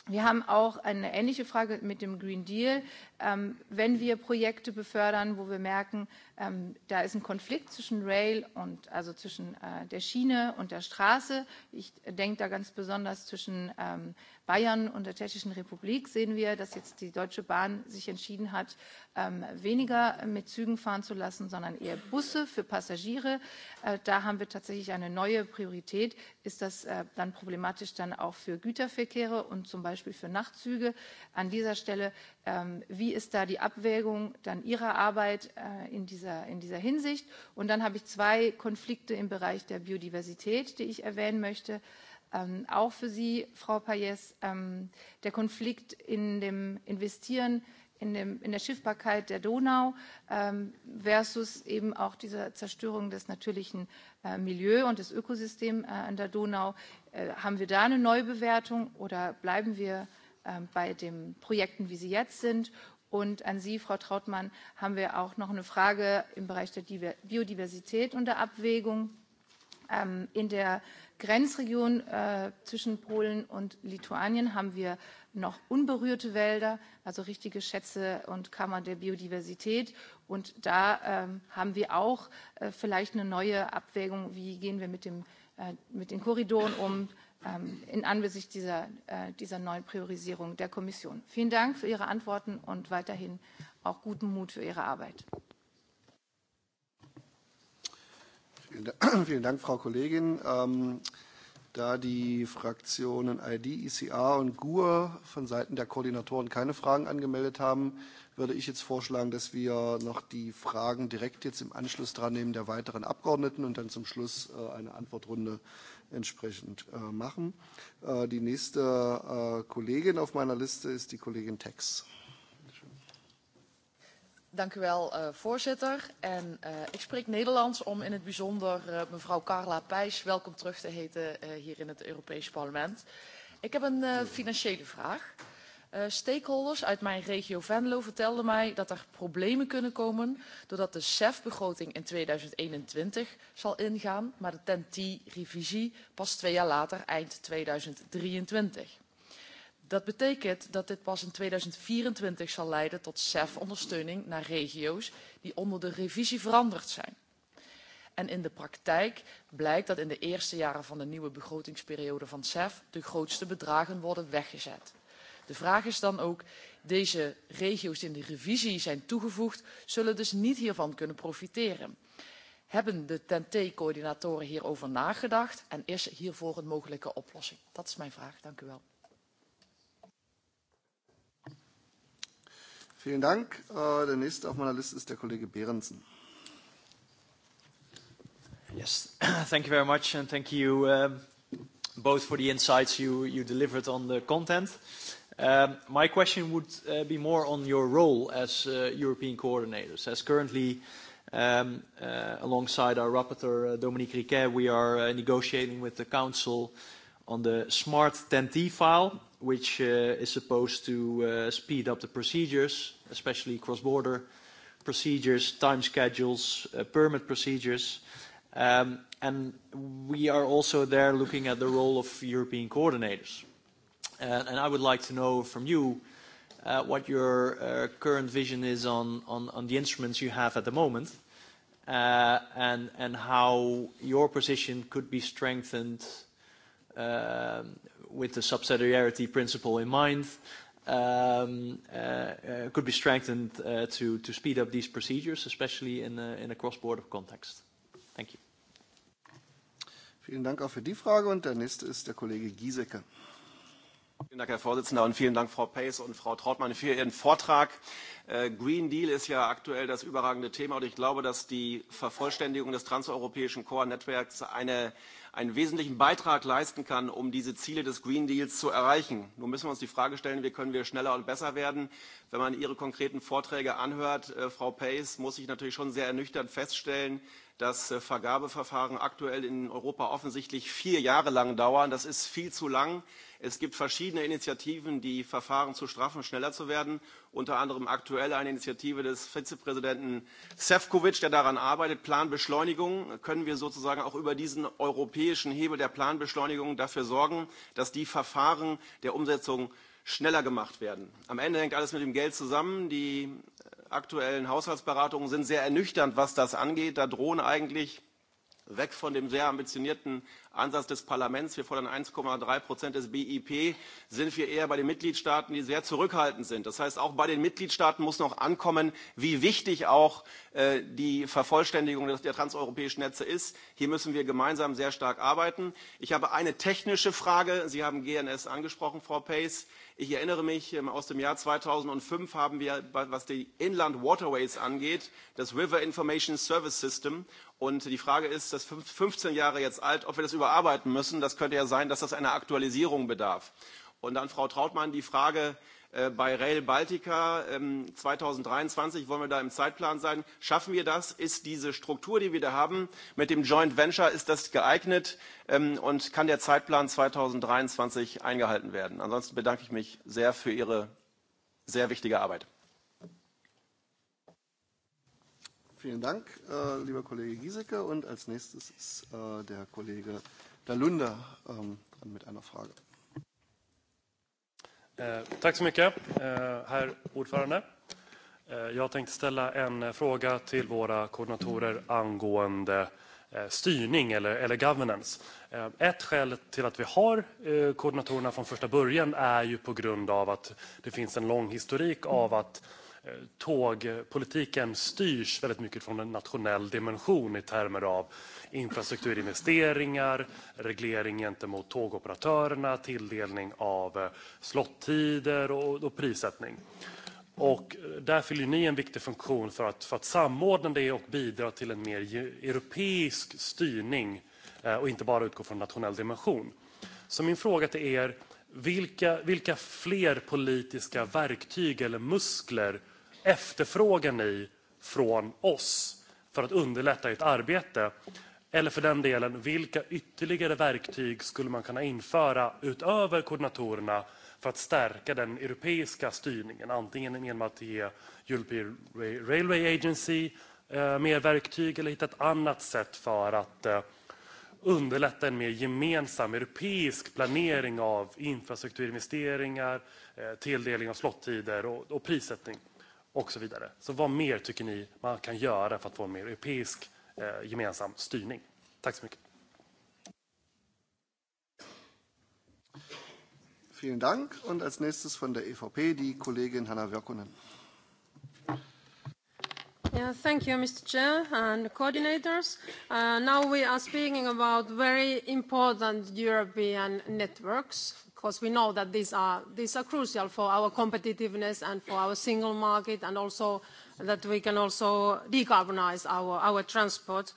Wir haben auch eine ähnliche Frage mit dem Green Deal. Ähm, wenn wir Projekte befördern, wo wir merken, ähm, da ist ein Konflikt zwischen Rail und also zwischen äh, der Schiene und der Straße. Ich denke da ganz besonders zwischen ähm, bayern und der tschechischen republik sehen wir dass jetzt die deutsche bahn sich entschieden hat ähm, weniger mit zügen fahren zu lassen sondern eher busse für passagiere. Äh, da haben wir tatsächlich eine neue priorität ist das äh, dann problematisch dann auch für güterverkehre und zum beispiel für nachtzüge? an dieser stelle ähm, wie ist da die abwägung dann ihrer arbeit äh, in dieser, in dieser hinsicht? und dann habe ich zwei konflikte im bereich der biodiversität die ich erwähnen möchte Ähm, auch für Sie, Frau Payes, ähm, der Konflikt in dem Investieren in, dem, in der Schiffbarkeit der Donau ähm, versus eben auch dieser Zerstörung des natürlichen äh, Milieu und des Ökosystems äh, an der Donau. Äh, haben wir da eine Neubewertung oder bleiben wir äh, bei den Projekten, wie sie jetzt sind? Und an Sie, Frau Trautmann, haben wir auch noch eine Frage im Bereich der Diver Biodiversität und der Abwägung Ähm, in der Grenzregion äh, zwischen Polen und Lituanien haben wir noch unberührte Wälder, also richtige Schätze und Kammer der Biodiversität. Und da ähm, haben wir auch äh, vielleicht eine neue Abwägung, wie gehen wir mit, dem, äh, mit den Korridoren um, ähm, in Anbesicht dieser, äh, dieser neuen Priorisierung der Kommission. Vielen Dank für Ihre Antworten und weiterhin auch guten Mut für Ihre Arbeit. Vielen Dank, vielen Dank Frau Kollegin. Ähm, da die Fraktionen ID, ECR und GUR von Seiten der Koordinatoren keine Fragen angemeldet haben, würde ich jetzt vorschlagen, dass wir noch die Fragen direkt jetzt im Anschluss dran nehmen der weiteren Abgeordneten und dann zum Schluss äh, eine Antwortrunde entsprechend äh, machen. Äh, die nächste äh, Kollegin auf meiner Liste ist die Kollegin Tex. Äh, Dank u wel, uh, voorzitter. En uh, ik spreek Nederlands om in het bijzonder uh, mevrouw Carla Pijs welkom terug te heten uh, hier in het Europees Parlement. Ik heb een uh, financiële vraag. Uh, stakeholders uit mijn regio Venlo vertelden mij dat er problemen kunnen komen doordat de CEF-begroting in 2021 zal ingaan, maar de TEN-T-revisie pas twee jaar later, eind 2023. Dat betekent dat dit pas in 2024 zal leiden tot CEF-ondersteuning naar regio's die onder de revisie veranderd zijn. En in de praktijk blijkt dat in de eerste jaren van de nieuwe begrotingsperiode van CEF de grootste bedragen worden weggezet. De vraag is dan ook, deze regio's die in de revisie zijn toegevoegd, zullen dus niet hiervan kunnen profiteren. Hebben de TEN-T-coördinatoren hierover nagedacht en is hiervoor een mogelijke oplossing? Dat is mijn vraag. Dank u wel. Vielen Dank. Uh, der nächste auf meiner Liste ist der Kollege Behrensen. Yes, thank you very much, and thank you um, both for the insights you, you delivered on the content. Um, my question would uh, be more on your role as uh, European coordinators. As currently, um, uh, alongside our rapporteur, uh, Dominique Riquet, we are uh, negotiating with the council on the Smart TEN-T file, which uh, is supposed to speed up the procedures especially cross-border procedures, time schedules, uh, permit procedures. Um, and we are also there looking at the role of European coordinators. Uh, and I would like to know from you uh, what your uh, current vision is on, on, on the instruments you have at the moment uh, and, and how your position could be strengthened uh, with the subsidiarity principle in mind, um, uh, uh, could be strengthened uh, to, to speed up these procedures, especially in a, in a cross-border context. Thank you. Vielen Dank auch für die Frage. Und der nächste ist der Kollege Giesecke. Vielen Dank, Herr Vorsitzender, und vielen Dank, Frau Pace und Frau Trautmann, für Ihren Vortrag. Äh, Green Deal ist ja aktuell das überragende Thema, und ich glaube, dass die Vervollständigung des transeuropäischen Core-Netzwerks eine, einen wesentlichen Beitrag leisten kann, um diese Ziele des Green Deals zu erreichen. Nun müssen wir uns die Frage stellen, wie können wir schneller und besser werden? Wenn man Ihre konkreten Vorträge anhört, äh, Frau Pace, muss ich natürlich schon sehr ernüchternd feststellen, dass äh, Vergabeverfahren aktuell in Europa offensichtlich vier Jahre lang dauern. Das ist viel zu lang. Es gibt verschiedene Initiativen, die Verfahren zu straffen, schneller zu werden. Unter anderem aktuell eine Initiative des Vizepräsidenten Sefcovic, der daran arbeitet. Planbeschleunigung. Können wir sozusagen auch über diesen europäischen Hebel der Planbeschleunigung dafür sorgen, dass die Verfahren der Umsetzung schneller gemacht werden. Am Ende hängt alles mit dem Geld zusammen. Die äh, aktuellen Haushaltsberatungen sind sehr ernüchternd, was das angeht. Da drohen eigentlich weg von dem sehr ambitionierten ansatz des parlaments wir fordern eins drei des bip sind wir eher bei den mitgliedstaaten die sehr zurückhaltend sind. das heißt auch bei den mitgliedstaaten muss noch ankommen wie wichtig auch äh, die vervollständigung der transeuropäischen netze ist. hier müssen wir gemeinsam sehr stark arbeiten. ich habe eine technische frage sie haben gns angesprochen frau paes. ich erinnere mich ähm, aus dem jahr zweitausendfünf haben wir was die inland waterways angeht das river information service system und die frage ist das ist fünfzehn jahre jetzt alt ob wir überarbeiten müssen. Das könnte ja sein, dass das einer Aktualisierung bedarf. Und dann Frau Trautmann die Frage äh, bei Rail Baltica ähm, 2023 wollen wir da im Zeitplan sein. Schaffen wir das? Ist diese Struktur, die wir da haben, mit dem Joint Venture, ist das geeignet ähm, und kann der Zeitplan 2023 eingehalten werden? Ansonsten bedanke ich mich sehr für Ihre sehr wichtige Arbeit. Vielen Dank, äh, lieber Kollege Giesecke. Und als nächstes ist äh, der Kollege Dalunde ähm, dran mit einer Frage. Eh, tack så mycket, eh, herr ordförande. Eh, jag tänkte ställa en fråga till våra koordinatorer angående styrning eller, eller governance. Ett skäl till att vi har koordinatorerna från första början är ju på grund av att det finns en lång historik av att tågpolitiken styrs väldigt mycket från en nationell dimension i termer av infrastrukturinvesteringar, reglering gentemot tågoperatörerna, tilldelning av eh, slottider och prissättning. Eh, där fyller ni en viktig funktion för att samordna det och bidra till en mer europeisk styrning eh, och inte bara utgå från en nationell dimension. Min fråga till er är: Vilka fler politiska verktyg eller muskler behövs? efterfrågar ni från oss för att underlätta ert arbete? Eller för den delen, vilka ytterligare verktyg skulle man kunna införa utöver koordinatorerna för att stärka den europeiska styrningen, antingen genom att ge European Railway Agency eh, mer verktyg eller hitta ett annat sätt för att eh, underlätta en mer gemensam europeisk planering av infrastrukturinvesteringar, eh, tilldelning av slottider och prissättning? och så vidare. Så vad mer tycker ni man kan göra för att få en mer europeisk eh, gemensam styrning? Tack så mycket. Vielen Dank. Und als nächstes von der EVP die Kollegin Hanna Wirkonen. Yeah, thank you, Mr. Chair and coordinators. Uh, now we are speaking about very important European networks course, we know that these are, these are crucial for our competitiveness and for our single market, and also that we can also decarbonize our, our transport.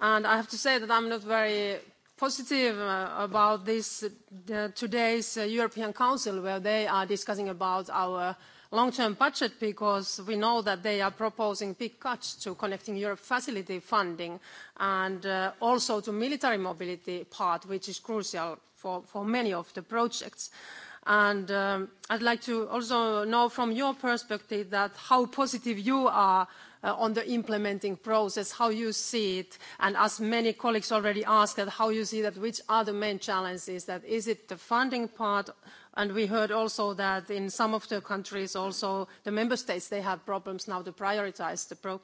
And I have to say that I'm not very positive uh, about this uh, today's uh, European Council, where they are discussing about our long-term budget because we know that they are proposing big cuts to Connecting Europe facility funding and uh, also to military mobility part, which is crucial for, for many of the projects. And um, I'd like to also know from your perspective that how positive you are uh, on the implementing process, how you see it, and as many colleagues already asked, that how you see that, which are the main challenges? That is it the funding part And we heard also that in some of the countries, also the member states, they have problems now to prioritize the pro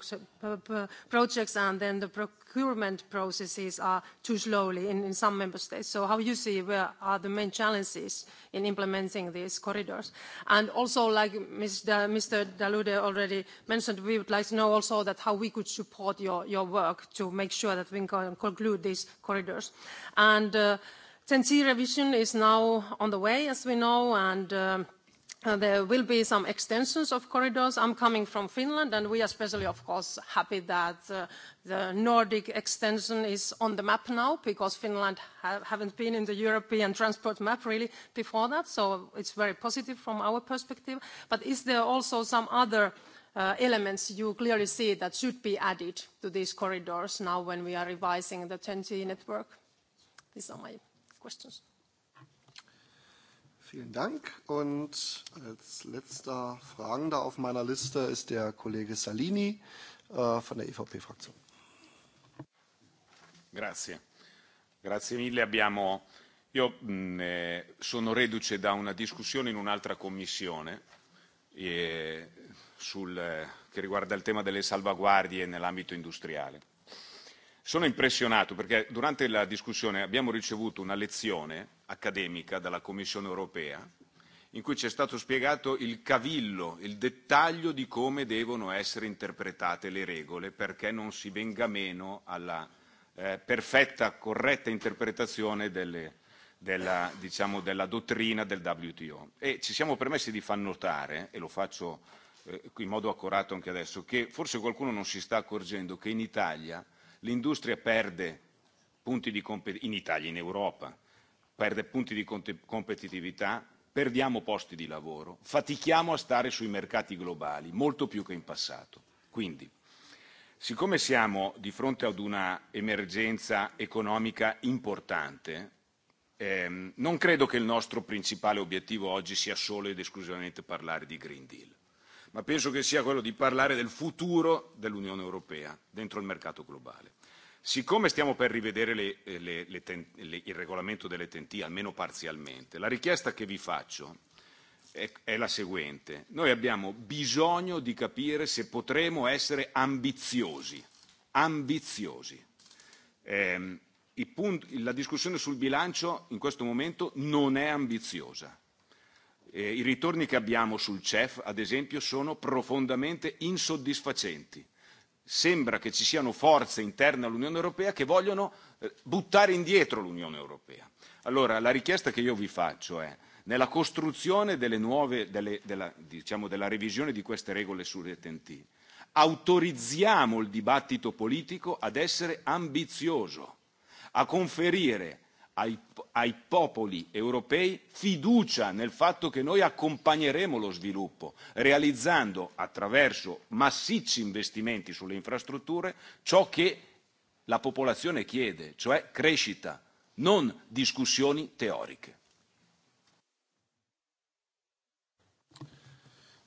projects and then the procurement processes are too slowly in, in some member states. So how you see where are the main challenges in implementing these corridors? And also, like Mr. Mr. Dalude already mentioned, we would like to know also that how we could support your, your work to make sure that we can conclude these corridors. And uh, TEN-T revision is now on the way, as we know, and um, Uh, there will be some extensions of corridors. I'm coming from Finland, and we are especially, of course, happy that uh, the Nordic extension is on the map now because Finland ha haven't been in the European transport map really before that, so it's very positive from our perspective. But is there also some other uh, elements you clearly see that should be added to these corridors now when we are revising the TEN-T network? These are my questions. Vielen Dank. Und als letzter Fragender auf meiner Liste ist der Kollege Salini äh, von der EVP-Fraktion. Grazie. Grazie mille. Abbiamo... Io mh, eh, sono reduce da una discussione in un'altra commissione eh, sul, eh, che riguarda il tema delle salvaguardie nell'ambito industriale Sono impressionato perché durante la discussione abbiamo ricevuto una lezione accademica dalla Commissione europea in cui ci è stato spiegato il cavillo, il dettaglio di come devono essere interpretate le regole perché non si venga meno alla eh, perfetta, corretta interpretazione delle, della, diciamo, della dottrina del WTO. E ci siamo permessi di far notare, e lo faccio eh, in modo accurato anche adesso, che forse qualcuno non si sta accorgendo che in Italia l'industria perde punti di in Italia, in Europa, perde punti di competitività, perdiamo posti di lavoro, fatichiamo a stare sui mercati globali, molto più che in passato. Quindi, siccome siamo di fronte ad una emergenza economica importante, ehm, non credo che il nostro principale obiettivo oggi sia solo ed esclusivamente parlare di Green Deal ma penso che sia quello di parlare del futuro dell'Unione Europea dentro il mercato globale. Siccome stiamo per rivedere le, eh, le, le ten, le, il regolamento delle TNT, almeno parzialmente, la richiesta che vi faccio è, è la seguente. Noi abbiamo bisogno di capire se potremo essere ambiziosi. Ambiziosi. Eh, i punti, la discussione sul bilancio in questo momento non è ambiziosa Eh, I ritorni che abbiamo sul CEF, ad esempio, sono profondamente insoddisfacenti. Sembra che ci siano forze interne all'Unione Europea che vogliono eh, buttare indietro l'Unione Europea. Allora, la richiesta che io vi faccio è nella costruzione delle nuove, delle, della, diciamo, della revisione di queste regole sulle TNT, autorizziamo il dibattito politico ad essere ambizioso, a conferire ai, ai popoli europei fiducia nel fatto che noi accompagneremo lo sviluppo, realizzando attraverso massicci investimenti sulle infrastrutture ciò che la popolazione chiede, cioè crescita, non discussioni teoriche.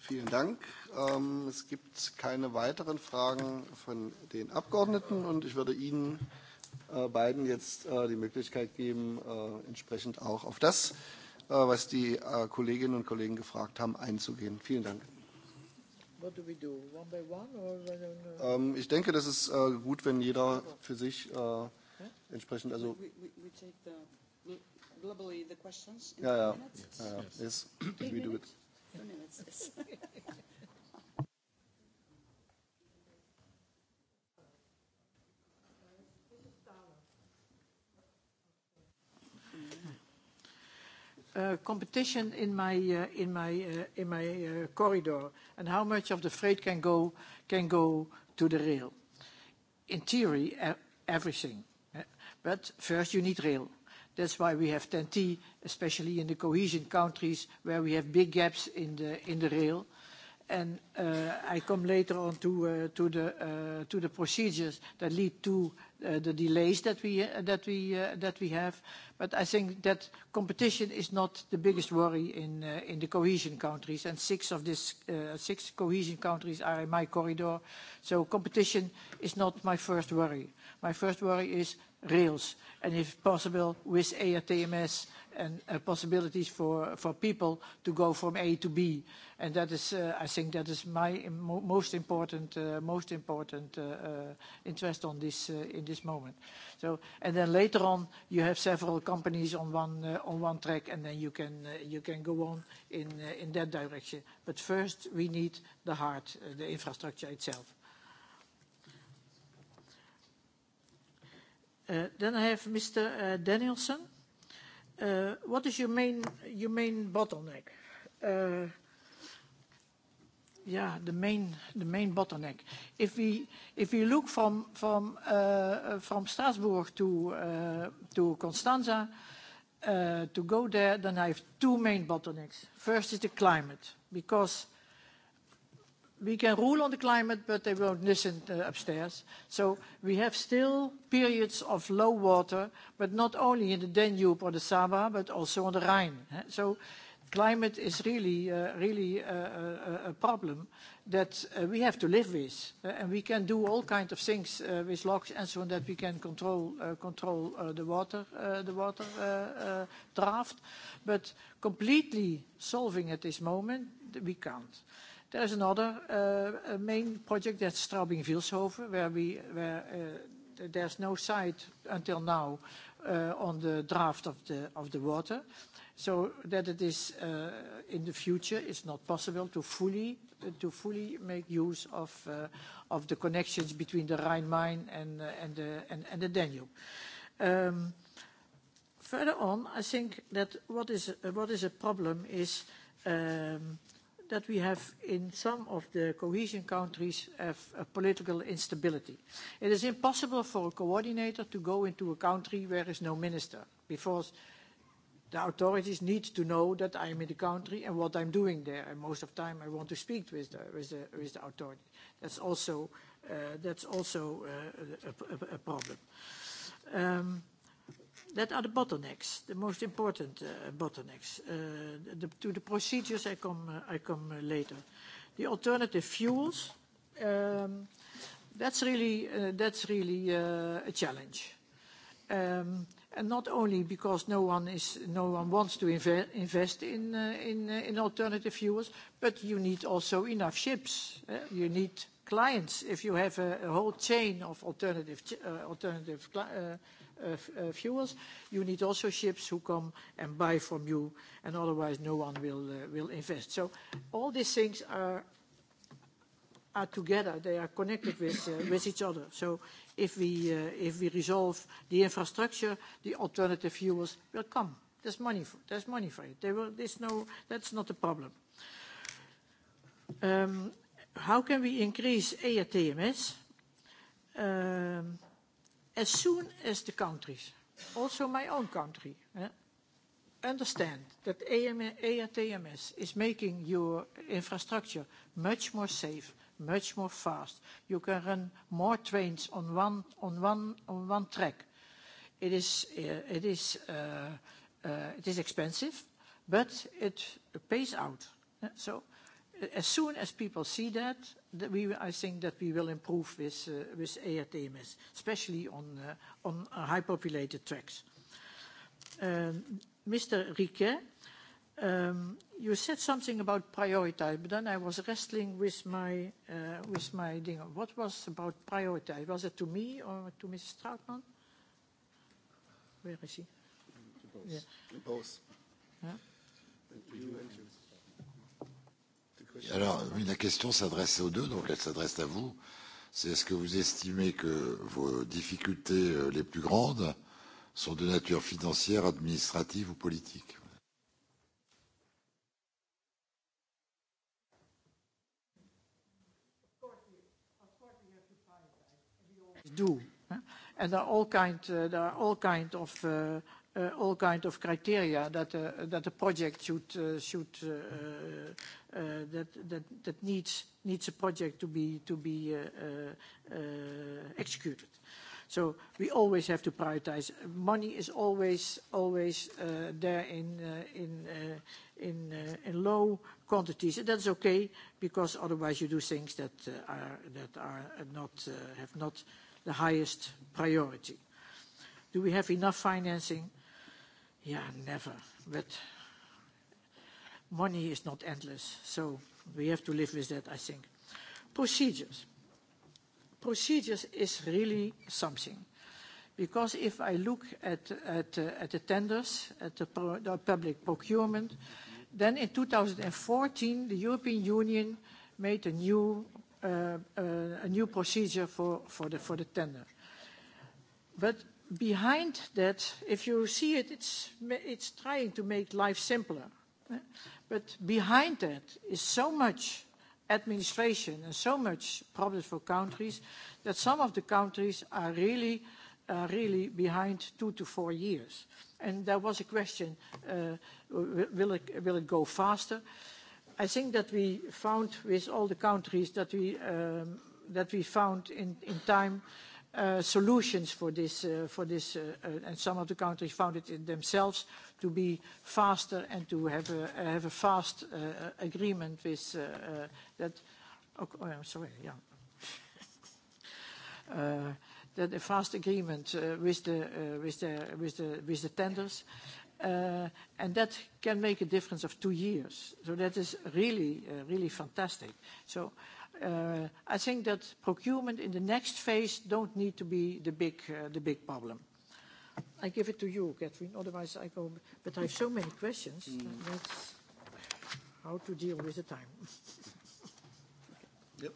Vielen Dank. Ähm, es gibt keine weiteren Fragen von den Abgeordneten und ich würde Ihnen äh, beiden jetzt äh, die Möglichkeit geben, äh, entsprechend auch auf das, äh, was die äh, Kolleginnen und Kollegen gefragt haben, einzugehen. Vielen Dank. What do we do? One by one or by ähm, ich denke, das ist äh, gut, wenn jeder für sich äh, entsprechend also. We, we, we take the globally the questions in ja, ja. Minutes? Ja, ja. Yes. yes. We do it. Two minutes. Yes. uh, competition in my, uh, in my, uh, in my uh, corridor and how much of the freight can go, can go to the rail. In theory, e everything. Uh, but first you need rail. That's why we have TEN-T, especially in the cohesion countries where we have big gaps in the, in the rail. And uh, I come later on to, uh, to, the, uh, to the procedures that lead to uh, the delays that we, uh, that, we, uh, that we have. But I think that competition is not the biggest worry in, uh, in the cohesion countries, and six of these uh, six cohesion countries are in my corridor. So competition is not my first worry. Uh, My first worry is rails, and if possible, with ERTMS and uh, possibilities for, for people to go from A to B. And that is, uh, I think that is my mo most important, uh, most important uh, uh, interest on this uh, in this moment. So, and then later on, you have several companies on one on one track, and then you can you can go on in in that direction. But first, we need the heart, the infrastructure itself. Uh, then I have Mr. Uh, Danielson. Uh, what is your main, your main bottleneck? Uh, yeah, the main, the main bottleneck. If we, if we look from, from, uh, uh, from Strasbourg to, to Constanța, to go there, then I have two main bottlenecks. First is the climate, because we can rule on the climate, but they won't listen uh, upstairs. So we have still periods of low water, but not only in the Danube or the Sava, but also on the Rhine. So climate is really, uh, really uh, uh, a, a problem that uh, we have to live with. Uh, and we can do all kinds of things uh, with locks and so on that we can control, uh, control uh, the water, uh, the water uh, uh, draft. But completely solving at this moment, we can't. Uh, There is another uh, main project, that's Straubing-Vilshoven, where, we, where uh, there's no site until now uh, on the draft of the, of the water. So that it is uh, in the future, it's not possible to fully, to fully make use of, uh, of the connections between the Rhine-Main and, uh, and, the, and, and the Danube. Um, further on, I think that what is, what is a problem is um, that we have in some of the cohesion countries have a political instability. It is impossible for a coordinator to go into a country where is no minister because the authorities need to know that I'm in the country and what I'm doing there. And most of the time I want to speak with the, with the, with the authority. That's also, uh, that's also uh, a, a, a problem. Um, that are the bottlenecks, the most important uh, bottlenecks. Uh, the, to the procedures, I come, uh, I come later. The alternative fuels, um, that's really, uh, that's really uh, a challenge. Um, and not only because no one, is, no one wants to inve invest in, uh, in, in alternative fuels, but you need also enough ships. You need clients. If you have a, a whole chain of alternative, alternative Uh, uh, fuels. You need also ships who come and buy from you, and otherwise no one will, uh, will invest. So all these things are, are together. They are connected with, uh, with each other. So if we, if we resolve the infrastructure, the alternative fuels will come. There's money for, there's money for it. There will, there's no, that's not a problem. Um, how can we increase ARTMS? Um, as soon as the countries, also my own country, eh, understand that ARTMS is making your infrastructure much more safe, much more fast. You can run more trains on one, on one, on one track. It is, uh, it, is, uh, uh, it is expensive, but it pays out. So as soon as people see that, that we, I think that we will improve with, uh, with ARTMS, especially on, uh, on hypopulated uh, tracks. Um, Mr. Riquet, um, you said something about prioritize, but then I was wrestling with my, uh, with my thing. What was about prioritize? Was it to me or to Mrs. Strautman? Where is she? To both. Yeah. Both. Huh? You and you. Alors, oui, la question s'adresse aux deux, donc elle s'adresse à vous. C'est est-ce que vous estimez que vos difficultés euh, les plus grandes sont de nature financière, administrative ou politique Do. And there are all kind, uh, there are all kind of uh, uh, all kind of criteria that uh, that a project should uh, should uh, uh, that that that needs needs a project to be to be uh, uh, uh, executed. So we always have to prioritize. Money is always always uh, there in uh, in uh, in uh, in low quantities, and that's okay because otherwise you do things that uh, are that are not uh, have not the highest priority. Do we have enough financing? Yeah, never. But money is not endless, so we have to live with that, I think. Procedures. Procedures is really something. Because if I look at, at, uh, at the tenders, at the, pro, the public procurement, then in 2014, the European Union made a new, uh, uh, a new procedure for, for, the, for the tender. But behind that, if you see it, it's, it's trying to make life simpler. But behind that is so much administration and so much problems for countries that some of the countries are really, uh, really behind two to four years. And there was a question, uh, will, it, will it go faster? I think that we found with all the countries that we, um, that we found in, in time uh, uh, solutions for this, uh, for this uh, uh, and some of the countries found it in themselves to be faster and to have a, have a fast uh, uh agreement with uh, uh, that. Oh, oh, I'm sorry, yeah. uh, that a fast agreement uh, with, the, uh, with, the, with, the, with the tenders. Uh, and that can make a difference of two years. So that is really, uh, really fantastic. So uh, I think that procurement in the next phase don't need to be the big, uh, the big problem. I give it to you, Catherine, otherwise I go... But I have so many questions. Mm. That's how to deal with the time. yep.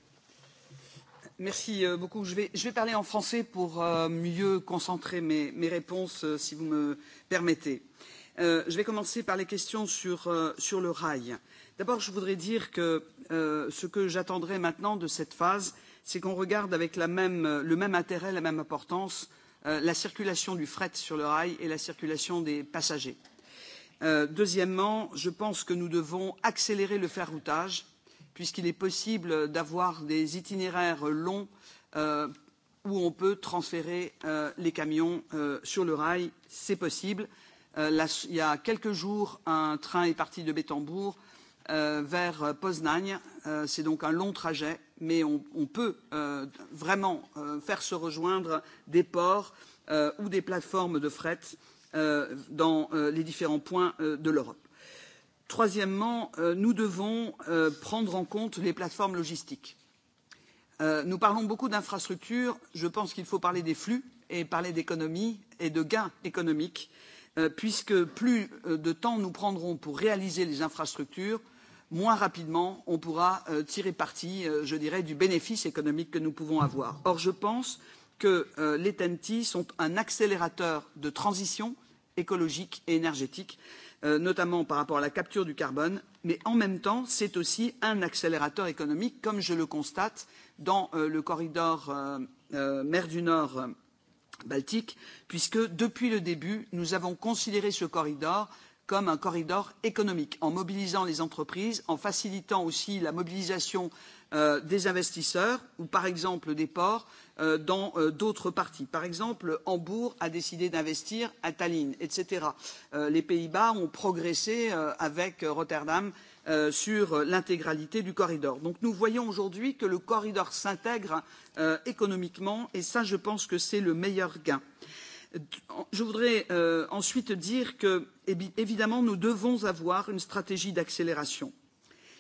Merci euh, beaucoup. Je vais, je vais parler en français pour euh, mieux concentrer mes, mes réponses, euh, si vous me permettez. Euh, Euh, je vais commencer par les questions sur, euh, sur le rail. D'abord, je voudrais dire que euh, ce que j'attendrai maintenant de cette phase, c'est qu'on regarde avec la même, euh, le même intérêt, la même importance, euh, la circulation du fret sur le rail et la circulation des passagers. Euh, deuxièmement, je pense que nous devons accélérer le ferroutage, puisqu'il est possible d'avoir des itinéraires longs euh, où on peut transférer euh, les camions euh, sur le rail. C'est possible. Euh, Euh, la, il y a quelques jours, un train est parti de Bétambourg euh, vers euh, Poznań. Euh, C'est donc un long trajet, mais on, on peut euh, vraiment euh, faire se rejoindre des ports euh, ou des plateformes de fret euh, dans euh, les différents points euh, de l'Europe. Troisièmement, euh, nous devons euh, prendre en compte les plateformes logistiques. Euh, nous parlons beaucoup d'infrastructures, je pense qu'il faut parler des flux et parler d'économie et de gains économiques. Euh, Euh, puisque plus euh, de temps nous prendrons pour réaliser les infrastructures, moins rapidement on pourra euh, tirer parti, euh, je dirais, du bénéfice économique que nous pouvons avoir. Or, je pense que euh, les TEN-T sont un accélérateur de transition écologique et énergétique, euh, notamment par rapport à la capture du carbone, mais en même temps, c'est aussi un accélérateur économique, comme je le constate dans euh, le corridor euh, euh, mer du Nord Baltique, puisque depuis le début, nous avons considéré ce corridor comme un corridor économique, en mobilisant les entreprises, en facilitant aussi la mobilisation euh, des investisseurs ou par exemple des ports euh, dans euh, d'autres parties. Par exemple, Hambourg a décidé d'investir à Tallinn, etc. Euh, les Pays-Bas ont progressé euh, avec euh, Rotterdam euh, euh, sur l'intégralité du corridor. Donc nous voyons aujourd'hui que le corridor s'intègre euh, économiquement et ça je pense que c'est le meilleur gain. Je voudrais euh, ensuite dire que évidemment nous devons avoir une stratégie d'accélération.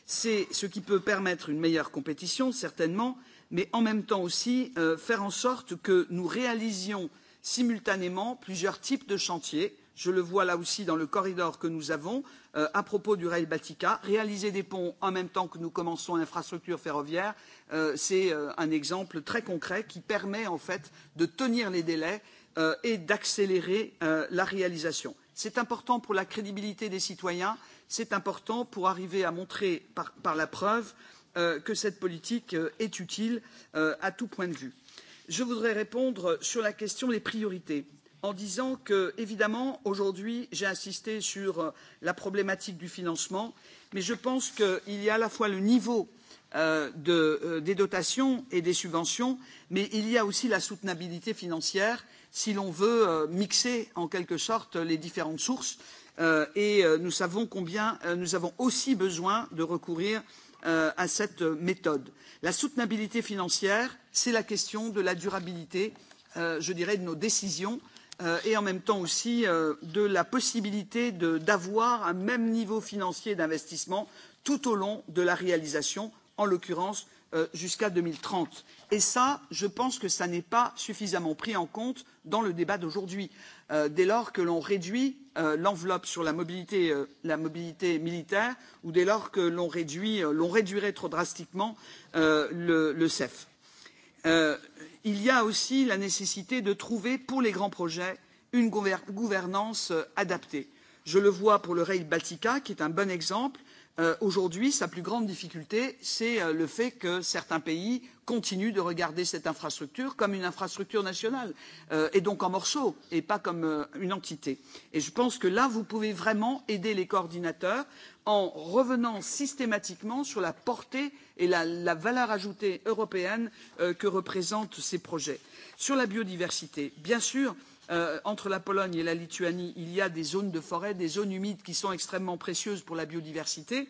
C'est ce qui peut permettre une meilleure compétition certainement, mais en même temps aussi euh, faire en sorte que nous réalisions simultanément plusieurs types de chantiers. Je le vois là aussi dans le corridor que nous avons euh, à propos du rail Baltica. Réaliser des ponts en même temps que nous commençons l'infrastructure ferroviaire, euh, c'est euh, un exemple très concret qui permet en fait de tenir les délais euh, et d'accélérer euh, la réalisation. C'est important pour la crédibilité des citoyens, c'est important pour arriver à montrer par, par la preuve euh, que cette politique euh, est utile euh, à tout point de vue. Je voudrais répondre sur la question des priorités. Euh, en disant que, évidemment, aujourd'hui, j'ai insisté sur euh, la problématique du financement, mais je pense qu'il y a à la fois le niveau euh, de, euh, des dotations et des subventions, mais il y a aussi la soutenabilité financière si l'on veut euh, mixer en quelque sorte les différentes sources. Euh, et euh, nous savons combien euh, nous avons aussi besoin de recourir euh, à cette méthode. La soutenabilité financière, c'est la question de la durabilité, euh, je dirais, de nos décisions euh, euh, et en même temps aussi euh, de la possibilité d'avoir un même niveau financier d'investissement tout au long de la réalisation, en l'occurrence euh, jusqu'à 2030. Et ça, je pense que ça n'est pas suffisamment pris en compte dans le débat d'aujourd'hui. Euh, dès lors que l'on réduit euh, l'enveloppe sur la mobilité, euh, la mobilité militaire ou dès lors que l'on réduit, euh, l'on réduirait trop drastiquement euh, le, le CEF. Euh, il y a aussi la nécessité de trouver pour les grands projets une gouvernance euh, adaptée. je le vois pour le rail baltica qui est un bon exemple euh, aujourd'hui sa plus grande difficulté c'est euh, le fait que certains pays continuent de regarder cette infrastructure comme une infrastructure nationale euh, et donc en morceaux et pas comme euh, une entité. Et je pense que là vous pouvez vraiment aider les coordinateurs en revenant systématiquement sur la portée et la, la valeur ajoutée européenne euh, que représentent ces projets. Sur la biodiversité, bien sûr, euh, euh, entre la Pologne et la Lituanie, il y a des zones de forêt, des zones humides qui sont extrêmement précieuses pour la biodiversité.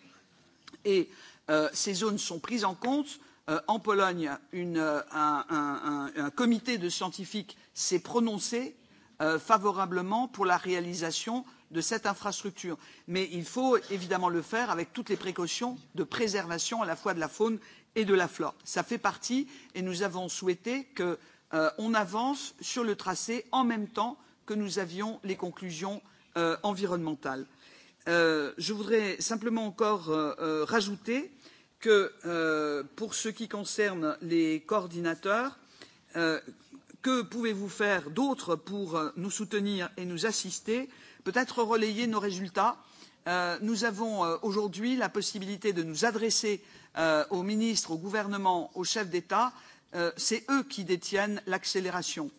Et euh, ces zones sont prises en compte. Euh, en Pologne, une, euh, un, un, un, un comité de scientifiques s'est prononcé euh, favorablement pour la réalisation de cette infrastructure. Mais il faut évidemment le faire avec toutes les précautions de préservation à la fois de la faune et de la flore. Ça fait partie et nous avons souhaité que euh, euh, on avance sur le tracé en même temps que nous avions les conclusions euh, environnementales. Euh, je voudrais simplement encore euh, euh rajouter que euh, pour ce qui concerne les coordinateurs, euh, que pouvez-vous faire d'autre pour euh, nous soutenir et nous assister Peut-être relayer nos résultats. Euh, nous avons euh, aujourd'hui la possibilité de nous adresser euh, aux ministres, au gouvernement, aux chefs d'État euh, euh, c'est eux qui détiennent l'accélération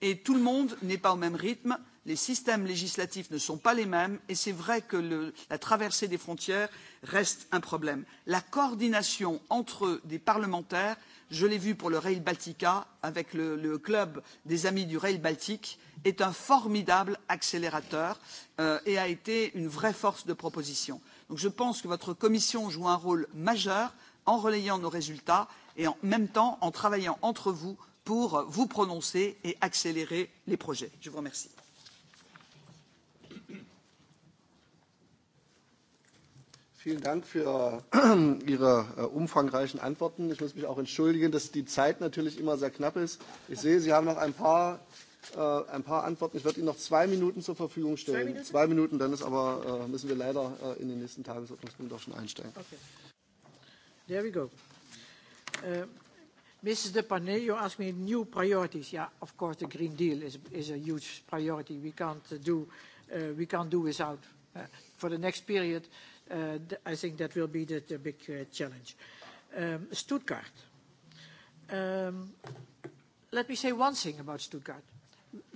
et tout le monde n'est pas au même rythme les systèmes législatifs ne sont pas les mêmes et c'est vrai que le, la traversée des frontières reste un problème. la coordination entre des parlementaires je l'ai vu pour le rail baltica avec le, le club des amis du rail baltique est un formidable accélérateur euh, et a été une vraie force de proposition. donc je pense que votre commission joue un rôle majeur en relayant nos résultats et en même temps en travaillant entre vous pour vous prononcer et accélérer les projets. je vous remercie. Vielen Dank für äh, Ihre äh, umfangreichen Antworten. Ich muss mich auch entschuldigen, dass die Zeit natürlich immer sehr knapp ist. Ich sehe, Sie haben noch ein paar, äh, ein paar Antworten. Ich werde Ihnen noch zwei Minuten zur Verfügung stellen. Zwei Minuten, zwei Minuten dann ist aber, äh, müssen wir leider äh, in den nächsten Tagesordnungspunkt auch schon einsteigen. Okay. There we go. Uh, Mrs. Deparnay, you asked me new priorities. Yeah, of course, the Green Deal is, is a huge priority. We can't uh, do, uh, we can't do without. Uh, for the next period, uh, th I think that will be the, the big uh, challenge. Um, Stuttgart. Um, let me say one thing about Stuttgart.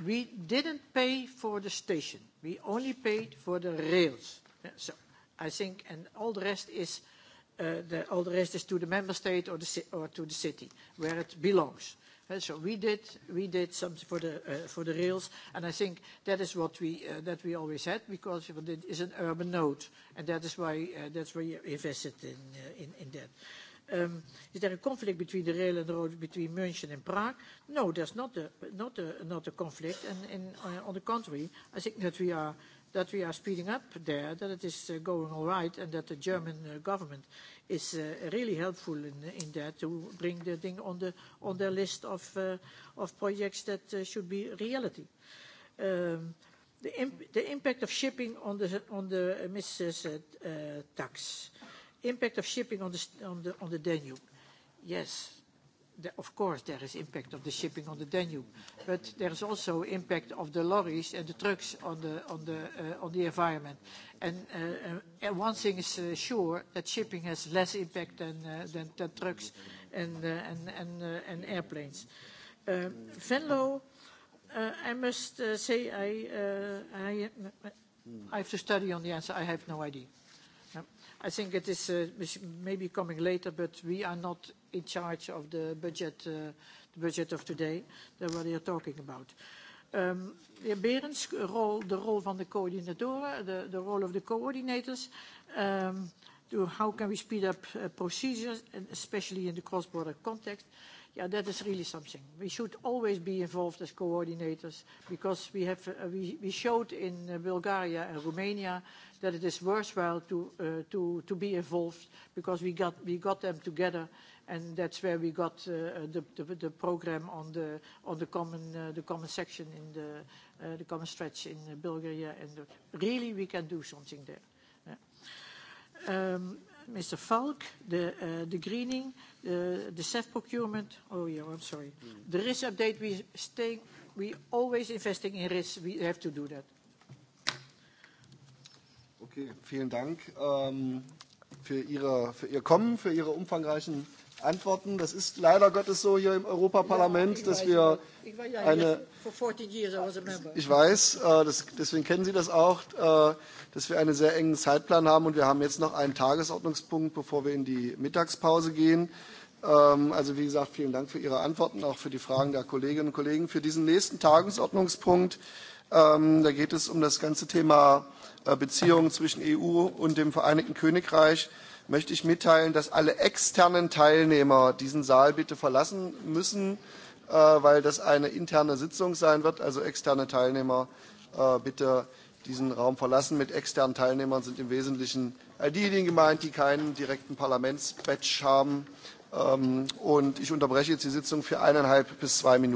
We didn't pay for the station. We only paid for the rails. Yeah, so I think, and all the rest is uh, Uh, eh, the, all the rest is to the member state or, the, or to the city where it belongs. Uh, so we did, we did something for the, uh, for the rails, and I think that is what we, uh, that we always had because it is an urban node, and that is why, uh, that's why you invested in, uh, in, in that. Um, is there a conflict between the rail and the road between München and Prague? No, there's not a, not a, not a conflict. And, and uh, on the contrary, I think that we are that we are speeding up there, that it is uh, going all right, and that the German uh, government is uh, really helpful in, in that to bring the thing on, the, on their list of, uh, of projects that uh, should be reality. Um, the, imp the impact of shipping on the, on the uh, Mrs. Uh, uh, tax. Impact of shipping on the, on the, on the Danube. Yes, the, of course, there is impact of the shipping on the Danube, but there is also impact of the lorries and the trucks on the, on the, uh, on the environment. And, uh, uh and one thing is uh, sure, that shipping has less impact than, uh, than, than trucks and, uh, and, and airplanes. Um, Venlo, I must say I, I, I have to study on the answer. I have no idea. I think it is uh, maybe coming later, but we are not in charge of the budget, uh, the budget of today, that what you're talking about. Um, de heer Berends, rol, de rol van de coördinatoren, the, the role of the coordinators, um, to how can we speed up uh, procedures, especially in the cross-border context? Uh, yeah, that is really something. We should always be involved as coordinators because we, have, uh, we, we showed in uh, Bulgaria and Romania that it is worthwhile to, uh, to, to be involved because we got, we got them together and that's where we got uh, the, the, the program on the, on the, common, uh, the common section in the, uh, the common stretch in uh, Bulgaria. And uh, really we can do something there. Yeah. Um, Mr. Falk, the, uh, eh, the greening, uh, the CEF procurement. Oh, yeah, I'm sorry. Mm. The risk update, we stay, we always investing in risk. We have to do that. Okay, vielen Dank ähm, für, Ihre, für Ihr Kommen, für Ihre umfangreichen antworten. Das ist leider Gottes so hier im Europaparlament, dass wir eine. Ich weiß, äh, das, deswegen kennen Sie das auch, äh, dass wir einen sehr engen Zeitplan haben und wir haben jetzt noch einen Tagesordnungspunkt, bevor wir in die Mittagspause gehen. Ähm, also wie gesagt, vielen Dank für Ihre Antworten, auch für die Fragen der Kolleginnen und Kollegen. Für diesen nächsten Tagesordnungspunkt, ähm, da geht es um das ganze Thema äh, Beziehungen zwischen EU und dem Vereinigten Königreich möchte ich mitteilen, dass alle externen Teilnehmer diesen Saal bitte verlassen müssen, äh, weil das eine interne Sitzung sein wird. Also externe Teilnehmer äh, bitte diesen Raum verlassen. Mit externen Teilnehmern sind im Wesentlichen äh, diejenigen gemeint, die keinen direkten Parlamentsbadge haben. Ähm, und ich unterbreche jetzt die Sitzung für eineinhalb bis zwei Minuten.